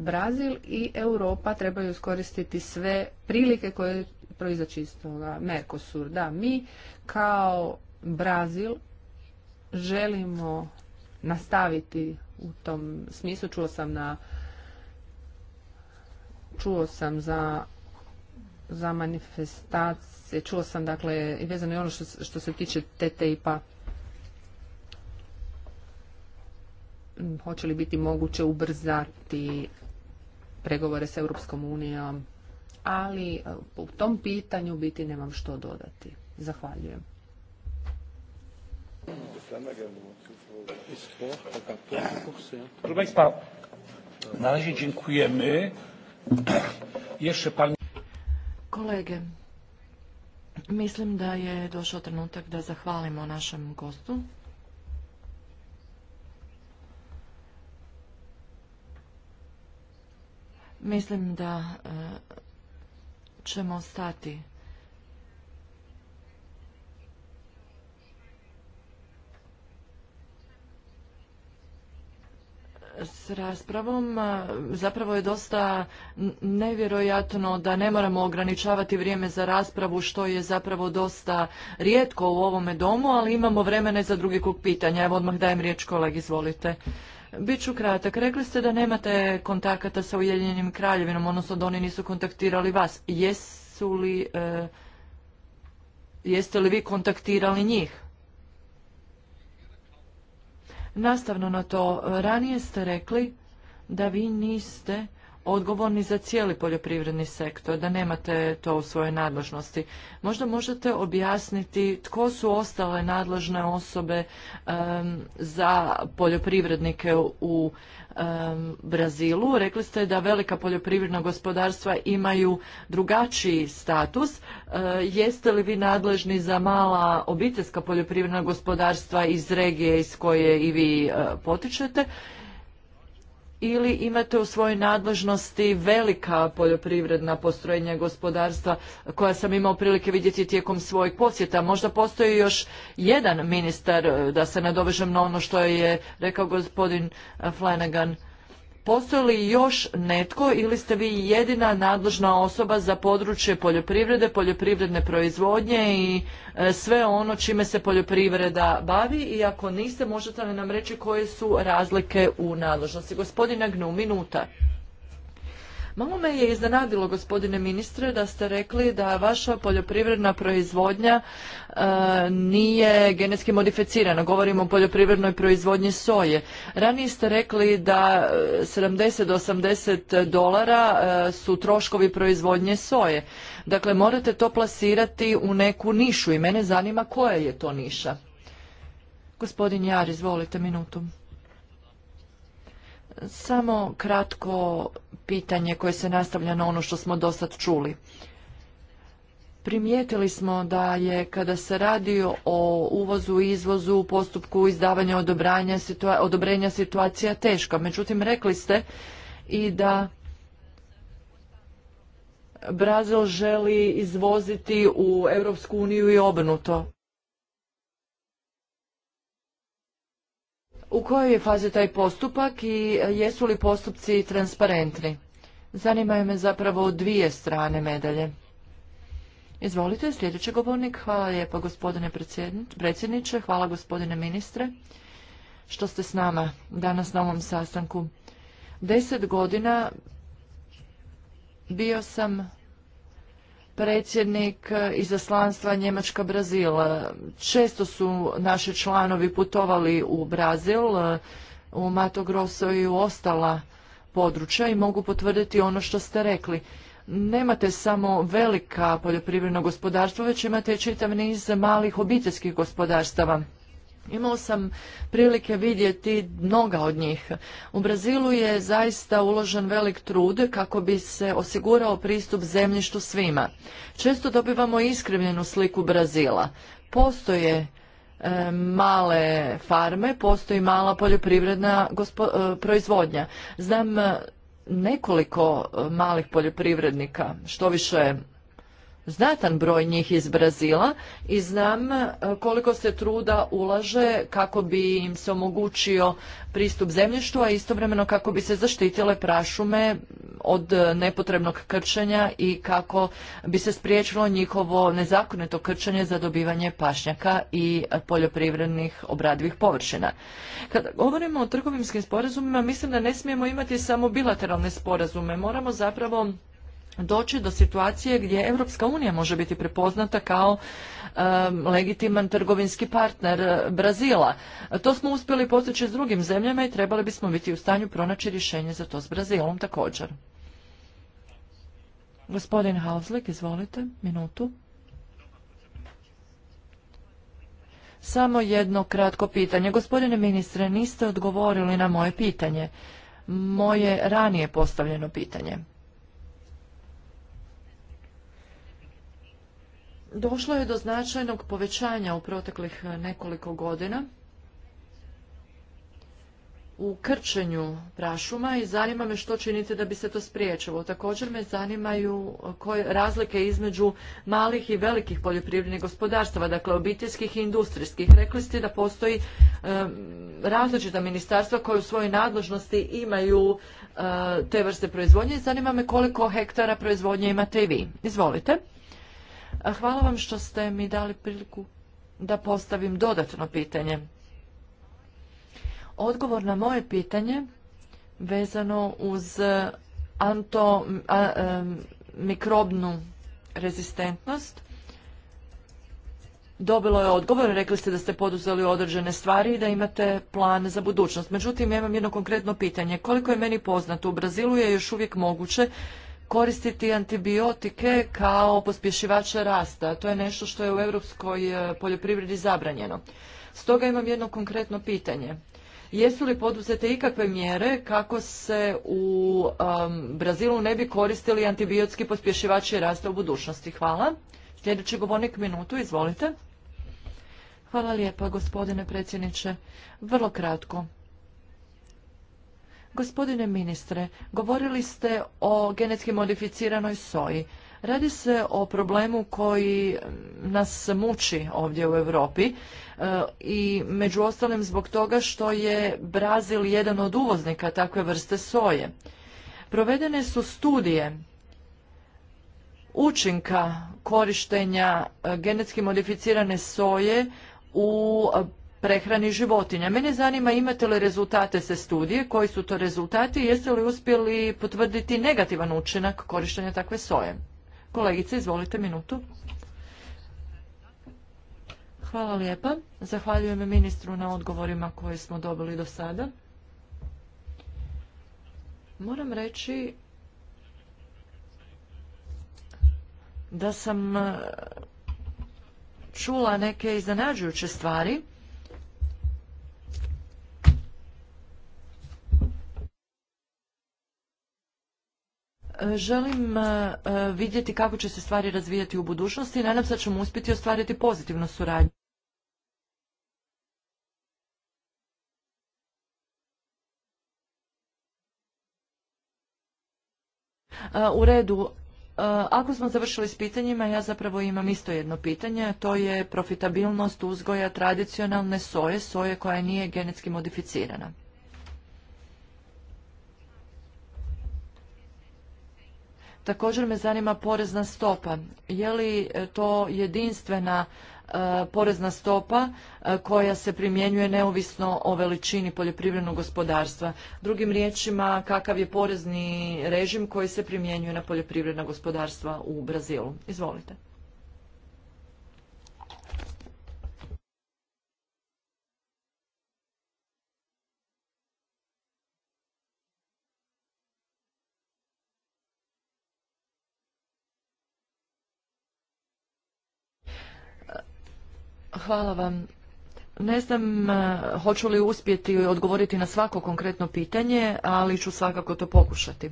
Brazil i Europa trebaju iskoristiti sve prilike koje proizaći iz toga. Mercosur, da, mi kao Brazil želimo nastaviti u tom smislu. Čuo sam na čuo sam za za manifestacije, čuo sam dakle i vezano i ono što, što se tiče TTIP-a hoće li biti moguće ubrzati pregovore s Europskom unijom, ali e, u tom pitanju biti nemam što dodati. Zahvaljujem. Kolege, mislim da je došao trenutak da zahvalimo našem gostu. Mislim da e, ćemo stati s raspravom. E, zapravo je dosta nevjerojatno da ne moramo ograničavati vrijeme za raspravu, što je zapravo dosta rijetko u ovome domu, ali imamo vremena za drugi kuk pitanja. Evo odmah dajem riječ kolegi, izvolite. Biću kratak. Rekli ste da nemate kontakata sa Ujedinjenim kraljevinom, odnosno da oni nisu kontaktirali vas. Jesu li, e, jeste li vi kontaktirali njih? Nastavno na to, ranije ste rekli da vi niste odgovorni za cijeli poljoprivredni sektor, da nemate to u svojoj nadležnosti. Možda možete objasniti tko su ostale nadležne osobe za poljoprivrednike u Brazilu. Rekli ste da velika poljoprivredna gospodarstva imaju drugačiji status. E, jeste li vi nadležni za mala obiteljska poljoprivredna gospodarstva iz regije iz koje i vi e, potičete? ili imate u svojoj nadležnosti velika poljoprivredna postrojenja gospodarstva koja sam imao prilike vidjeti tijekom svojeg posjeta. Možda postoji još jedan ministar, e, da se nadovežem na ono što je rekao gospodin e, Flanagan, Postoji li još netko ili ste vi jedina nadležna osoba za područje poljoprivrede, poljoprivredne proizvodnje i e, sve ono čime se poljoprivreda bavi i ako niste možete li nam reći koje su razlike u nadležnosti. Gospodina Gnu, minuta. Malo me je iznenadilo, gospodine ministre, da ste rekli da vaša poljoprivredna proizvodnja e, nije genetski modificirana. Govorimo o poljoprivrednoj proizvodnji soje. Ranije ste rekli da 70 e, 80 dolara e, su troškovi proizvodnje soje. Dakle, morate to plasirati u neku nišu i mene zanima koja je to niša. Gospodin Jar, izvolite minutu. Samo kratko pitanje koje se nastavlja na ono što smo dosad čuli. Primijetili smo da je kada se radi o uvozu i izvozu u postupku izdavanja odobrenja situacija teška. Međutim, rekli ste i da Brazil želi izvoziti u Europsku uniju i obrnuto. U kojoj je fazi taj postupak i e, jesu li postupci transparentni? Zanimaju me zapravo dvije strane medalje. Izvolite, sljedeći govornik. Hvala lijepo gospodine predsjedniče, hvala gospodine ministre što ste s nama danas na ovom sastanku. Deset godina bio sam predsjednik izaslanstva Njemačka Brazil. Često su naši članovi putovali u Brazil, u Mato Grosso i u ostala područja i mogu potvrditi ono što ste rekli. Nemate samo velika poljoprivredna gospodarstva, već imate čitav niz malih obiteljskih gospodarstava. Imao sam prilike vidjeti mnoga od njih. U Brazilu je zaista uložen velik trud kako bi se osigurao pristup zemljištu svima. Često dobivamo iskrivljenu sliku Brazila. Postoje e, male farme, postoji mala poljoprivredna e, proizvodnja. Znam e, nekoliko malih poljoprivrednika, što više znatan broj njih iz Brazila i znam e, koliko se truda ulaže kako bi im se omogućio pristup zemljištu, a istovremeno kako bi se zaštitile prašume od nepotrebnog krčenja i kako bi se spriječilo njihovo nezakonito krčenje za dobivanje pašnjaka i poljoprivrednih obradivih površina. Kada govorimo o trgovinskim sporazumima, mislim da ne smijemo imati samo bilateralne sporazume. Moramo zapravo doći do situacije gdje Europska unija može biti prepoznata kao legitiman trgovinski partner e, Brazila. To smo uspjeli postići s drugim zemljama i trebali bismo biti u stanju pronaći rješenje za to s Brazilom također. Gospodin Hauslik, izvolite, minutu. Samo jedno kratko pitanje. Gospodine ministre, niste odgovorili na moje pitanje. Moje ranije postavljeno pitanje. došlo je do značajnog povećanja u proteklih nekoliko godina u krčenju prašuma i zanima me što činite da bi se to spriječilo. Također me zanimaju koje razlike između malih i velikih poljoprivrednih gospodarstava, dakle obiteljskih i industrijskih. Rekli ste da postoji različita ministarstva koje u svojoj nadležnosti imaju te vrste proizvodnje i zanima me koliko hektara proizvodnje imate i vi. Izvolite. Hvala vam što ste mi dali priliku da postavim dodatno pitanje. Odgovor na moje pitanje vezano uz eh, anto, mikrobnu rezistentnost. Dobilo je odgovor, rekli ste da ste poduzeli određene stvari i da imate plan za budućnost. Međutim, ja imam jedno konkretno pitanje. Koliko je meni poznato, u Brazilu je još uvijek moguće koristiti antibiotike kao pospješivače rasta. To je nešto što je u europskoj e, poljoprivredi zabranjeno. Stoga imam jedno konkretno pitanje. Jesu li poduzete ikakve mjere kako se u Brazilu ne bi koristili antibiotski pospješivači rasta u budućnosti? Hvala. Sljedeći govornik minutu, izvolite. Hvala lijepa gospodine predsjedniče. Vrlo kratko. Gospodine ministre, govorili ste o genetski modificiranoj soji. Radi se o problemu koji nas muči ovdje u Europi e, i među ostalim zbog toga što je Brazil jedan od uvoznika takve vrste soje. Provedene su studije učinka korištenja e, genetski modificirane soje u prehrani životinja. Mene zanima imate li rezultate se studije, koji su to rezultati i jeste li uspjeli potvrditi negativan učinak korištenja takve soje. Kolegice, izvolite minutu. Hvala lijepa. Zahvaljujem ministru na odgovorima koje smo dobili do sada. Moram reći da sam eh, čula neke iznenađujuće stvari Želim e, e, vidjeti kako će se stvari razvijati u budućnosti i nadam se da ćemo uspjeti ostvariti pozitivnu suradnju. E, u redu, ako smo završili s pitanjima, ja zapravo imam isto jedno pitanje, to je profitabilnost uzgoja tradicionalne soje, soje koja nije genetski modificirana. Također me zanima porezna stopa. Je li e, to jedinstvena e, porezna stopa e, koja se primjenjuje neovisno o veličini poljoprivrednog gospodarstva? Drugim riječima, kakav je porezni režim koji se primjenjuje na poljoprivredna gospodarstva u Brazilu? Izvolite. Hvala vam. Ne znam e, hoću li uspjeti odgovoriti na svako konkretno pitanje, ali ću svakako to pokušati.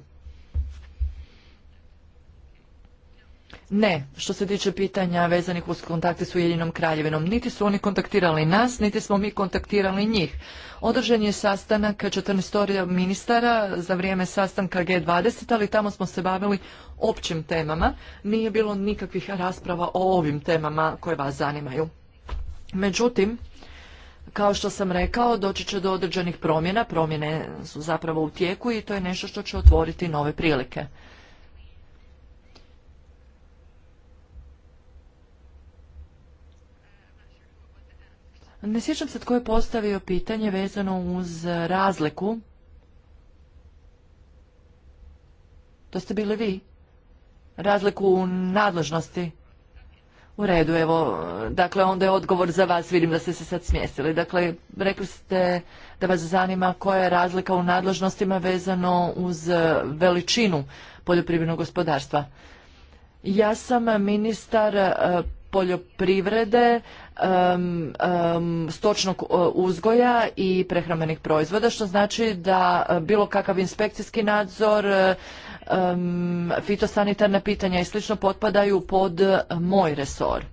Ne, što se tiče pitanja vezanih uz kontakte s Ujedinom kraljevinom, niti su oni kontaktirali nas, niti smo mi kontaktirali njih. Održan je sastanak 14 ministara za vrijeme sastanka G20, ali tamo smo se bavili općim temama. Nije bilo nikakvih rasprava o ovim temama koje vas zanimaju. Međutim, kao što sam rekao, doći će do određenih promjena, promjene su zapravo u tijeku i to je nešto što će otvoriti nove prilike. Ne sjećam se tko je postavio pitanje vezano uz razliku. To ste bili vi? Razliku u nadležnosti? U redu, evo, dakle onda je odgovor za vas, vidim da ste se sad smjestili. Dakle, rekli ste da vas zanima koja je razlika u nadležnostima vezano uz veličinu poljoprivrednog gospodarstva. Ja sam ministar e, poljoprivrede, stočnog e, uzgoja i prehrambenih proizvoda, što znači da e, bilo kakav inspekcijski nadzor, um, fitosanitarna pitanja i slično potpadaju pod moj resor.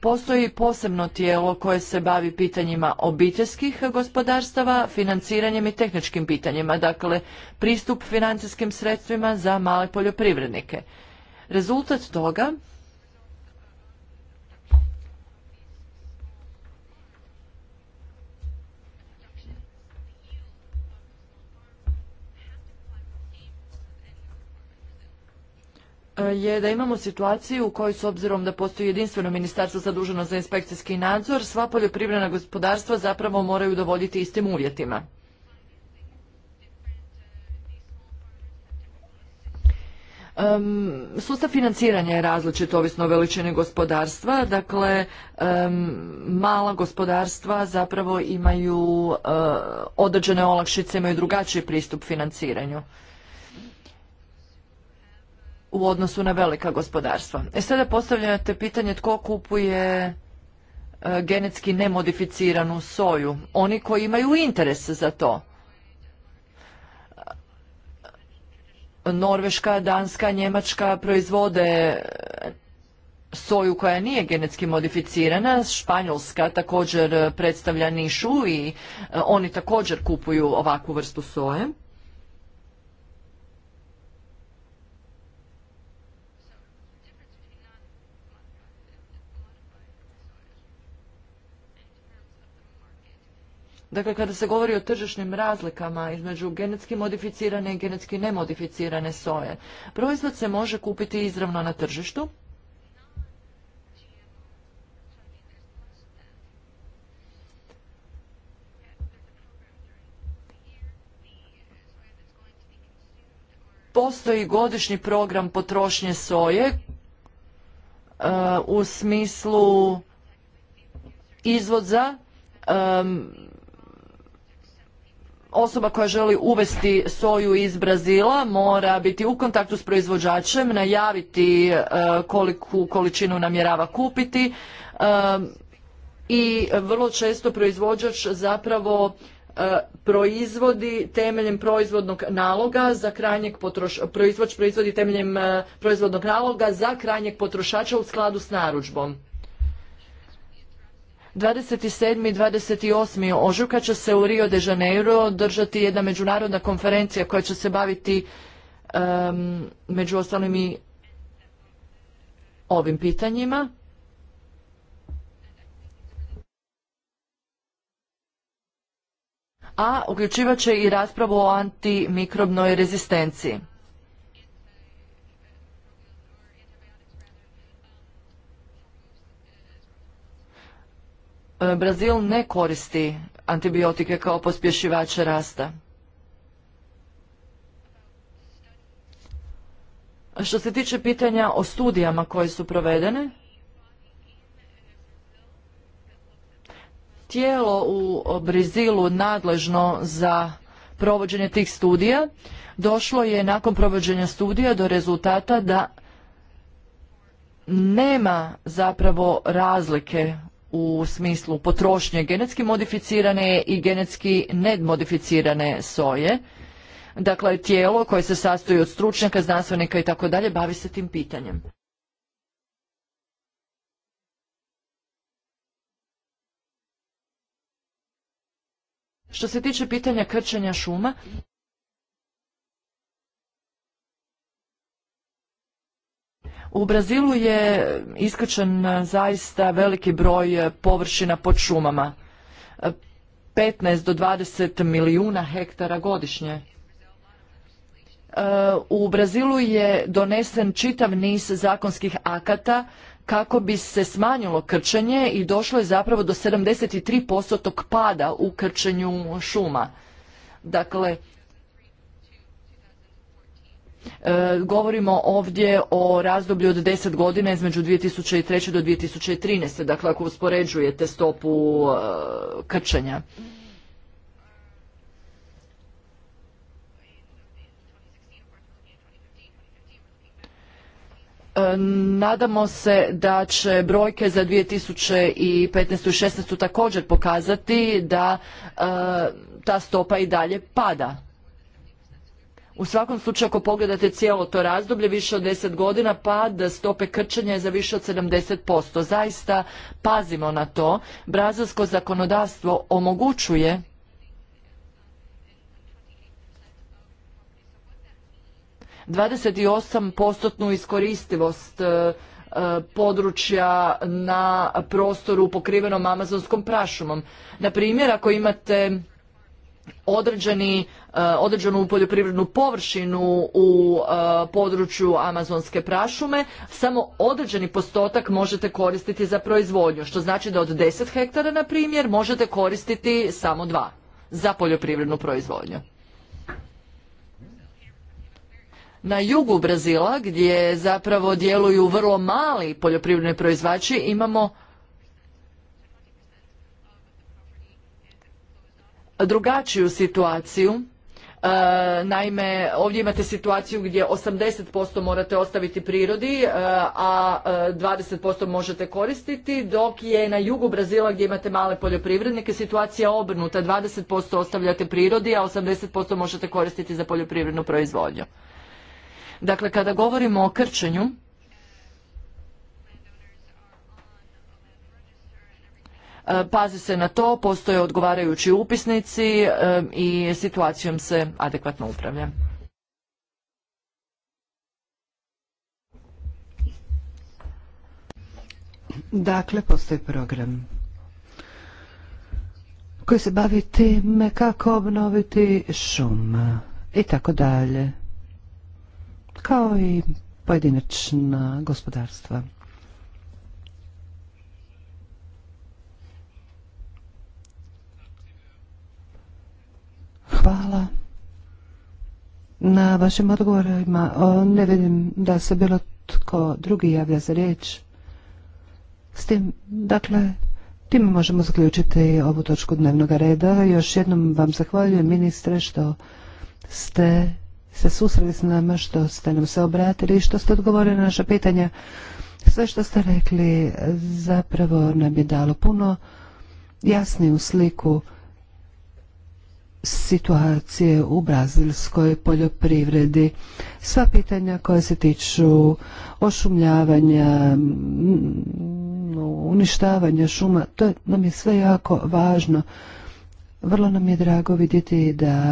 Postoji posebno tijelo koje se bavi pitanjima obiteljskih gospodarstava, financiranjem i tehničkim pitanjima, dakle pristup financijskim sredstvima za male poljoprivrednike. Rezultat toga je da imamo situaciju u kojoj s obzirom da postoji jedinstveno ministarstvo zaduženo za inspekcijski nadzor, sva poljoprivredna gospodarstva zapravo moraju dovoljiti istim uvjetima. sustav financiranja je različit ovisno o veličini gospodarstva, dakle mala gospodarstva zapravo imaju eh, određene olakšice, imaju drugačiji pristup financiranju u odnosu na velika gospodarstva. E sada postavljate pitanje tko kupuje e, genetski nemodificiranu soju. Oni koji imaju interes za to. Norveška, Danska, Njemačka proizvode e, soju koja nije genetski modificirana, Španjolska također predstavlja nišu i e, oni također kupuju ovakvu vrstu soje. Dakle, kada se govori o tržišnim razlikama između genetski modificirane i genetski nemodificirane soje, proizvod se može kupiti izravno na tržištu, postoji godišnji program potrošnje soje e, u smislu izvoza e, osoba koja želi uvesti soju iz Brazila mora biti u kontaktu s proizvođačem, najaviti e, koliku količinu namjerava kupiti e, i vrlo često proizvođač zapravo e, proizvodi temeljem proizvodnog naloga za krajnjeg potrošača, proizvodi temeljem proizvodnog naloga za krajnjeg potrošača u skladu s narudžbom. 27. i 28. ožujka će se u Rio de Janeiro održati jedna međunarodna konferencija koja će se baviti među ostalim i ovim pitanjima. A uključivat će i raspravu o antimikrobnoj rezistenciji. E, Brazil ne koristi antibiotike kao pospješivače rasta. Što se tiče pitanja o studijama koje su provedene, tijelo u Brazilu nadležno za provođenje tih studija došlo je nakon provođenja studija do rezultata da nema zapravo razlike u smislu potrošnje genetski modificirane i genetski nedmodificirane soje. Dakle, tijelo koje se sastoji od stručnjaka, znanstvenika i tako dalje bavi se tim pitanjem. Što se tiče pitanja krčenja šuma, U Brazilu je iskačen e, zaista veliki broj e, površina pod šumama. 15 e, do 20 milijuna hektara godišnje. U Brazilu je donesen čitav niz zakonskih akata kako bi se smanjilo krčenje i došlo je zapravo do 73% pada u krčenju šuma. Dakle, E, govorimo ovdje o razdoblju od 10 godina između 2003. do 2013. Dakle, ako uspoređujete stopu e, krčenja. E, nadamo se da će brojke za 2015. i 2016. također pokazati da e, ta stopa i dalje pada. U svakom slučaju, ako pogledate cijelo to razdoblje, više od 10 godina, pad stope krčenja je za više od 70%. Zaista pazimo na to. Brazilsko zakonodavstvo omogućuje dvadeset osam postotnu iskoristivost e, e, područja na prostoru pokrivenom amazonskom prašumom. Na primjer, ako imate određeni, e, određenu poljoprivrednu površinu u e, području amazonske prašume, samo određeni postotak možete koristiti za proizvodnju, što znači da od 10 hektara, na primjer, možete koristiti samo dva za poljoprivrednu proizvodnju. Na jugu Brazila, gdje zapravo djeluju vrlo mali poljoprivredni proizvači, imamo drugačiju situaciju. E, naime, ovdje imate situaciju gdje 80% morate ostaviti prirodi, e, a 20% e, možete koristiti, dok je na jugu Brazila gdje imate male poljoprivrednike situacija obrnuta. 20% ostavljate prirodi, a 80% možete koristiti za poljoprivrednu proizvodnju. Dakle, kada govorimo o krčenju, E, pazi se na to, postoje odgovarajući upisnici e, i situacijom se adekvatno upravlja. Dakle, postoji program koji se bavi time kako obnoviti šuma i tako dalje, kao i pojedinačna gospodarstva. Hvala na vašim odgovorima. Ne vidim da se bilo tko drugi javlja za riječ. S tim, dakle, tim možemo zaključiti ovu točku dnevnog reda. Još jednom vam zahvaljujem ministre što ste se susreli s nama, što ste nam se obratili i što ste odgovorili na naša pitanja. Sve što ste rekli zapravo nam je dalo puno jasniju sliku situacije u brazilskoj poljoprivredi. Sva pitanja koja se tiču ošumljavanja, uništavanja šuma, to nam je sve jako važno. Vrlo nam je drago vidjeti da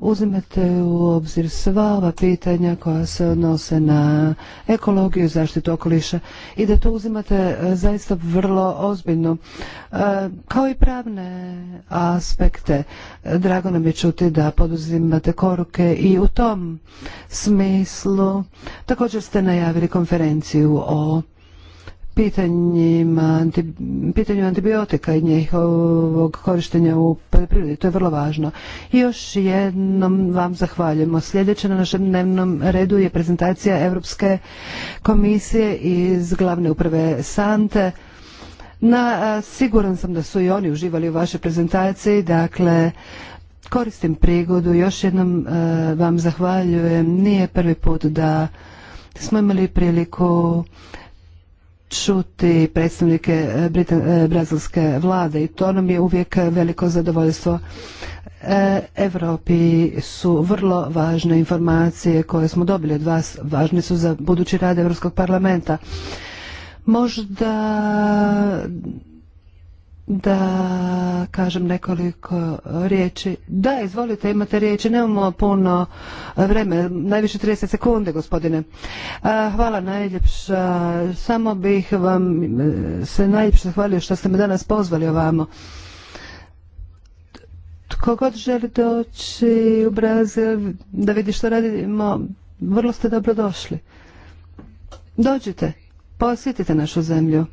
uzimate u obzir sva ova pitanja koja se odnose na ekologiju, i zaštitu okoliša i da to uzimate e, zaista vrlo ozbiljno, e, kao i pravne aspekte. Drago nam je čuti da poduzimate koruke i u tom smislu. Također ste najavili konferenciju o pitanjima, pitanju antibiotika i njihovog korištenja u poljoprivredi. To je vrlo važno. I još jednom vam zahvaljujemo. Sljedeće na našem dnevnom redu je prezentacija Europske komisije iz glavne uprave Sante. Na, siguran sam da su i oni uživali u vašoj prezentaciji, dakle koristim prigodu, još jednom vam zahvaljujem, nije prvi put da smo imali priliku čuti predstavnike e, e, brazilske vlade i to nam je uvijek veliko zadovoljstvo. Europi su vrlo važne informacije koje smo dobili od vas, važne su za budući rad Europskog parlamenta. Možda da kažem nekoliko riječi. Da, izvolite, imate riječi, nemamo puno vremena, najviše 30 sekunde, gospodine. Hvala najljepša, samo bih vam e, se najljepše zahvalio što ste me danas pozvali ovamo. Tko god želi doći u Brazil da vidi što radimo, vrlo ste dobro došli. Dođite, posjetite našu zemlju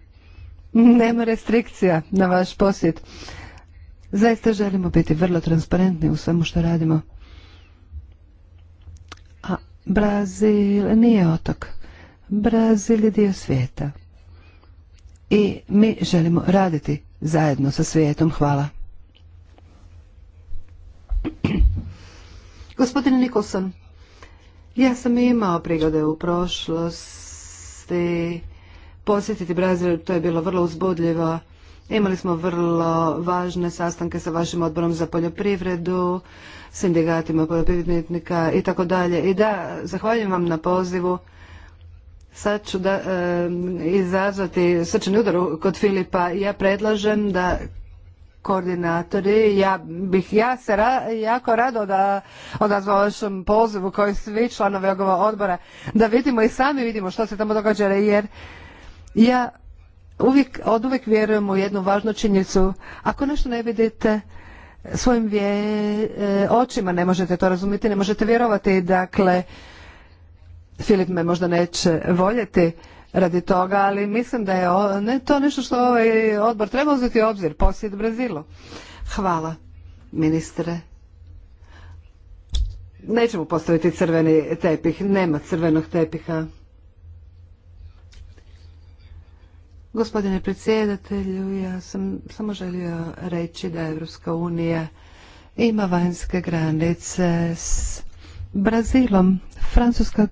nema restrikcija na vaš posjet. Zaista želimo biti vrlo transparentni u svemu što radimo. A Brazil nije otok. Brazil je dio svijeta. I mi želimo raditi zajedno sa svijetom. Hvala. Gospodine Nikolson, ja sam imao prigode u prošlosti posjetiti Brazil, to je bilo vrlo uzbudljivo. Imali smo vrlo važne sastanke sa vašim odborom za poljoprivredu, sindikatima poljoprivrednika i tako dalje. I da, zahvaljujem vam na pozivu. Sad ću da, izazvati srčani udar kod Filipa. Ja predlažem da koordinatori, ja bih ja se jako rado da odazvao vašem pozivu koji svi članovi ovoga odbora da vidimo i sami vidimo što se tamo događa jer ja uvijek, od uvijek vjerujem u jednu važnu činjenicu. Ako nešto ne vidite svojim vje, e, očima, ne možete to razumjeti, ne možete vjerovati. Dakle, Filip me možda neće voljeti radi toga, ali mislim da je ne, to nešto što ovaj odbor treba uzeti u obzir, posjet Brazilu. Hvala, ministre. Nećemo postaviti crveni tepih, nema crvenog tepiha. Gospodine predsjedatelju, ja sam samo želio reći da Evropska unija ima vanjske granice s Brazilom. Francuska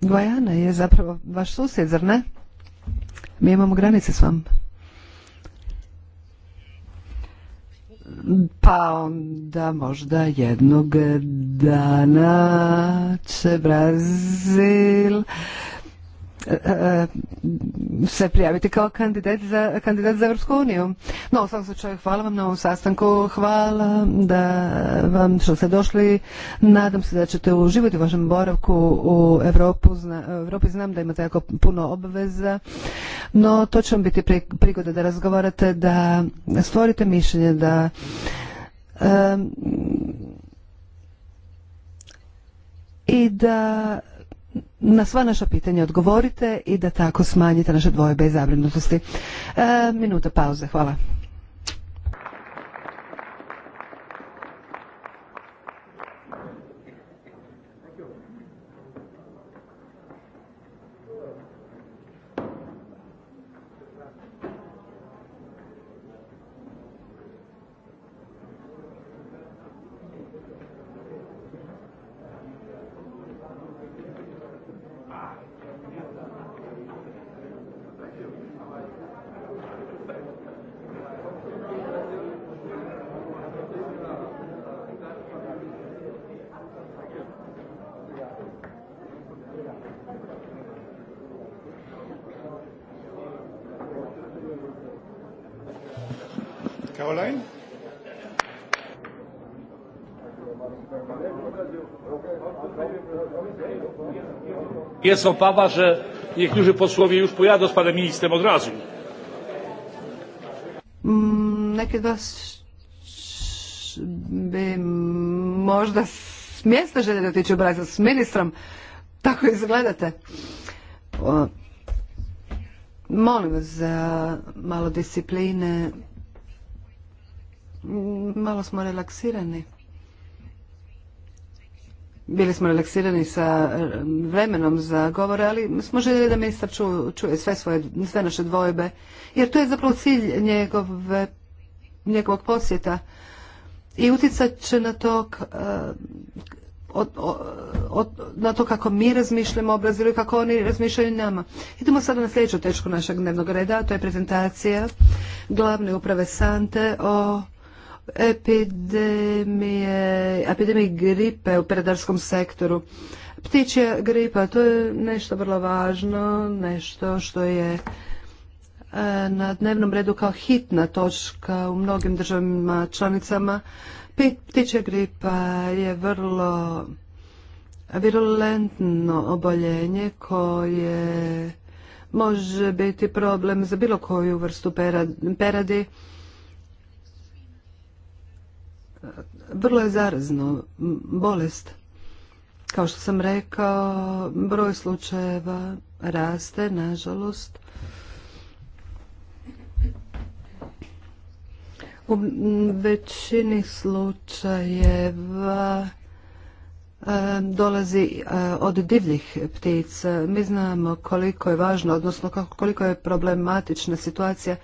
Gvajana je zapravo vaš susjed, zar ne? Mi imamo granice s vam. Pa onda možda jednog dana će Brazil E, se prijaviti kao kandidat za, kandidat za Europsku uniju. No, u svakom slučaju, hvala vam na ovom sastanku, hvala da vam što ste došli. Nadam se da ćete uživati u vašem boravku u Europu. Europi znam da imate jako puno obveza, no to će vam biti prigoda da razgovarate, da stvorite mišljenje, da e, i da na sva naša pitanja odgovorite i da tako smanjite naše dvoje i zabrinutosti. E, minuta pauze, hvala. Jest obawa, że niektórzy posłowie już pojadą z panem ministrem od razu. Mm, neki vas bi možda smjesta željeli da tiče Brazil s ministrom. Tako izgledate. molim vas za malo discipline. Mm, malo smo relaksirani bili smo relaksirani sa eh, vremenom za govore, ali smo željeli da ministar čuje sve svoje, sve naše dvojbe, jer to je zapravo cilj njegovog posjeta i utjecat će na to eh, na to kako mi razmišljamo o Brazilu i kako oni razmišljaju nama. Idemo sada na sljedeću tečku našeg dnevnog reda, to je prezentacija glavne uprave Sante o epidemije, epidemije gripe u predarskom sektoru. Ptičja gripa, to je nešto vrlo važno, nešto što je e, na dnevnom redu kao hitna točka u mnogim državama članicama. Ptičja gripa je vrlo virulentno oboljenje koje može biti problem za bilo koju vrstu peradi vrlo je zarazno bolest. Kao što sam rekao, broj slučajeva raste, nažalost. U većini slučajeva e, dolazi e, od divljih ptica. Mi znamo koliko je važno, odnosno koliko je problematična situacija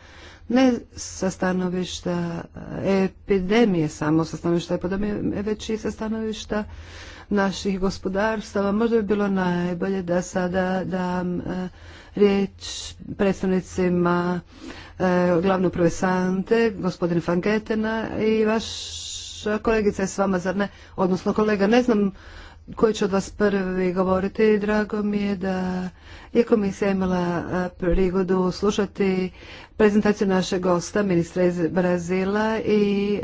ne sa stanovišta e, epidemije samo, sa stanovišta epidemije, već i sa stanovišta naših gospodarstava. Možda bi bilo najbolje da sada dam e, riječ predstavnicima e, glavno profesante, gospodin Fangetena i vaša kolegica je s vama, zar ne? Odnosno kolega, ne znam koji će od vas prvi govoriti. Drago mi je da je komisija imala prigodu slušati prezentaciju našeg gosta, ministra iz Brazila i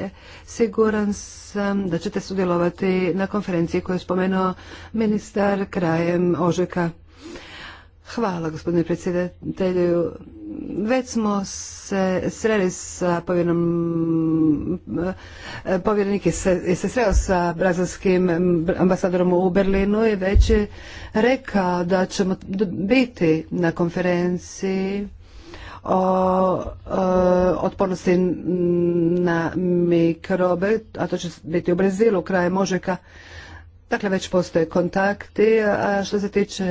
siguran sam da ćete sudjelovati na konferenciji koju je spomenuo ministar krajem Ožeka. Hvala gospodine predsjedatelju već smo se sreli sa povjerenom, e, povjerenik je se, se sreo sa brazilskim ambasadorom u Berlinu i već je rekao da ćemo biti na konferenciji o, o e, otpornosti na mikrobe, a to će biti u Brazilu krajem Možeka, Dakle, već postoje kontakti, a što se tiče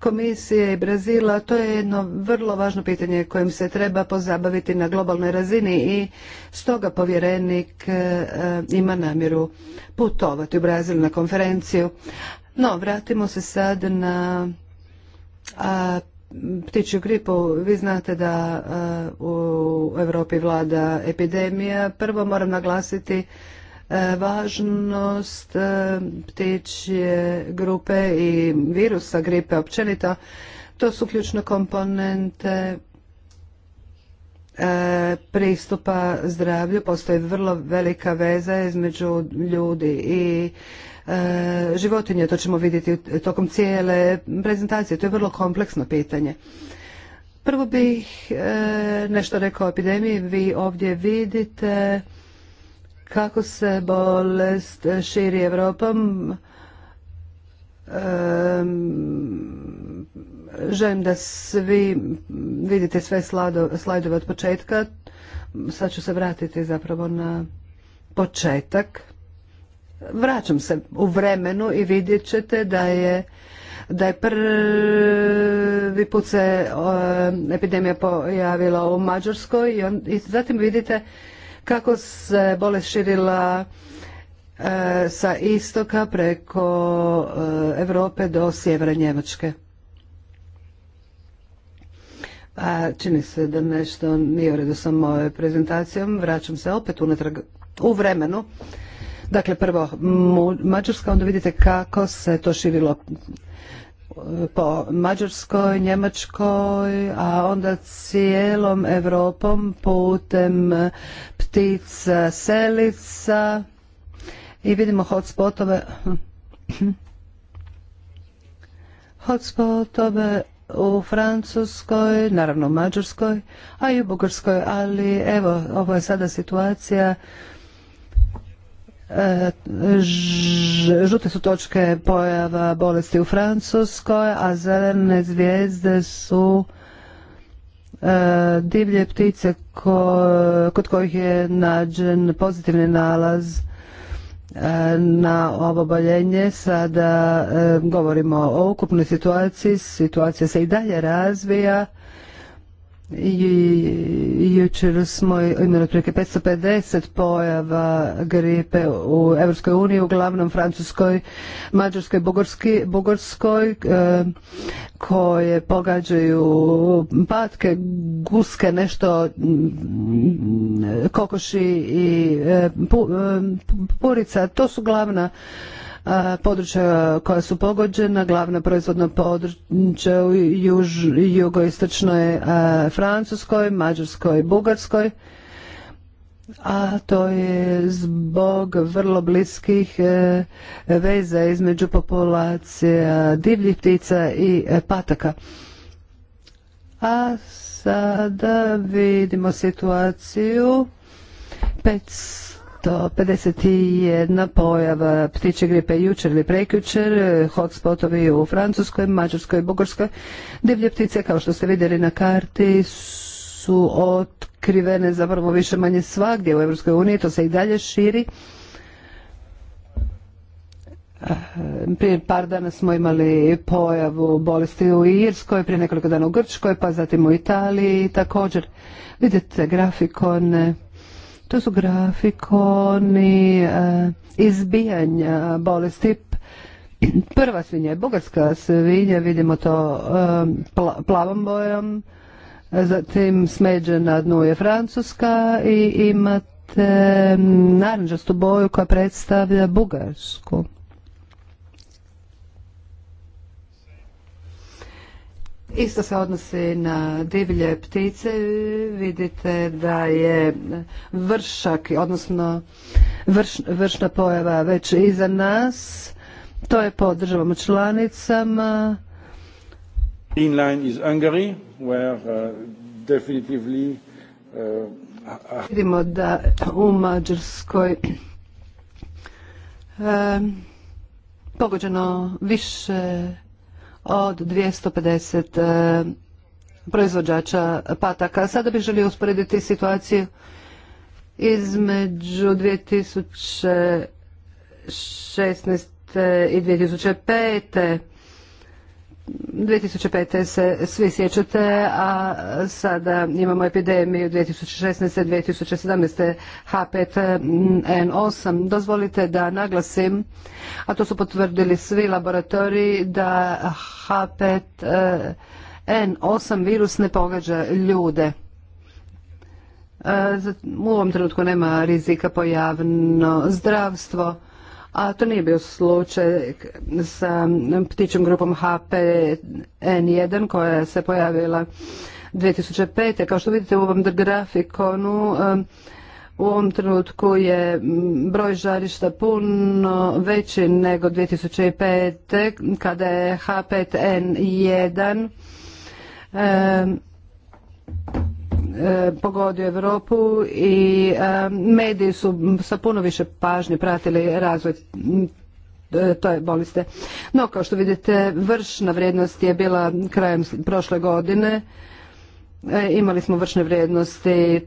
komisije i Brazila, to je jedno vrlo važno pitanje kojim se treba pozabaviti na globalnoj razini i stoga povjerenik e, ima namjeru putovati u Brazil na konferenciju. No, vratimo se sad na a, ptičju gripu. Vi znate da e, u Europi vlada epidemija. Prvo moram naglasiti E, važnost e, ptičje grupe i virusa gripe općenito. To su ključne komponente e, pristupa zdravlju. Postoji vrlo velika veza između ljudi i životinje. To ćemo vidjeti tokom cijele prezentacije. To je vrlo kompleksno pitanje. Prvo bih nešto rekao o epidemiji. Vi ovdje vidite kako se bolest širi Evropom. želim da svi vidite sve slajdove od početka. Sad ću se vratiti zapravo na početak. Vraćam se u vremenu i vidjet ćete da je da je prvi put se epidemija pojavila u Mađarskoj i, i zatim vidite kako se bolest širila e, sa istoka preko e, Europe do sjevera Njemačke. A pa, čini se da nešto nije u redu sa mojom prezentacijom. Vraćam se opet unatrag u vremenu. Dakle, prvo Mađarska, onda vidite kako se to širilo po Mađarskoj, Njemačkoj, a onda cijelom Europom putem ptica, selica i vidimo hotspotove hotspotove u Francuskoj, naravno u Mađarskoj, a i u Bugarskoj, ali evo, ovo je sada situacija E, žute su točke pojava bolesti u Francuskoj, a zelene zvijezde su e, divlje ptice kod kojih je nađen pozitivni nalaz e, na ovo boljenje. Sada govorimo o ukupnoj situaciji, situacija se i dalje razvija i Jučer smo imali otprilike 550 pojava gripe u Europskoj uniji, uglavnom Francuskoj, Mađarskoj, bogorskoj Bugorskoj, eh, koje pogađaju patke, guske, nešto mm, kokoši i eh, eh, purica. To su glavna područja koja su pogođena, glavna proizvodna područja u jugoistočnoj Francuskoj, Mađarskoj, Bugarskoj a to je zbog vrlo bliskih e, veza između populacija divljih ptica i e, pataka. A sada vidimo situaciju 51 pojava ptiče gripe jučer ili prekjučer, hotspotovi u Francuskoj, Mađarskoj i Bugarskoj. Divlje ptice, kao što ste vidjeli na karti, su otkrivene zapravo više manje svagdje u EU. uniji, to se i dalje širi. Prije par dana smo imali pojavu bolesti u Irskoj, prije nekoliko dana u Grčkoj, pa zatim u Italiji također. Vidite grafikone to su grafikoni e, izbijanja bolesti. Prva svinja je bugarska svinja, vidimo to e, plavom bojom, zatim smeđe na dnu je francuska i imate naranđastu boju koja predstavlja bugarsku. Isto se odnosi na divlje ptice. Vidite da je vršak, odnosno vršna pojava već iza nas. To je po državama članicama. Inline is where uh, uh, Vidimo da u Mađarskoj uh, pogođeno više od 250 e, proizvođača pataka. Sada bih želio usporediti situaciju između 2016. i 2005. 2005. se svi sjećate, a sada imamo epidemiju 2016. 2017. H5N8. Dozvolite da naglasim, a to su potvrdili svi laboratoriji, da H5N8 virus ne pogađa ljude. E, u ovom trenutku nema rizika po javno zdravstvo a to nije bio slučaj sa ptičom grupom HPN1 koja se pojavila 2005. Kao što vidite u ovom grafikonu, u ovom trenutku je broj žarišta puno veći nego 2005. kada je H5N1 E, pogodio Europu i e, mediji su sa puno više pažnje pratili razvoj e, to je boliste. No, kao što vidite, vršna vrijednost je bila krajem prošle godine. Imali smo vršne vrijednosti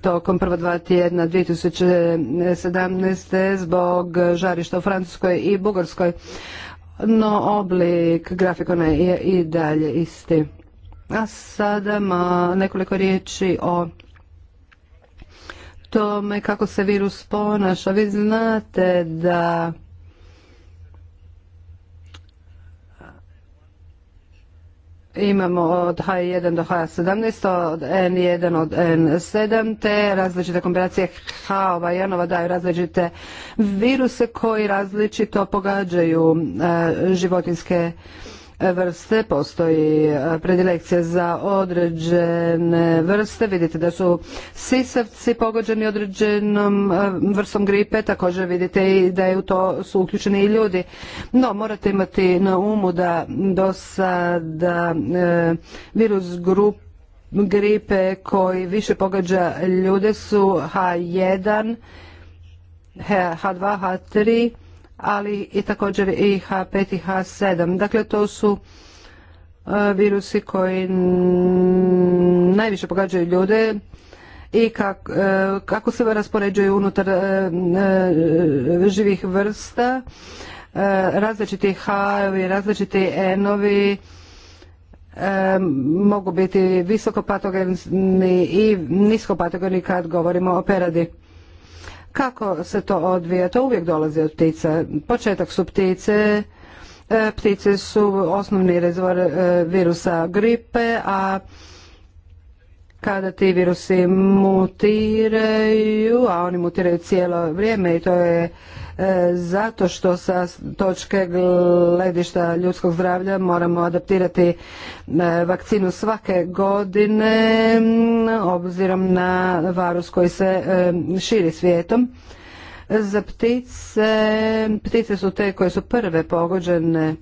tokom prva dva tjedna 2017. zbog žarišta u Francuskoj i Bugarskoj, no oblik grafikona je i dalje isti. A sada ma nekoliko riječi o tome kako se virus ponaša. Vi znate da Imamo od H1 do H17, od N1 od N7, te različite kombinacije H-ova i ova daju različite viruse koji različito pogađaju e, životinske vrste, postoji e, predilekcija za određene vrste, vidite da su sisavci pogođeni određenom e, vrstom gripe, također vidite i da je u to su uključeni i ljudi. No, morate imati na umu da do sada e, virus grup gripe koji više pogađa ljude su H1, H2, H3, ali i također i H5 i H7. Dakle, to su e, virusi koji najviše pogađaju ljude i e, kako, se raspoređuju unutar e, živih vrsta, različiti H-ovi, različiti N-ovi, mogu biti visokopatogeni i niskopatogeni kad govorimo o peradi. Kako se to odvija? To uvijek dolazi od ptica. Početak su ptice, e, ptice su osnovni rezvor e, virusa gripe, a kada ti virusi mutiraju, a oni mutiraju cijelo vrijeme i to je E, zato što sa točke gledišta ljudskog zdravlja moramo adaptirati e, vakcinu svake godine obzirom na varus koji se e, širi svijetom. Za ptice, ptice su te koje su prve pogođene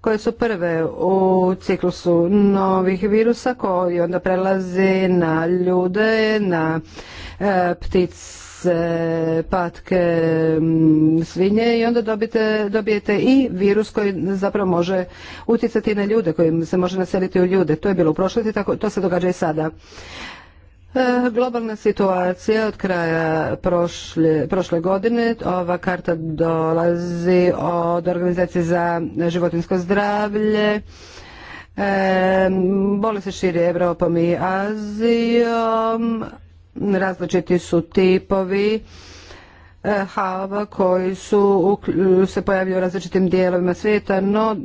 koje su prve u ciklusu novih virusa koji onda prelazi na ljude, na ptice E, patke svinje i onda dobijete, dobijete i virus koji zapravo može utjecati na ljude, koji se može naseliti u ljude. To je bilo u prošlosti, tako, to se događa i sada. E, globalna situacija od kraja prošle, prošle godine, ova karta dolazi od Organizacije za životinsko zdravlje, e, se širi Evropom i Azijom, različiti su tipovi e, hava koji su se pojavljuju u različitim dijelovima svijeta, no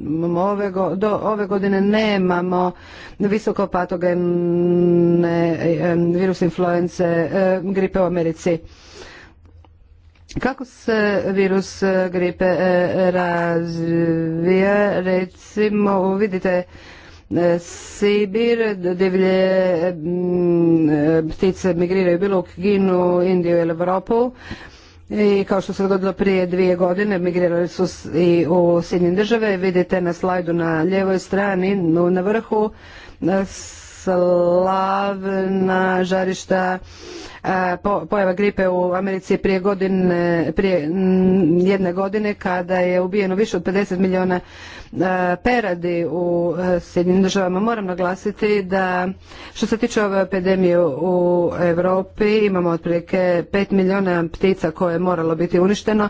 do ove godine nemamo visoko patogene e, virus influence e, gripe u Americi. Kako se virus gripe razvija, recimo vidite E, Sibir, divlje mm, e, ptice migriraju bilo u Kinu, Indiju ili Europu. I kao što se dogodilo prije dvije godine, migrirali su i u Sjedinjene države. Vidite na slajdu na ljevoj strani, na vrhu, e, slavna žarišta E, pojava gripe u Americi prije, godine, prije jedne godine kada je ubijeno više od 50 milijuna e, peradi u e, Sjedinim državama. Moram naglasiti da što se tiče ove epidemije u Europi imamo otprilike 5 milijuna ptica koje je moralo biti uništeno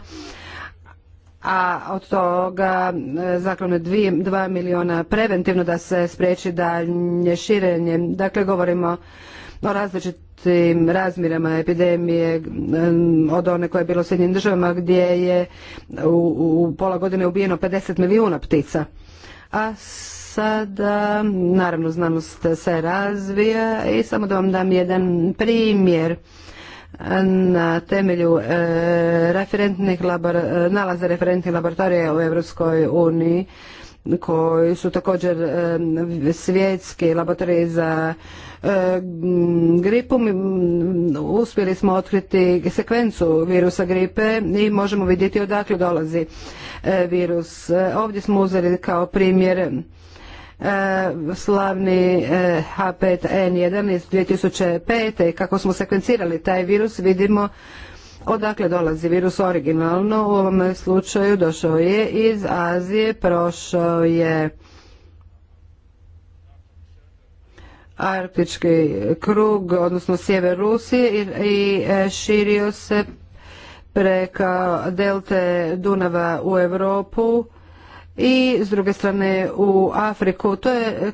a od toga zaklone 2 milijuna preventivno da se spriječi daljnje širenje. Dakle, govorimo o različitim razmirama epidemije od one koje je bilo u srednjim državama gdje je u, pola godine ubijeno 50 milijuna ptica. A sada, naravno znanost se razvija i samo da vam dam jedan primjer na temelju e, referentnih labor, nalaza referentnih laboratorija u Europskoj uniji koji su također svjetski laboratorij za gripu. Uspjeli smo otkriti sekvencu virusa gripe i možemo vidjeti odakle dolazi e, virus. E, ovdje smo uzeli kao primjer e, slavni H5N1 iz 2005. Kako smo sekvencirali taj virus vidimo Odakle dolazi virus originalno? U ovom slučaju došao je iz Azije, prošao je Arktički krug, odnosno sjever Rusije i e, širio se preka delte Dunava u Europu i s druge strane u Afriku. To je,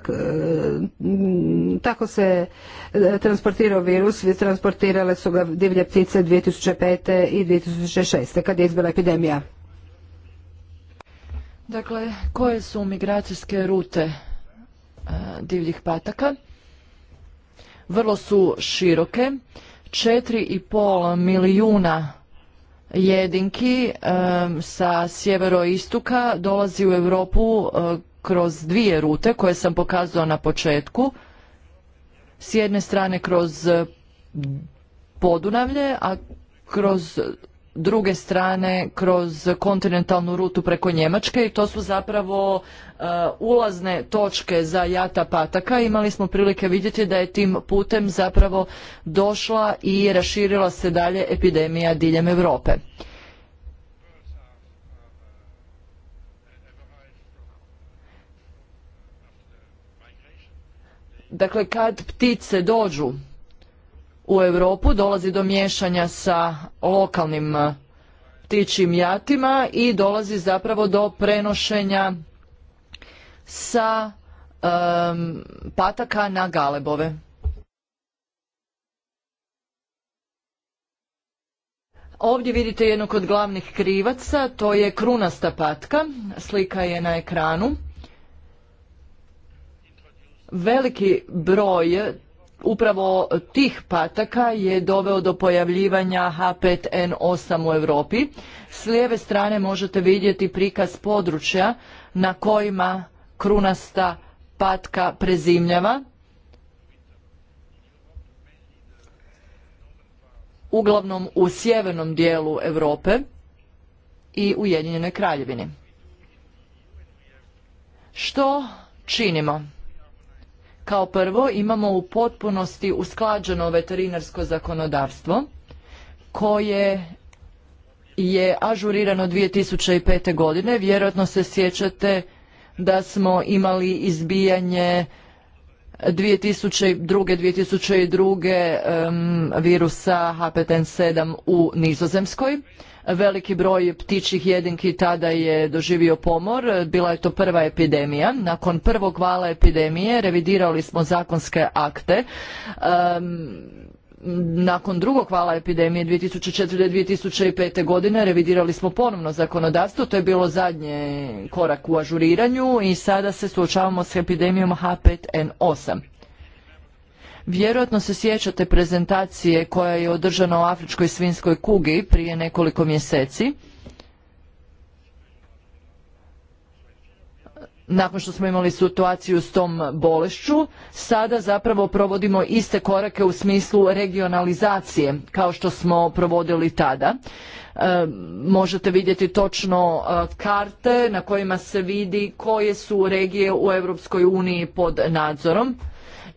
tako se e, transportirao virus, transportirale su ga divlje ptice 2005. i 2006. kad je izbila epidemija. Dakle, koje su migracijske rute e, divljih pataka? Vrlo su široke. 4,5 milijuna jedinki sa sjeveroistuka dolazi u Europu eh, kroz dvije rute koje sam pokazao na početku. S jedne strane kroz eh, Podunavlje, a kroz druge strane kroz kontinentalnu rutu preko Njemačke i to su zapravo e, ulazne točke za jata pataka. Imali smo prilike vidjeti da je tim putem zapravo došla i raširila se dalje epidemija diljem Europe. Dakle, kad ptice dođu u Europu dolazi do miješanja sa lokalnim e, ptičim jatima i dolazi zapravo do prenošenja sa pataka na galebove. Ovdje vidite jednog od glavnih krivaca, to je krunasta patka, slika je na ekranu. Veliki broj Upravo tih pataka je doveo do pojavljivanja H5N8 u Europi. S lijeve strane možete vidjeti prikaz područja na kojima krunasta patka prezimljava. Uglavnom u sjevernom dijelu Europe i Jedinjenoj kraljevini. Što činimo? Kao prvo imamo u potpunosti usklađeno veterinarsko zakonodavstvo koje je ažurirano 2005. godine. Vjerojatno se sjećate da smo imali izbijanje 2002. 2002. Um, virusa HPTN7 u Nizozemskoj. Veliki broj ptičjih jedinki tada je doživio pomor. Bila je to prva epidemija. Nakon prvog vala epidemije revidirali smo zakonske akte. nakon drugog vala epidemije 2004. i 2005. godine revidirali smo ponovno zakonodavstvo, to je bilo zadnji korak u ažuriranju i sada se suočavamo s epidemijom H5N8. Vjerojatno se sjećate prezentacije koja je održana u Afričkoj svinskoj kugi prije nekoliko mjeseci. nakon što smo imali situaciju s tom bolešću, sada zapravo provodimo iste korake u smislu regionalizacije kao što smo provodili tada. E, možete vidjeti točno e, karte na kojima se vidi koje su regije u Europskoj uniji pod nadzorom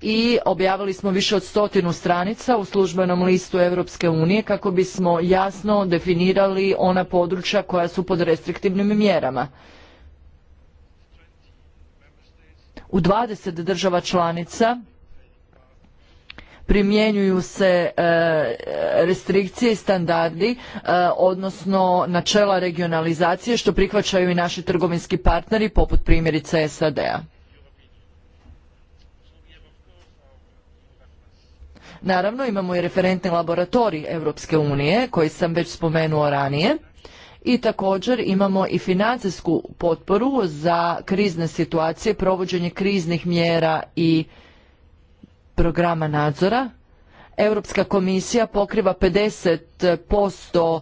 i objavili smo više od stotinu stranica u službenom listu Europske unije kako bismo jasno definirali ona područja koja su pod restriktivnim mjerama. U 20 država članica primjenjuju se e, restrikcije i standardi e, odnosno načela regionalizacije što prihvaćaju i naši trgovinski partneri poput primjerice SAD-a. Naravno imamo i referentni laboratorij Europske unije koji sam već spomenuo ranije i također imamo i financijsku potporu za krizne situacije, provođenje kriznih mjera i programa nadzora. Europska komisija pokriva 50%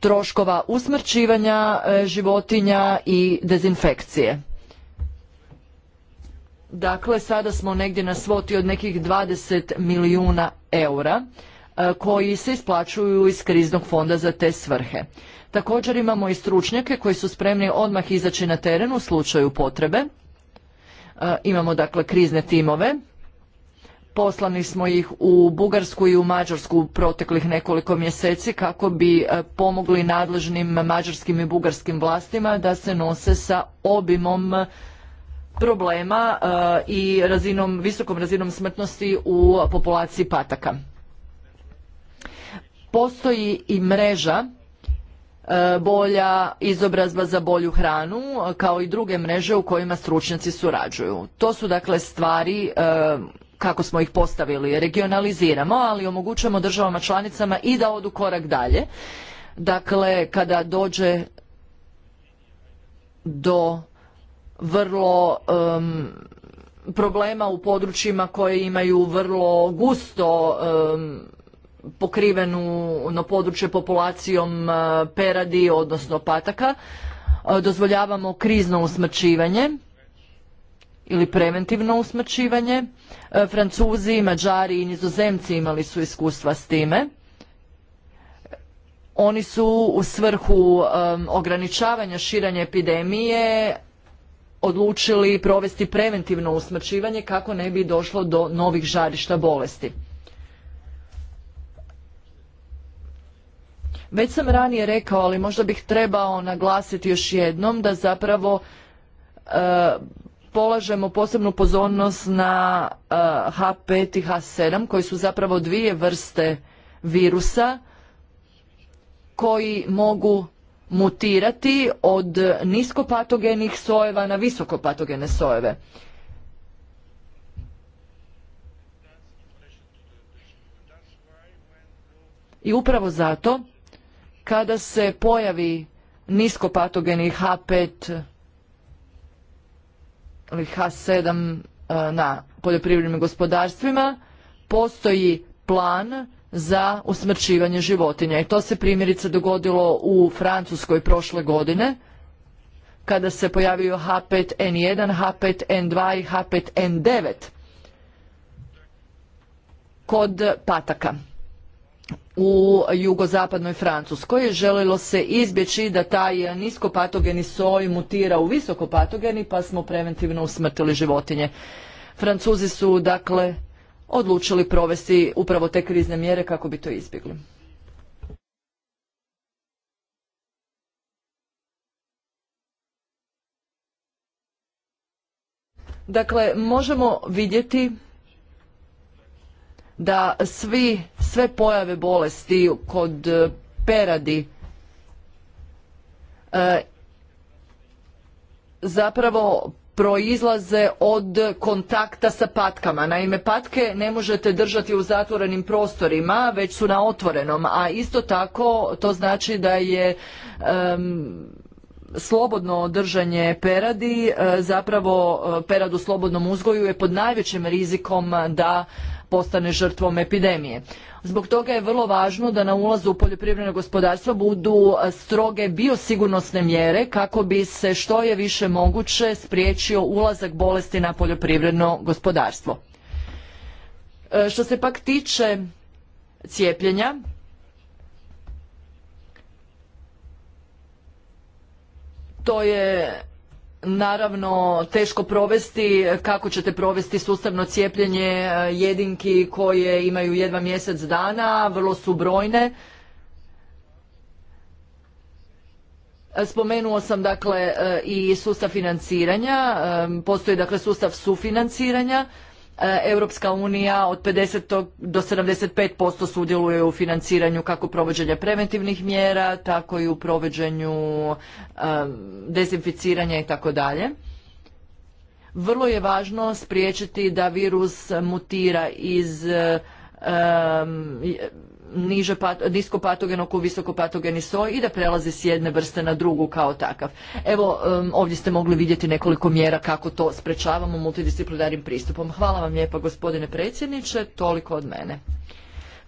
troškova usmrćivanja e, životinja i dezinfekcije. Dakle, sada smo negdje na svoti od nekih 20 milijuna eura e, koji se isplaćuju iz kriznog fonda za te svrhe. Također imamo i stručnjake koji su spremni odmah izaći na teren u slučaju potrebe. E, imamo dakle krizne timove. Poslani smo ih u Bugarsku i u Mađarsku u proteklih nekoliko mjeseci kako bi e, pomogli nadležnim mađarskim i bugarskim vlastima da se nose sa obimom problema e, i razinom, visokom razinom smrtnosti u populaciji pataka. Postoji i mreža e, bolja izobrazba za bolju hranu kao i druge mreže u kojima stručnjaci surađuju. To su dakle stvari e, kako smo ih postavili. Regionaliziramo, ali omogućujemo državama članicama i da odu korak dalje. Dakle, kada dođe do vrlo problema u područjima koje imaju vrlo gusto pokrivenu na ono, područje populacijom eh, peradi, odnosno pataka. Eh, dozvoljavamo krizno usmrčivanje ili preventivno usmrčivanje. Eh, Francuzi, Mađari i Nizozemci imali su iskustva s time. Oni su u svrhu ograničavanja širanja epidemije odlučili provesti preventivno usmrćivanje kako ne bi došlo do novih žarišta bolesti. Već sam ranije rekao, ali možda bih trebao naglasiti još jednom da zapravo e, polažemo posebnu pozornost na e, H5 i H7 koji su zapravo dvije vrste virusa koji mogu mutirati od niskopatogenih sojeva na visokopatogene sojeve. I upravo zato, kada se pojavi niskopatogeni H5 ili H7 eh, na poljoprivrednim gospodarstvima, postoji plan za usmrćivanje životinja. I to se primjerice dogodilo u Francuskoj prošle godine kada se pojavio H5N1, H5N2 i H5N9 kod pataka u jugozapadnoj Francuskoj. Želilo se izbjeći da taj niskopatogeni soj mutira u visokopatogeni pa smo preventivno usmrtili životinje. Francuzi su dakle odlučili provesti upravo te krizne mjere kako bi to izbjegli. Dakle, možemo vidjeti da svi, sve pojave bolesti kod e, peradi e, zapravo proizlaze od kontakta sa patkama. Naime, patke ne možete držati u zatvorenim prostorima, već su na otvorenom, a isto tako to znači da je slobodno držanje peradi, e, zapravo e, perad u slobodnom uzgoju je pod najvećim rizikom da postane žrtvom epidemije. Zbog toga je vrlo važno da na ulazu u poljoprivredno gospodarstvo budu e, stroge biosigurnosne mjere kako bi se što je više moguće spriječio ulazak bolesti na poljoprivredno gospodarstvo. E, što se pak tiče cijepljenja, to je naravno teško provesti kako ćete provesti sustavno cijepljenje e, jedinki koje imaju jedva mjesec dana, vrlo su brojne. Spomenuo sam dakle e, i sustav financiranja, e, postoji dakle sustav sufinanciranja E, Europska unija od 50 do 75% sudjeluje u financiranju kako provođenja preventivnih mjera, tako i u provođenju e, dezinficiranja i tako dalje. Vrlo je važno spriječiti da virus mutira iz e, niže pat, oko visoko patogeni soj i da prelazi s jedne vrste na drugu kao takav. Evo, ovdje ste mogli vidjeti nekoliko mjera kako to sprečavamo multidisciplinarnim pristupom. Hvala vam lijepa gospodine predsjedniče, toliko od mene.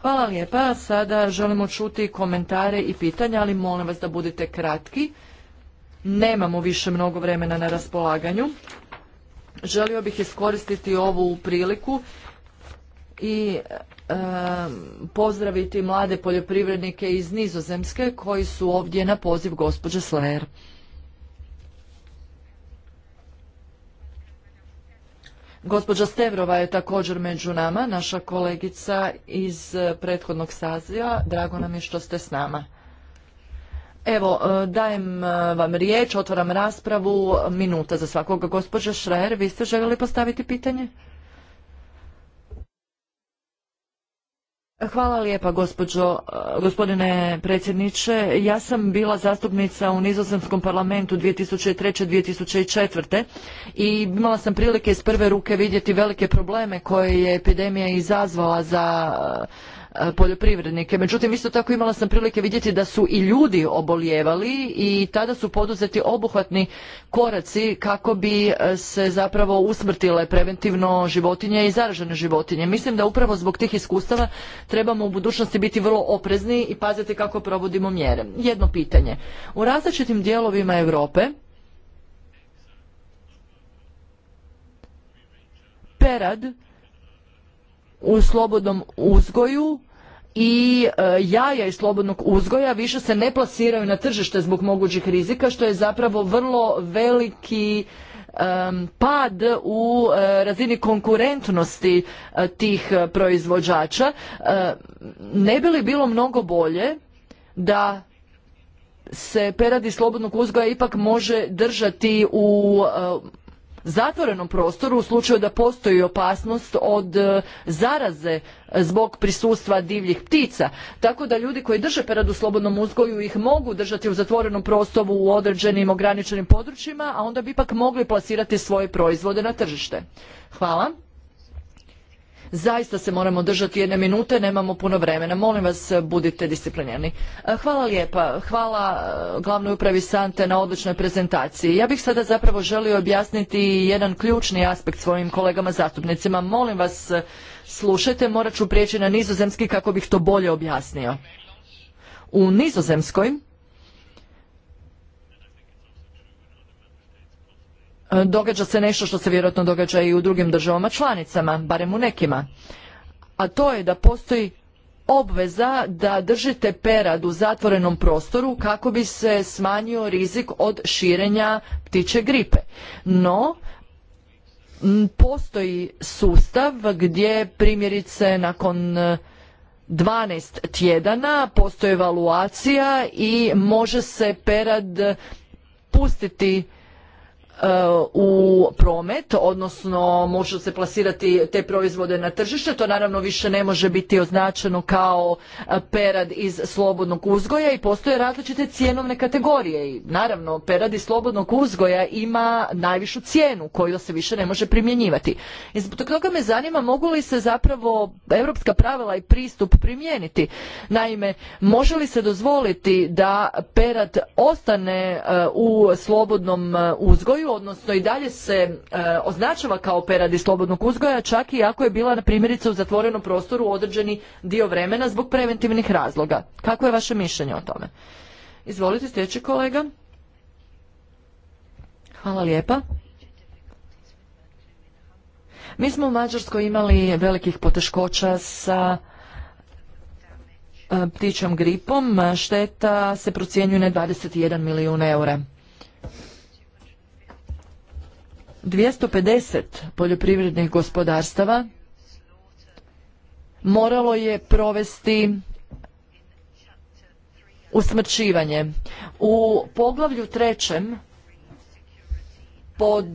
Hvala lijepa, sada želimo čuti komentare i pitanja, ali molim vas da budete kratki. Nemamo više mnogo vremena na raspolaganju. Želio bih iskoristiti ovu priliku i pozdraviti mlade poljoprivrednike iz Nizozemske koji su ovdje na poziv gospođe Slayer. Gospođa Stevrova je također među nama, naša kolegica iz eh, prethodnog saziva. Drago nam je što ste s nama. Evo, eh, dajem eh, vam riječ, otvaram raspravu, minuta za svakoga. Gospođa Šrajer, vi ste željeli postaviti pitanje? Hvala lijepa gospođo, eh, gospodine predsjedniče. Ja sam bila zastupnica u Nizozemskom parlamentu 2003. 2004. i imala sam prilike iz prve ruke vidjeti velike probleme koje je epidemija izazvala za E, poljoprivrednike. Međutim, isto tako imala sam prilike vidjeti da su i ljudi oboljevali i tada su poduzeti obuhvatni koraci kako bi e, se zapravo usmrtile preventivno životinje i zaražene životinje. Mislim da upravo zbog tih iskustava trebamo u budućnosti biti vrlo oprezni i paziti kako provodimo mjere. Jedno pitanje. U različitim dijelovima Europe perad u slobodnom uzgoju i e, jaja iz slobodnog uzgoja više se ne plasiraju na tržište zbog mogućih rizika što je zapravo vrlo veliki pad u e, razini konkurentnosti e, tih proizvođača ne bi li bilo mnogo bolje da se peradi slobodnog uzgoja ipak može držati u zatvorenom prostoru u slučaju da postoji opasnost od e, zaraze e, zbog prisustva divljih ptica. Tako da ljudi koji drže peradu u slobodnom uzgoju ih mogu držati u zatvorenom prostoru u određenim ograničenim područjima, a onda bi ipak mogli plasirati svoje proizvode na tržište. Hvala. Zaista se moramo držati jedne minute, nemamo puno vremena. Molim vas, budite disciplinirani. E, hvala lijepa. Hvala e, glavnoj upravi Sante na odličnoj prezentaciji. Ja bih sada zapravo želio objasniti jedan ključni aspekt svojim kolegama zastupnicima. Molim vas, e, slušajte, morat ću prijeći na nizozemski kako bih to bolje objasnio. U nizozemskoj događa se nešto što se vjerojatno događa i u drugim državama članicama, barem u nekima. A to je da postoji obveza da držite perad u zatvorenom prostoru kako bi se smanjio rizik od širenja ptiče gripe. No, postoji sustav gdje primjerice nakon 12 e, tjedana postoji evaluacija i može se perad pustiti u promet, odnosno može se plasirati te proizvode na tržište. To naravno više ne može biti označeno kao e, perad iz slobodnog uzgoja i postoje različite cijenovne kategorije. I naravno, perad iz slobodnog uzgoja ima najvišu cijenu koju se više ne može primjenjivati. I zbog toga me zanima mogu li se zapravo europska pravila i pristup primijeniti. Naime, može li se dozvoliti da perad ostane e, u slobodnom e, uzgoju, odnosno i dalje se e, označava kao peradi slobodnog uzgoja, čak i ako je bila na primjerice u zatvorenom prostoru određeni dio vremena zbog preventivnih razloga. Kako je vaše mišljenje o tome? Izvolite, sljedeći kolega. Hvala lijepa. Mi smo u Mađarskoj imali velikih poteškoća sa e, ptičom gripom. Šteta se procjenjuje na 21 milijuna eura. 250 poljoprivrednih gospodarstava moralo je provesti usmrćivanje. U poglavlju trećem pod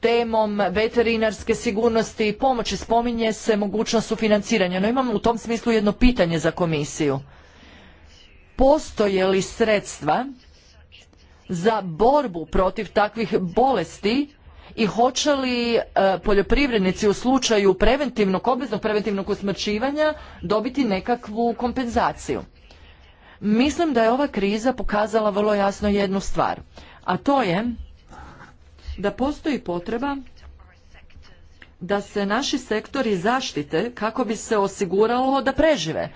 temom veterinarske sigurnosti i pomoći spominje se mogućnost sufinanciranja. No imam u tom smislu jedno pitanje za komisiju. Postoje li sredstva za borbu protiv takvih bolesti i hoće li e, poljoprivrednici u slučaju preventivnog, obveznog preventivnog usmrćivanja dobiti nekakvu kompenzaciju. Mislim da je ova kriza pokazala vrlo jasno jednu stvar, a to je da postoji potreba da se naši sektori zaštite kako bi se osiguralo da prežive.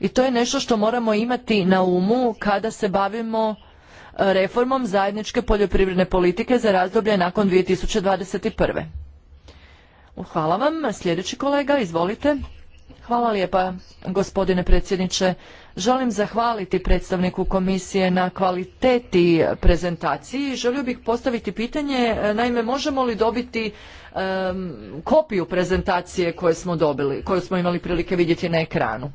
I to je nešto što moramo imati na umu kada se bavimo reformom zajedničke poljoprivredne politike za razdoblje nakon 2021. Hvala vam. Sljedeći kolega, izvolite. Hvala lijepa, gospodine predsjedniče. Želim zahvaliti predstavniku komisije na kvaliteti prezentaciji. Želio bih postaviti pitanje, e, naime, možemo li dobiti kopiju prezentacije koje smo dobili, koju smo imali prilike vidjeti na ekranu.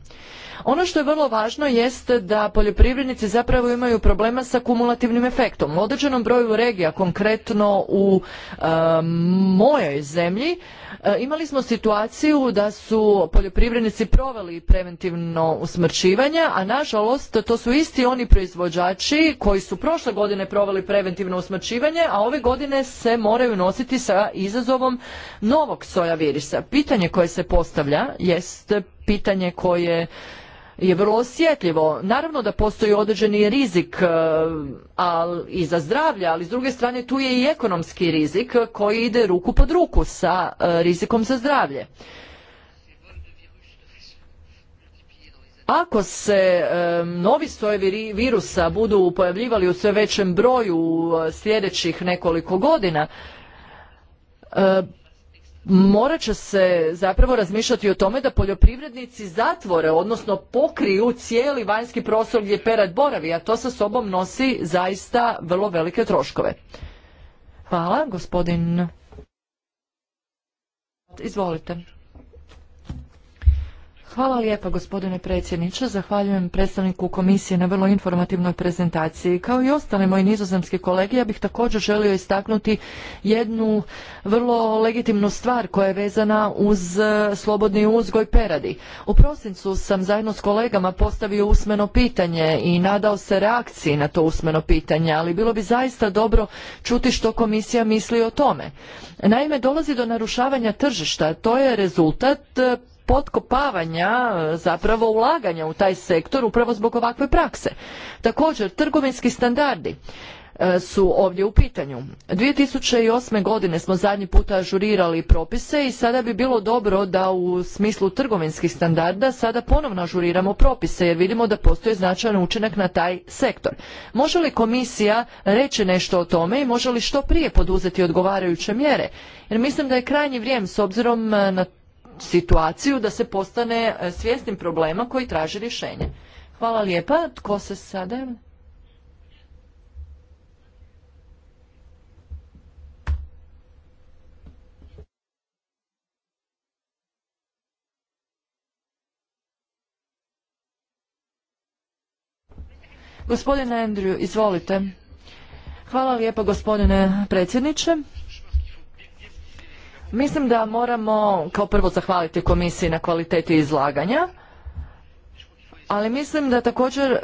Ono što je vrlo važno jest da poljoprivrednici zapravo imaju problema sa kumulativnim efektom. U određenom broju regija, konkretno u e, mojoj zemlji, e, imali smo situaciju da su poljoprivrednici proveli preventivno usmrćivanje, a nažalost to su isti oni proizvođači koji su prošle godine proveli preventivno usmrćivanje, a ove godine se moraju nositi sa izazovom novog soja virisa. Pitanje koje se postavlja jest pitanje koje je vrlo osjetljivo. Naravno da postoji određeni rizik e, i za zdravlje, ali s druge strane tu je i ekonomski rizik koji ide ruku pod ruku sa e, rizikom za zdravlje. Ako se e, novi sojevi virusa budu pojavljivali u sve većem broju sljedećih nekoliko godina, morat će se zapravo razmišljati o tome da poljoprivrednici zatvore, odnosno pokriju cijeli vanjski prostor gdje perad boravi, a to sa sobom nosi zaista vrlo velike troškove. Hvala, gospodin. Izvolite. Hvala lijepa gospodine predsjedniče, zahvaljujem predstavniku komisije na vrlo informativnoj prezentaciji. Kao i ostali moji nizozemski kolege, ja bih također želio istaknuti jednu vrlo legitimnu stvar koja je vezana uz e, slobodni uzgoj peradi. U prosincu sam zajedno s kolegama postavio usmeno pitanje i nadao se reakciji na to usmeno pitanje, ali bilo bi zaista dobro čuti što komisija misli o tome. Naime, dolazi do narušavanja tržišta, to je rezultat e, potkopavanja e, zapravo ulaganja u taj sektor upravo zbog ovakve prakse. Također, trgovinski standardi e, su ovdje u pitanju. 2008. godine smo zadnji puta ažurirali propise i sada bi bilo dobro da u smislu trgovinskih standarda sada ponovno ažuriramo propise jer vidimo da postoji značajan učinak na taj sektor. Može li komisija reći nešto o tome i može li što prije poduzeti odgovarajuće mjere? Jer mislim da je krajnji vrijem s obzirom e, na situaciju da se postane e, svjesnim problema koji traži rješenje. Hvala lijepa. Tko se sada... Gospodine Andrew, izvolite. Hvala lijepa gospodine predsjedniče. Mislim da moramo kao prvo zahvaliti komisiji na kvaliteti izlaganja, ali mislim da također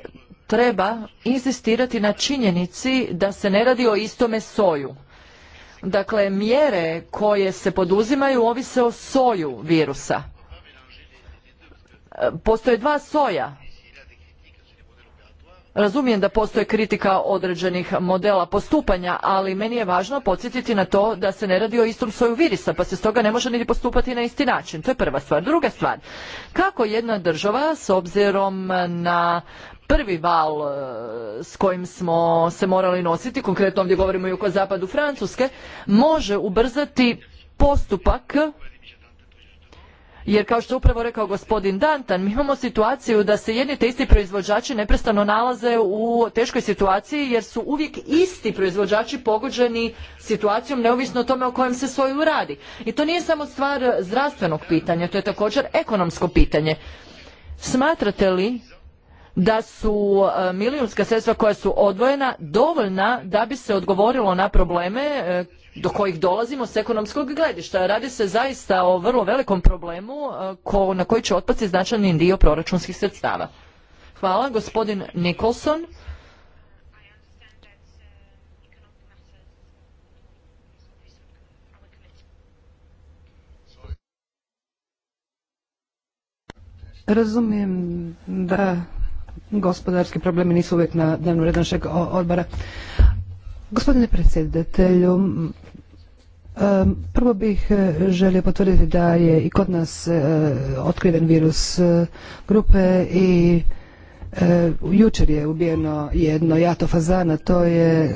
treba insistirati na činjenici da se ne radi o istome soju. Dakle, mjere koje se poduzimaju ovise o soju virusa. E, postoje dva soja Razumijem da postoji kritika određenih modela postupanja, ali meni je važno podsjetiti na to da se ne radi o istom soju virisa, pa se stoga ne može niti postupati na isti način. To je prva stvar. Druga stvar, kako jedna država s obzirom na prvi val e, s kojim smo se morali nositi, konkretno ovdje govorimo i o zapadu Francuske, može ubrzati postupak jer kao što upravo rekao gospodin Dantan, mi imamo situaciju da se jedni te isti proizvođači neprestano nalaze u teškoj situaciji jer su uvijek isti proizvođači pogođeni situacijom neovisno o tome o kojem se svoju radi. I to nije samo stvar zdravstvenog pitanja, to je također ekonomsko pitanje. Smatrate li da su e, milijunska sredstva koja su odvojena dovoljna da bi se odgovorilo na probleme e, do kojih dolazimo s ekonomskog gledišta. Radi se zaista o vrlo velikom problemu e, ko, na koji će otpati značajni dio proračunskih sredstava. Hvala. Gospodin Nikolson. Razumijem da gospodarski problemi nisu uvijek na dnevnom redu našeg odbora. Gospodine predsjedatelju, prvo bih e, želio potvrditi da je i kod nas e, otkriven virus e, grupe i jučer je ubijeno jedno jato fazana, to je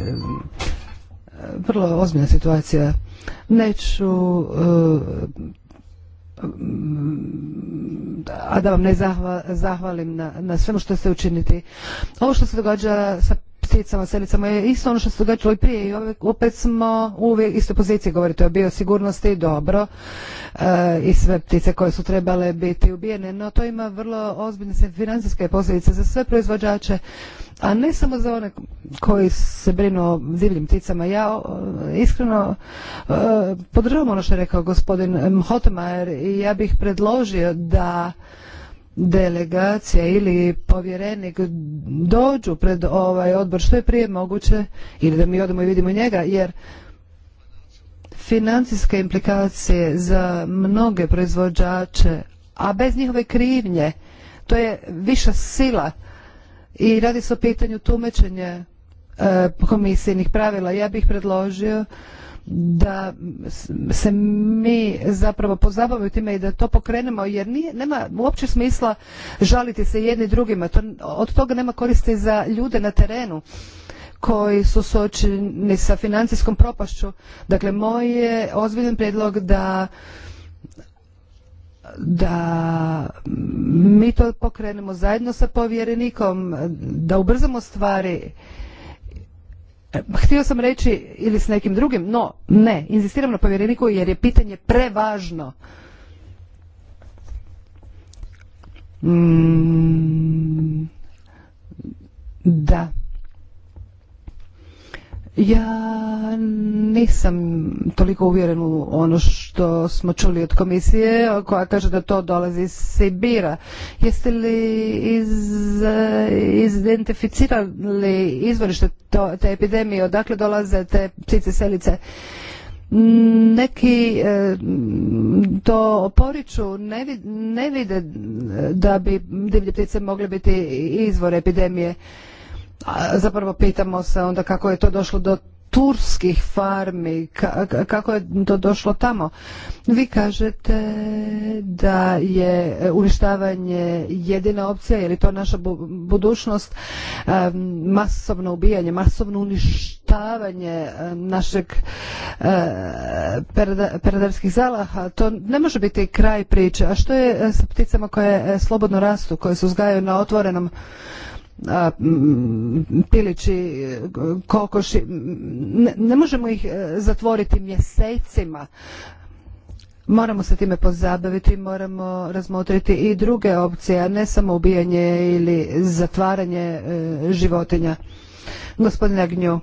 vrlo ozbiljna situacija. Neću a da vam ne zahvalim na, na svemu što ste učiniti. Ovo što se događa sa pticama, selicama je isto ono što se događalo i prije i opet smo u istoj poziciji govoriti o biosigurnosti dobro eh, i sve ptice koje su trebale biti ubijene, no to ima vrlo ozbiljne financijske posljedice za sve proizvođače, a ne samo za one koji se brinu o divljim pticama. Ja eh, iskreno eh, podržavam ono što je rekao gospodin Hotemajer i ja bih predložio da delegacija ili povjerenik dođu pred ovaj odbor što je prije moguće ili da mi odemo i vidimo njega jer financijske implikacije za mnoge proizvođače a bez njihove krivnje to je viša sila i radi se o pitanju tumačenja e, komisijnih pravila ja bih predložio da se mi zapravo pozabavimo time i da to pokrenemo jer nije, nema uopće smisla žaliti se jedni drugima. To, od toga nema koristi za ljude na terenu koji su suočeni sa financijskom propašću. Dakle, moj je ozbiljan prijedlog da da mi to pokrenemo zajedno sa povjerenikom, da ubrzamo stvari E, htio sam reći ili s nekim drugim, no ne, inzistiram na povjereniku jer je pitanje prevažno. Mm, da. Ja nisam toliko uvjeren u ono što smo čuli od komisije koja kaže da to dolazi iz Sibira. Jeste li iz, identificirali izvorište te epidemije, odakle dolaze te ptice selice? neki e, to poriču ne vide da bi divlje ptice mogle biti izvor epidemije a zapravo pitamo se onda kako je to došlo do turskih farmi, kako je to došlo tamo. Vi kažete da je uništavanje jedina opcija, je li to naša budućnost, masovno ubijanje, masovno uništavanje našeg e, peradarskih zalaha, to ne može biti kraj priče. A što je e, sa pticama koje e, slobodno rastu, koje se uzgajaju na otvorenom pilići, kokoši, ne, možemo ih e, zatvoriti mjesecima. Moramo se time pozabaviti, moramo razmotriti i druge opcije, a ne samo ubijanje ili zatvaranje e, životinja. Gospodine Agnju,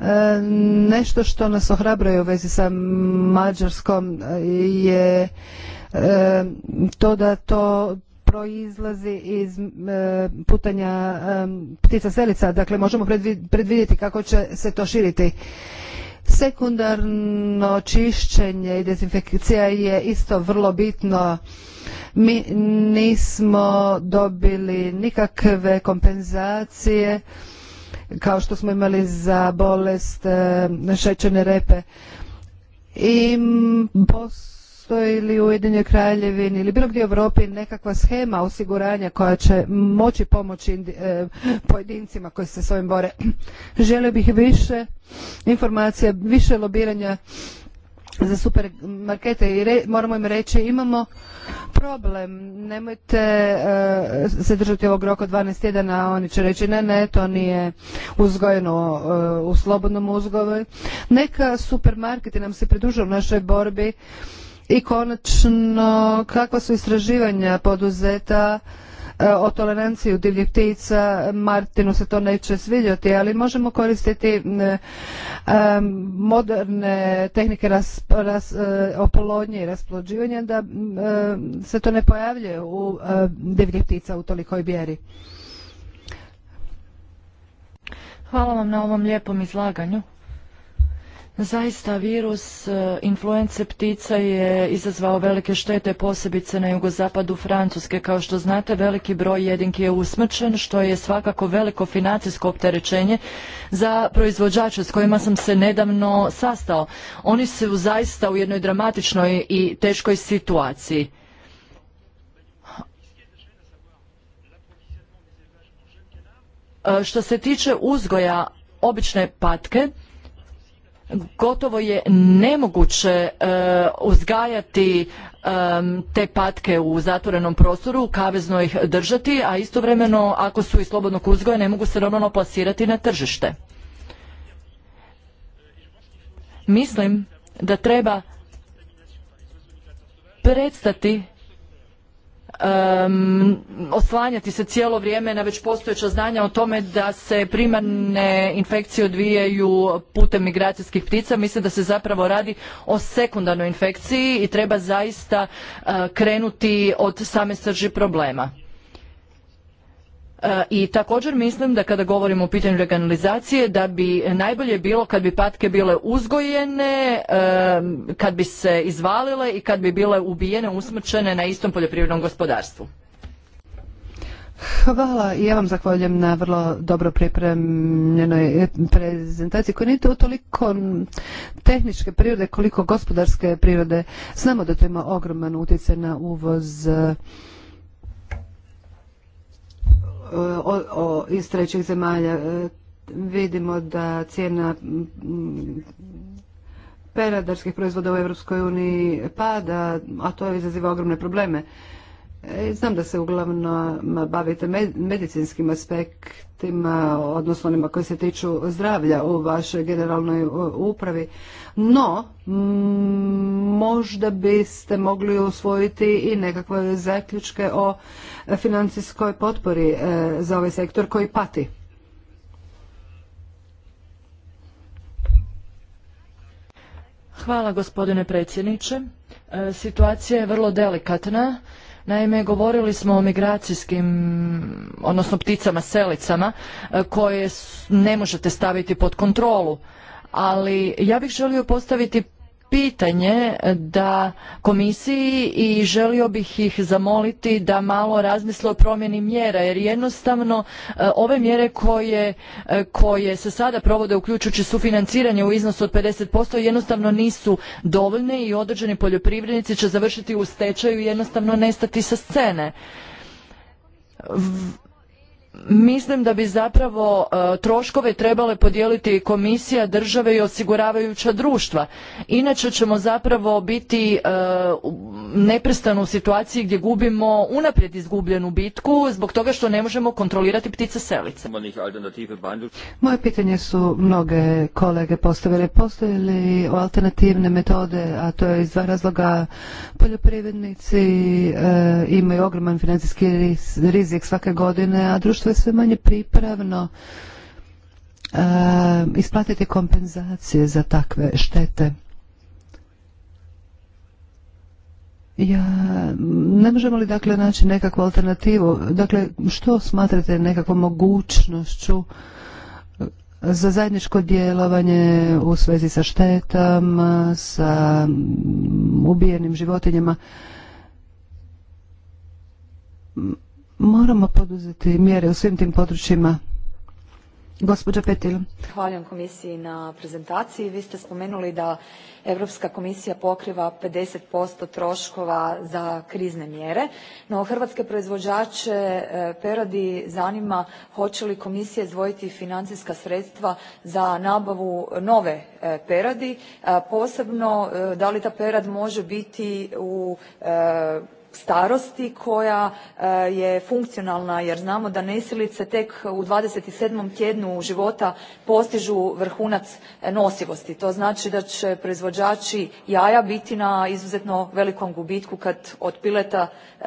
e, nešto što nas ohrabruje u vezi sa Mađarskom je to da to proizlazi iz e, putanja e, ptica selica, dakle možemo predvidjeti kako će se to širiti. Sekundarno čišćenje i dezinfekcija je isto vrlo bitno. Mi nismo dobili nikakve kompenzacije kao što smo imali za bolest e, šećerne repe. I pos postoji ili u Ujedinjoj Kraljevini ili bilo gdje u Europi nekakva schema osiguranja koja će moći pomoći e, pojedincima koji se s ovim bore. Želio bih više informacija, više lobiranja za supermarkete i moramo im reći imamo problem, nemojte e, se držati ovog roka 12 tjedana, oni će reći ne, ne, to nije uzgojeno e, u slobodnom uzgoju. Neka supermarketi nam se pridužu u našoj borbi i konačno, kakva su istraživanja poduzeta e, o toleranciji divljih ptica, Martinu se to neće svidjeti, ali možemo koristiti e, moderne tehnike ras, e, opolonje i rasplođivanja da se to ne pojavljuje u divljih ptica u tolikoj mjeri. Hvala vam na ovom lijepom izlaganju. Zaista virus e, influence ptica je izazvao velike štete posebice na jugozapadu Francuske. Kao što znate, veliki broj jedinki je usmrčen, što je svakako veliko financijsko opterećenje za proizvođače s kojima sam se nedavno sastao. Oni su zaista u jednoj dramatičnoj i teškoj situaciji. E, što se tiče uzgoja obične patke, gotovo je nemoguće e, uzgajati te patke u zatvorenom prostoru, kavezno ih držati, a istovremeno ako su iz slobodnog uzgoja ne mogu se normalno plasirati na tržište. Mislim da treba prestati oslanjati se cijelo vrijeme na već postojeća znanja o tome da se primarne infekcije odvijaju putem migracijskih ptica. Mislim da se zapravo radi o sekundarnoj infekciji i treba zaista eh, krenuti od same srži problema. E, I također mislim da kada govorimo o pitanju regionalizacije da bi najbolje bilo kad bi patke bile uzgojene, e, kad bi se izvalile i kad bi bile ubijene, usmrčene na istom poljoprivrednom gospodarstvu. Hvala i ja vam zahvaljujem na vrlo dobro pripremljenoj e, prezentaciji koja nije toliko tehničke prirode koliko gospodarske prirode. Znamo da to ima ogroman utjecaj na uvoz o, iz trećih zemalja. E, vidimo da cijena peradarskih proizvoda u Europskoj uniji pada, a to izaziva ogromne probleme. E, znam da se uglavnom bavite medicinskim aspektima, odnosno onima koji se tiču zdravlja u vašoj generalnoj e, upravi, no možda biste mogli usvojiti i nekakve zaključke o financijskoj potpori e, za ovaj sektor koji pati. Hvala gospodine predsjedniče. Situacija je vrlo delikatna Naime, govorili smo o migracijskim, odnosno pticama, selicama, e, koje ne možete staviti pod kontrolu. Ali ja bih želio postaviti pitanje da komisiji i želio bih ih zamoliti da malo razmisle o promjeni mjera jer jednostavno e, ove mjere koje, e, koje se sada provode uključujući sufinanciranje u iznosu od 50% jednostavno nisu dovoljne i određeni poljoprivrednici će završiti u stečaju i jednostavno nestati sa scene mislim da bi zapravo e, troškove trebale podijeliti komisija države i osiguravajuća društva inače ćemo zapravo biti e, neprestano u situaciji gdje gubimo unaprijed izgubljenu bitku zbog toga što ne možemo kontrolirati ptice selice moje pitanje su mnoge kolege postavile postoje li alternativne metode a to je iz dva razloga poljoprivrednici e, imaju ogroman financijski rizik svake godine a društvo sve je sve manje pripravno eh, isplatiti kompenzacije za takve štete. Ja, ne možemo li dakle naći nekakvu alternativu? Dakle, što smatrate nekakvom mogućnošću eh, za zajedničko djelovanje u svezi sa štetama, sa mm, ubijenim životinjama? Moramo poduzeti mjere u svim tim područjima. Gospođa Petil. Hvala komisiji na prezentaciji. Vi ste spomenuli da Europska komisija pokriva 50% troškova za krizne mjere, no hrvatske proizvođače e, peradi zanima hoće li komisija izdvojiti financijska sredstva za nabavu nove e, peradi, posebno e, da li ta perad može biti u starosti koja e, je funkcionalna jer znamo da nesilice tek u 27. tjednu života postižu vrhunac nosivosti. To znači da će proizvođači jaja biti na izuzetno velikom gubitku kad od pileta e,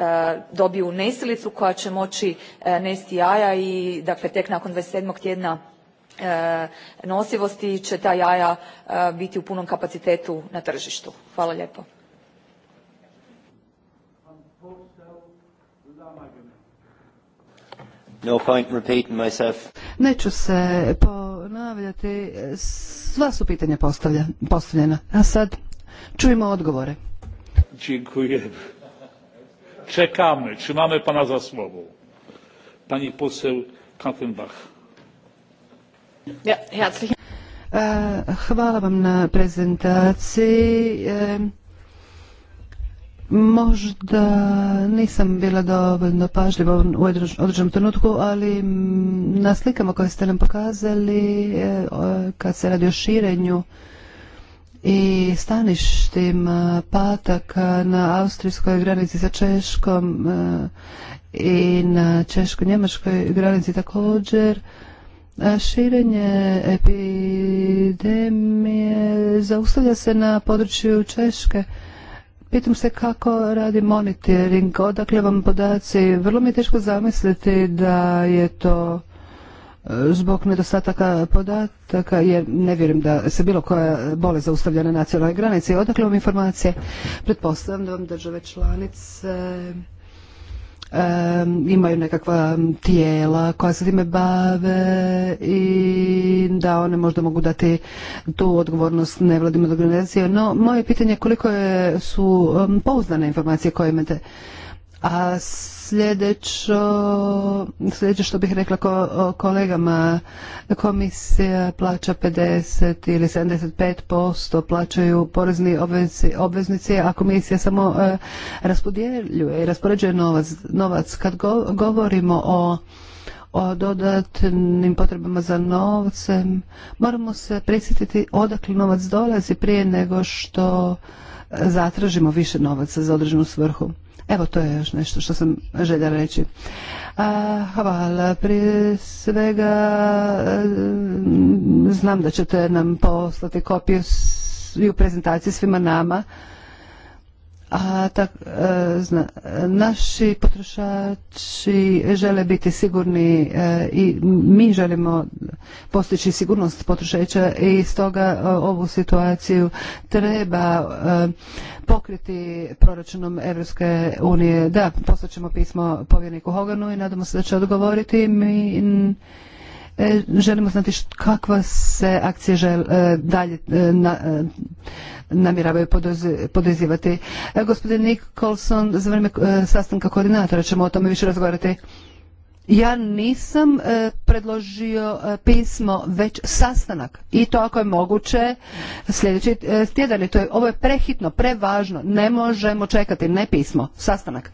dobiju nesilicu koja će moći e, nesti jaja i dakle tek nakon 27. tjedna nosivosti će ta jaja biti u punom kapacitetu na tržištu. Hvala lijepo. No point repeating myself. Neću se ponavljati. Sva su pitanja postavljena. A sad čujemo odgovore. Dziękuję. Czekamy. Trzymamy Pana za słowo. Pani poseł Kattenbach. Ja, herzlich. E, hvala vam na prezentaciji. E, Možda nisam bila dovoljno pažljiva u određenom trenutku, ali na slikama koje ste nam pokazali, e, kad se radi o širenju i staništima pataka na austrijskoj granici sa Češkom e, i na Češko-Njemačkoj granici također, a širenje epidemije zaustavlja se na području Češke Pitam se kako radi monitoring, odakle vam podaci. Vrlo mi je teško zamisliti da je to e, zbog nedostataka podataka, jer ne vjerujem da se bilo koja bolest zaustavlja na nacionalnoj granici. Odakle vam informacije? Pretpostavljam da vam države članice imaju nekakva tijela koja se time bave i da one možda mogu dati tu odgovornost od organizacije. No, moje pitanje je koliko je, su pouzdane informacije koje imate. A Sljedeće što bih rekla ko, kolegama, komisija plaća 50 ili 75%, plaćaju porezni obveznici, obveznici a komisija samo e, raspodjeljuje i raspoređuje novac. novac. Kad govorimo o o dodatnim potrebama za novcem. Moramo se prisjetiti odakle novac dolazi prije nego što zatražimo više novaca za određenu svrhu. Evo, to je još nešto što sam željela reći. A, hvala. Prije svega e, znam da ćete nam poslati kopiju i u prezentaciji svima nama a tak, e, naši potrošači žele biti sigurni e, i mi želimo postići sigurnost potrošača i stoga e, ovu situaciju treba pokriti proračunom Evropske unije. Da, poslaćemo pismo povjerniku Hoganu i nadamo se da će odgovoriti. Mi E, želimo znati kakva se akcije e, dalje e, namiravaju poduzivati. Gospodin Nikolson, za vrijeme sastanka koordinatora ćemo o tome više razgovarati. Ja nisam predložio pismo, već sastanak. I to ako je moguće sljedeći tjedan. To ovo je prehitno, prevažno. Ne možemo čekati, ne pismo, sastanak.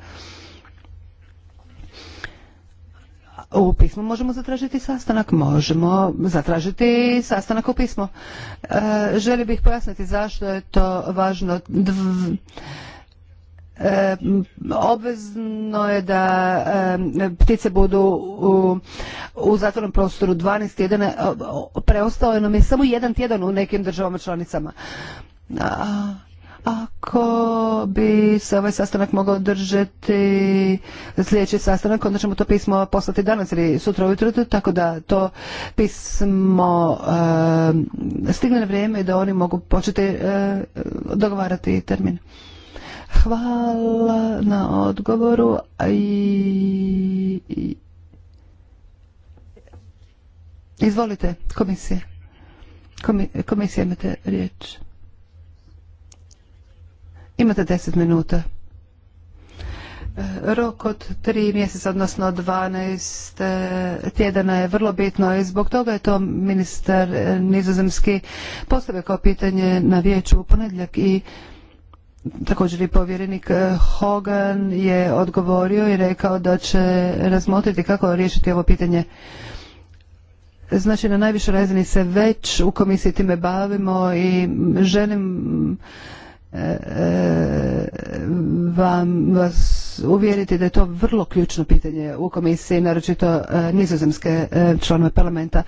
u pismu možemo zatražiti sastanak, možemo zatražiti sastanak u pismu. E, želio bih pojasniti zašto je to važno. E, obvezno je da e, ptice budu u, zatvorenom zatvornom prostoru 12 tjedana, Preostao je nam je samo jedan tjedan u nekim državama članicama. Ako bi se ovaj sastanak mogao držati sljedeći sastanak, onda ćemo to pismo poslati danas ili sutra ujutro, tako da to pismo eh, stigne na vrijeme i da oni mogu početi eh, dogovarati termin. Hvala na odgovoru i izvolite komisije. Komisija imate riječ. Imate deset minuta. E, rok od tri mjeseca, odnosno 12 e, tjedana je vrlo bitno i zbog toga je to ministar e, nizozemski postavio kao pitanje na vijeću u ponedjeljak i također i povjerenik Hogan je odgovorio i rekao da će razmotriti kako riješiti ovo pitanje. Znači na najvišoj razini se već u komisiji time bavimo i želim E, e, vam vas uvjeriti da je to vrlo ključno pitanje u komisiji, naročito e, nizozemske članove parlamenta.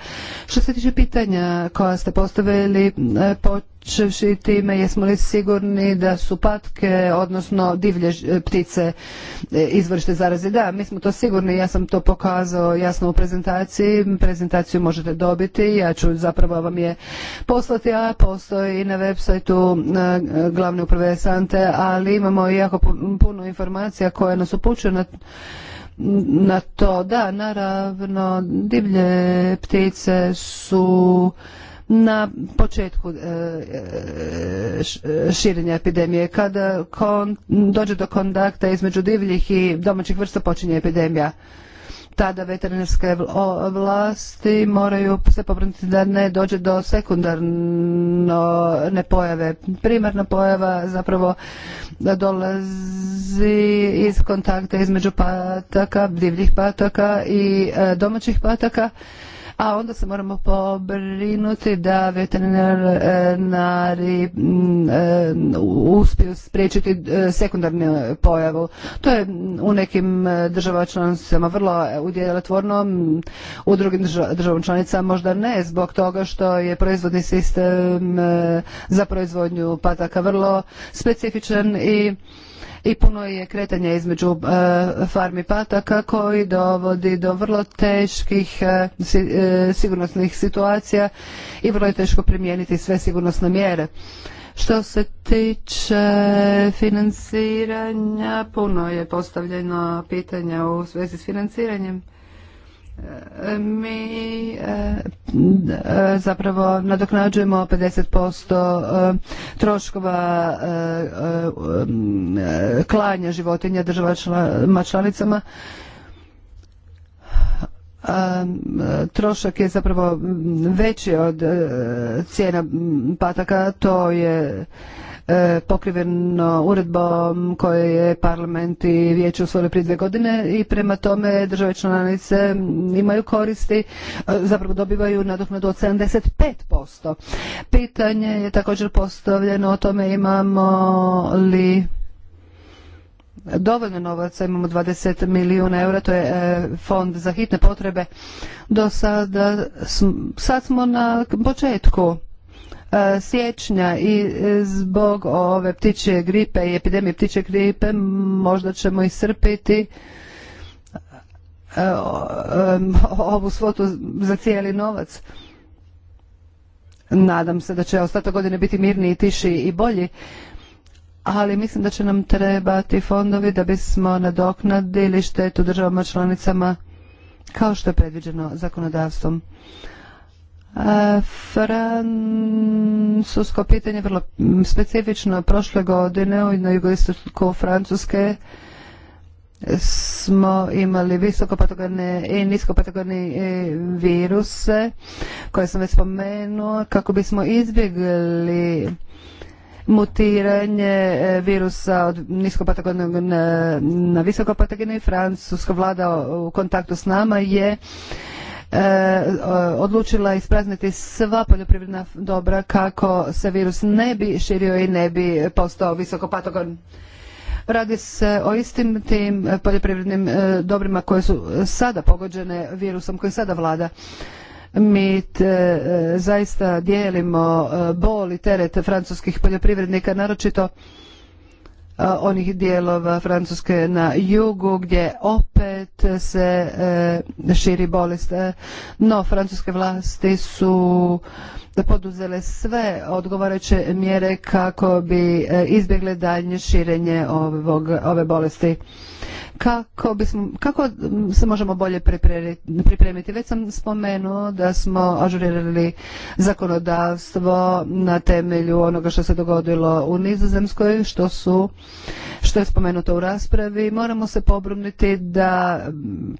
Što se tiče pitanja koja ste postavili, počevši time jesmo li sigurni da su patke, odnosno divlje ptice e, izvršte zaraze. Da, mi smo to sigurni, ja sam to pokazao jasno u prezentaciji, prezentaciju možete dobiti, ja ću zapravo vam je poslati, a postoji i na web sajtu e, glavne uprave Sante, ali imamo jako puno informacija koje nas upućuju na na to, da, naravno, divlje ptice su na početku e, e, e, širenja epidemije. Kada dođe do kontakta između divljih i domaćih vrsta počinje epidemija. Tada veterinarske vlasti moraju se pobrinuti da ne dođe do sekundarno ne pojave. Primarna pojava zapravo dolazi iz kontakta između pataka, divljih pataka i domaćih pataka a onda se moramo pobrinuti da veterinari e, e, uspiju spriječiti e, sekundarnu pojavu. To je u nekim državama članicama vrlo udjelotvorno, u drugim državama članica možda ne, zbog toga što je proizvodni sistem za proizvodnju pataka vrlo specifičan i i puno je kretanja između e, farmi pataka koji dovodi do vrlo teških e, e, sigurnosnih situacija i vrlo je teško primijeniti sve sigurnosne mjere. Što se tiče financiranja, puno je postavljeno pitanja u svezi s financiranjem mi e, e, zapravo nadoknađujemo 50% e, troškova klanja životinja državama članicama trošak je zapravo veći od cijena pataka to je E, pokriveno uredbom koje je parlament i vijeće usvojili prije dvije godine i prema tome države članice imaju koristi, e, zapravo dobivaju nadoknadu od 75%. Pitanje je također postavljeno o tome imamo li dovoljno novaca, imamo 20 milijuna eura, to je e, fond za hitne potrebe. Do sada, sad smo na početku E, siječnja i e, zbog ove ptičje gripe i epidemije ptičje gripe možda ćemo iscrpiti e, ovu svotu za cijeli novac. Nadam se da će ostatak godine biti mirniji, tiši i bolji, ali mislim da će nam trebati fondovi da bismo nadoknadili štetu državama članicama kao što je predviđeno zakonodavstvom. Francusko pitanje je vrlo specifično. Prošle godine u jugoistoku Francuske smo imali visokopatogene i niskopatogene viruse koje sam već spomenuo kako bismo izbjegli mutiranje e, virusa od niskopatogenog na visokopatogenu i francuska vlada u kontaktu s nama je E, odlučila isprazniti sva poljoprivredna dobra kako se virus ne bi širio i ne bi postao visoko patogon. Radi se o istim tim poljoprivrednim e, dobrima koje su sada pogođene virusom koji sada vlada. Mi e, zaista dijelimo bol i teret francuskih poljoprivrednika, naročito onih dijelova Francuske na jugu gdje opet se e, širi bolest. E, no, francuske vlasti su poduzele sve odgovarajuće mjere kako bi e, izbjegle daljnje širenje ove bolesti kako, bismo, kako se možemo bolje pripremiti. Već sam spomenuo da smo ažurirali zakonodavstvo na temelju onoga što se dogodilo u Nizozemskoj, što su što je spomenuto u raspravi. Moramo se pobromniti da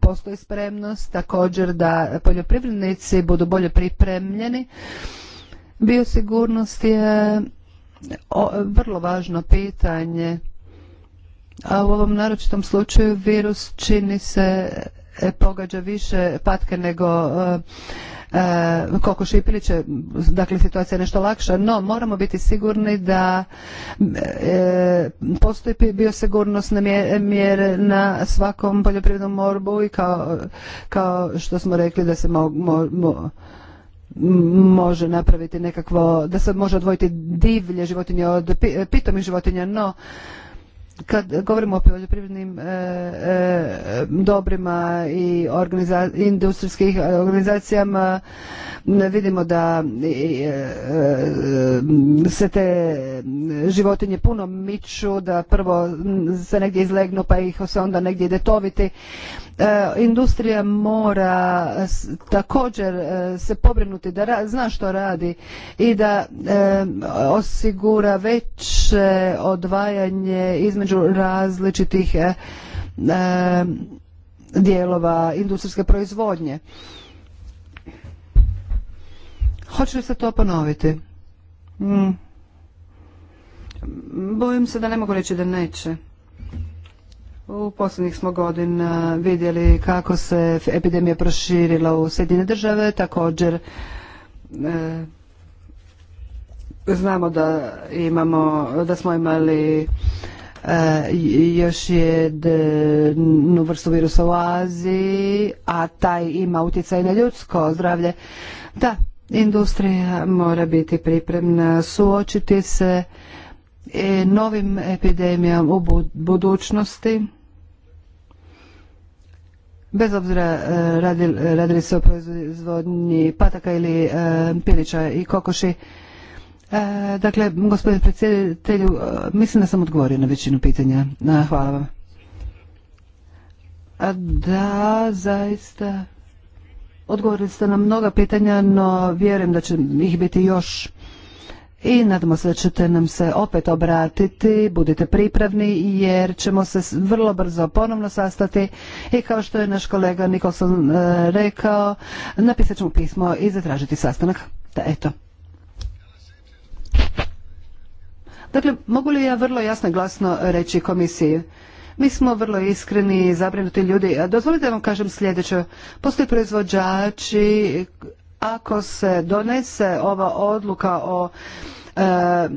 postoji spremnost, također da poljoprivrednici budu bolje pripremljeni. Biosigurnost je vrlo važno pitanje a u ovom naročitom slučaju virus čini se e, pogađa više patke nego e, šipiliće, dakle situacija je nešto lakša, no moramo biti sigurni da e, postoji biosigurnosne mjere na svakom poljoprivrednom morbu i kao, kao što smo rekli da se mo, mo, može napraviti nekakvo, da se može odvojiti divlje životinje od pitomih životinja, no kad govorimo o poljoprivrednim e, e, dobrima i organiza, industrijskih organizacijama vidimo da e, se te životinje puno miču da prvo se negdje izlegnu pa ih se onda negdje detoviti. industrija mora također se pobrinuti da ra, zna što radi i da osigura veće odvajanje između između različitih e, e, dijelova industrijske proizvodnje. Hoće li se to ponoviti? Hmm. Bojim se da ne mogu reći da neće. U posljednjih smo godina vidjeli kako se epidemija proširila u Sjedine države, također e, znamo da imamo, da smo imali E, još jednu vrstu virusa u Aziji, a taj ima utjecaj na ljudsko zdravlje. Da, industrija mora biti pripremna suočiti se e, novim epidemijom u budućnosti bez obzira e, radili, radili se o proizvodnji pataka ili pilića i kokoši E, dakle, gospodine predsjedatelju, e, mislim da sam odgovorio na većinu pitanja. E, hvala vam. A da, zaista. Odgovorili ste na mnoga pitanja, no vjerujem da će ih biti još i nadamo se da ćete nam se opet obratiti, budite pripravni jer ćemo se vrlo brzo ponovno sastati i kao što je naš kolega Nikolson rekao, napisat ćemo pismo i zatražiti sastanak. Da, eto. Dakle, mogu li ja vrlo jasno i glasno reći komisiji? Mi smo vrlo iskreni i zabrinuti ljudi. Dozvolite da vam kažem sljedeće. Postoje proizvođači, ako se donese ova odluka o eh, eh,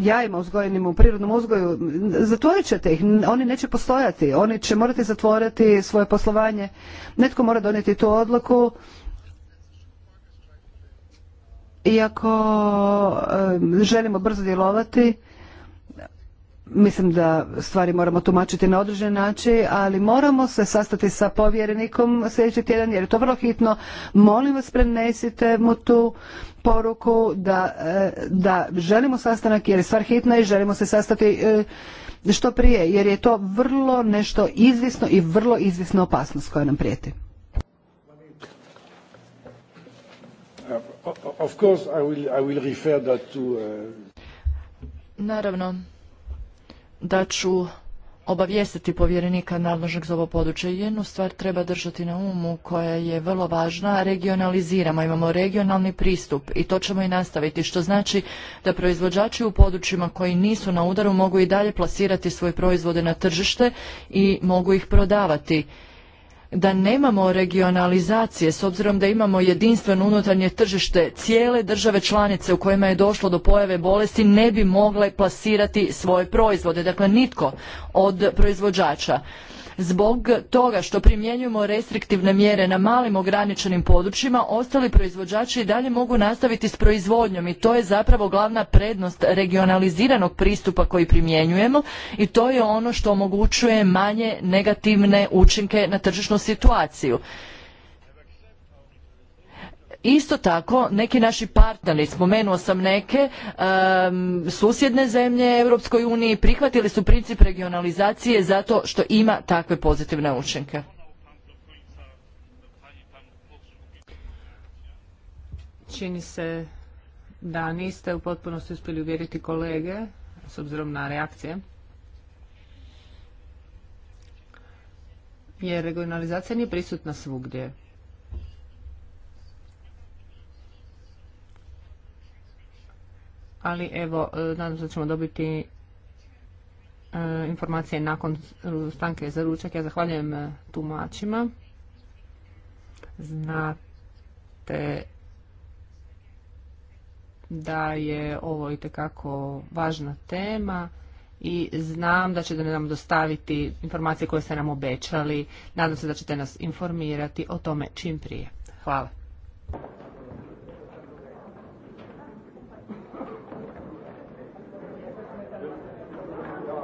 jajima uzgojenim u prirodnom uzgoju, zatvorit ćete ih, oni neće postojati, oni će morati zatvoriti svoje poslovanje. Netko mora donijeti tu odluku iako želimo brzo djelovati, mislim da stvari moramo tumačiti na određen način, ali moramo se sastati sa povjerenikom sljedeći tjedan jer je to vrlo hitno. Molim vas prenesite mu tu poruku da, eh, da želimo sastanak jer je stvar hitna i želimo se sastati eh, što prije jer je to vrlo nešto izvisno i vrlo izvisna opasnost koja nam prijeti. Naravno, da ću obavijestiti povjerenika nadležnog za ovo područje. Jednu stvar treba držati na umu koja je vrlo važna, regionaliziramo, imamo regionalni pristup i to ćemo i nastaviti, što znači da proizvođači u područjima koji nisu na udaru mogu i dalje plasirati svoje proizvode na tržište i mogu ih prodavati da nemamo regionalizacije s obzirom da imamo jedinstveno unutarnje tržište cijele države članice u kojima je došlo do pojave bolesti ne bi mogle plasirati svoje proizvode dakle nitko od proizvođača Zbog toga što primjenjujemo restriktivne mjere na malim ograničenim područjima, ostali proizvođači i dalje mogu nastaviti s proizvodnjom i to je zapravo glavna prednost regionaliziranog pristupa koji primjenjujemo i to je ono što omogućuje manje negativne učinke na tržišnu situaciju. Isto tako, neki naši partneri, spomenuo sam neke, susjedne zemlje Europskoj uniji prihvatili su princip regionalizacije zato što ima takve pozitivne učinke. Čini se da niste u potpunosti uspjeli uvjeriti kolege, s obzirom na reakcije. Jer regionalizacija nije prisutna svugdje. ali evo, e, nadam se da ćemo dobiti e, informacije nakon stanke za ručak. Ja zahvaljujem e, tumačima. Znate da je ovo i tekako važna tema i znam da ćete nam dostaviti informacije koje ste nam obećali. Nadam se da ćete nas informirati o tome čim prije. Hvala.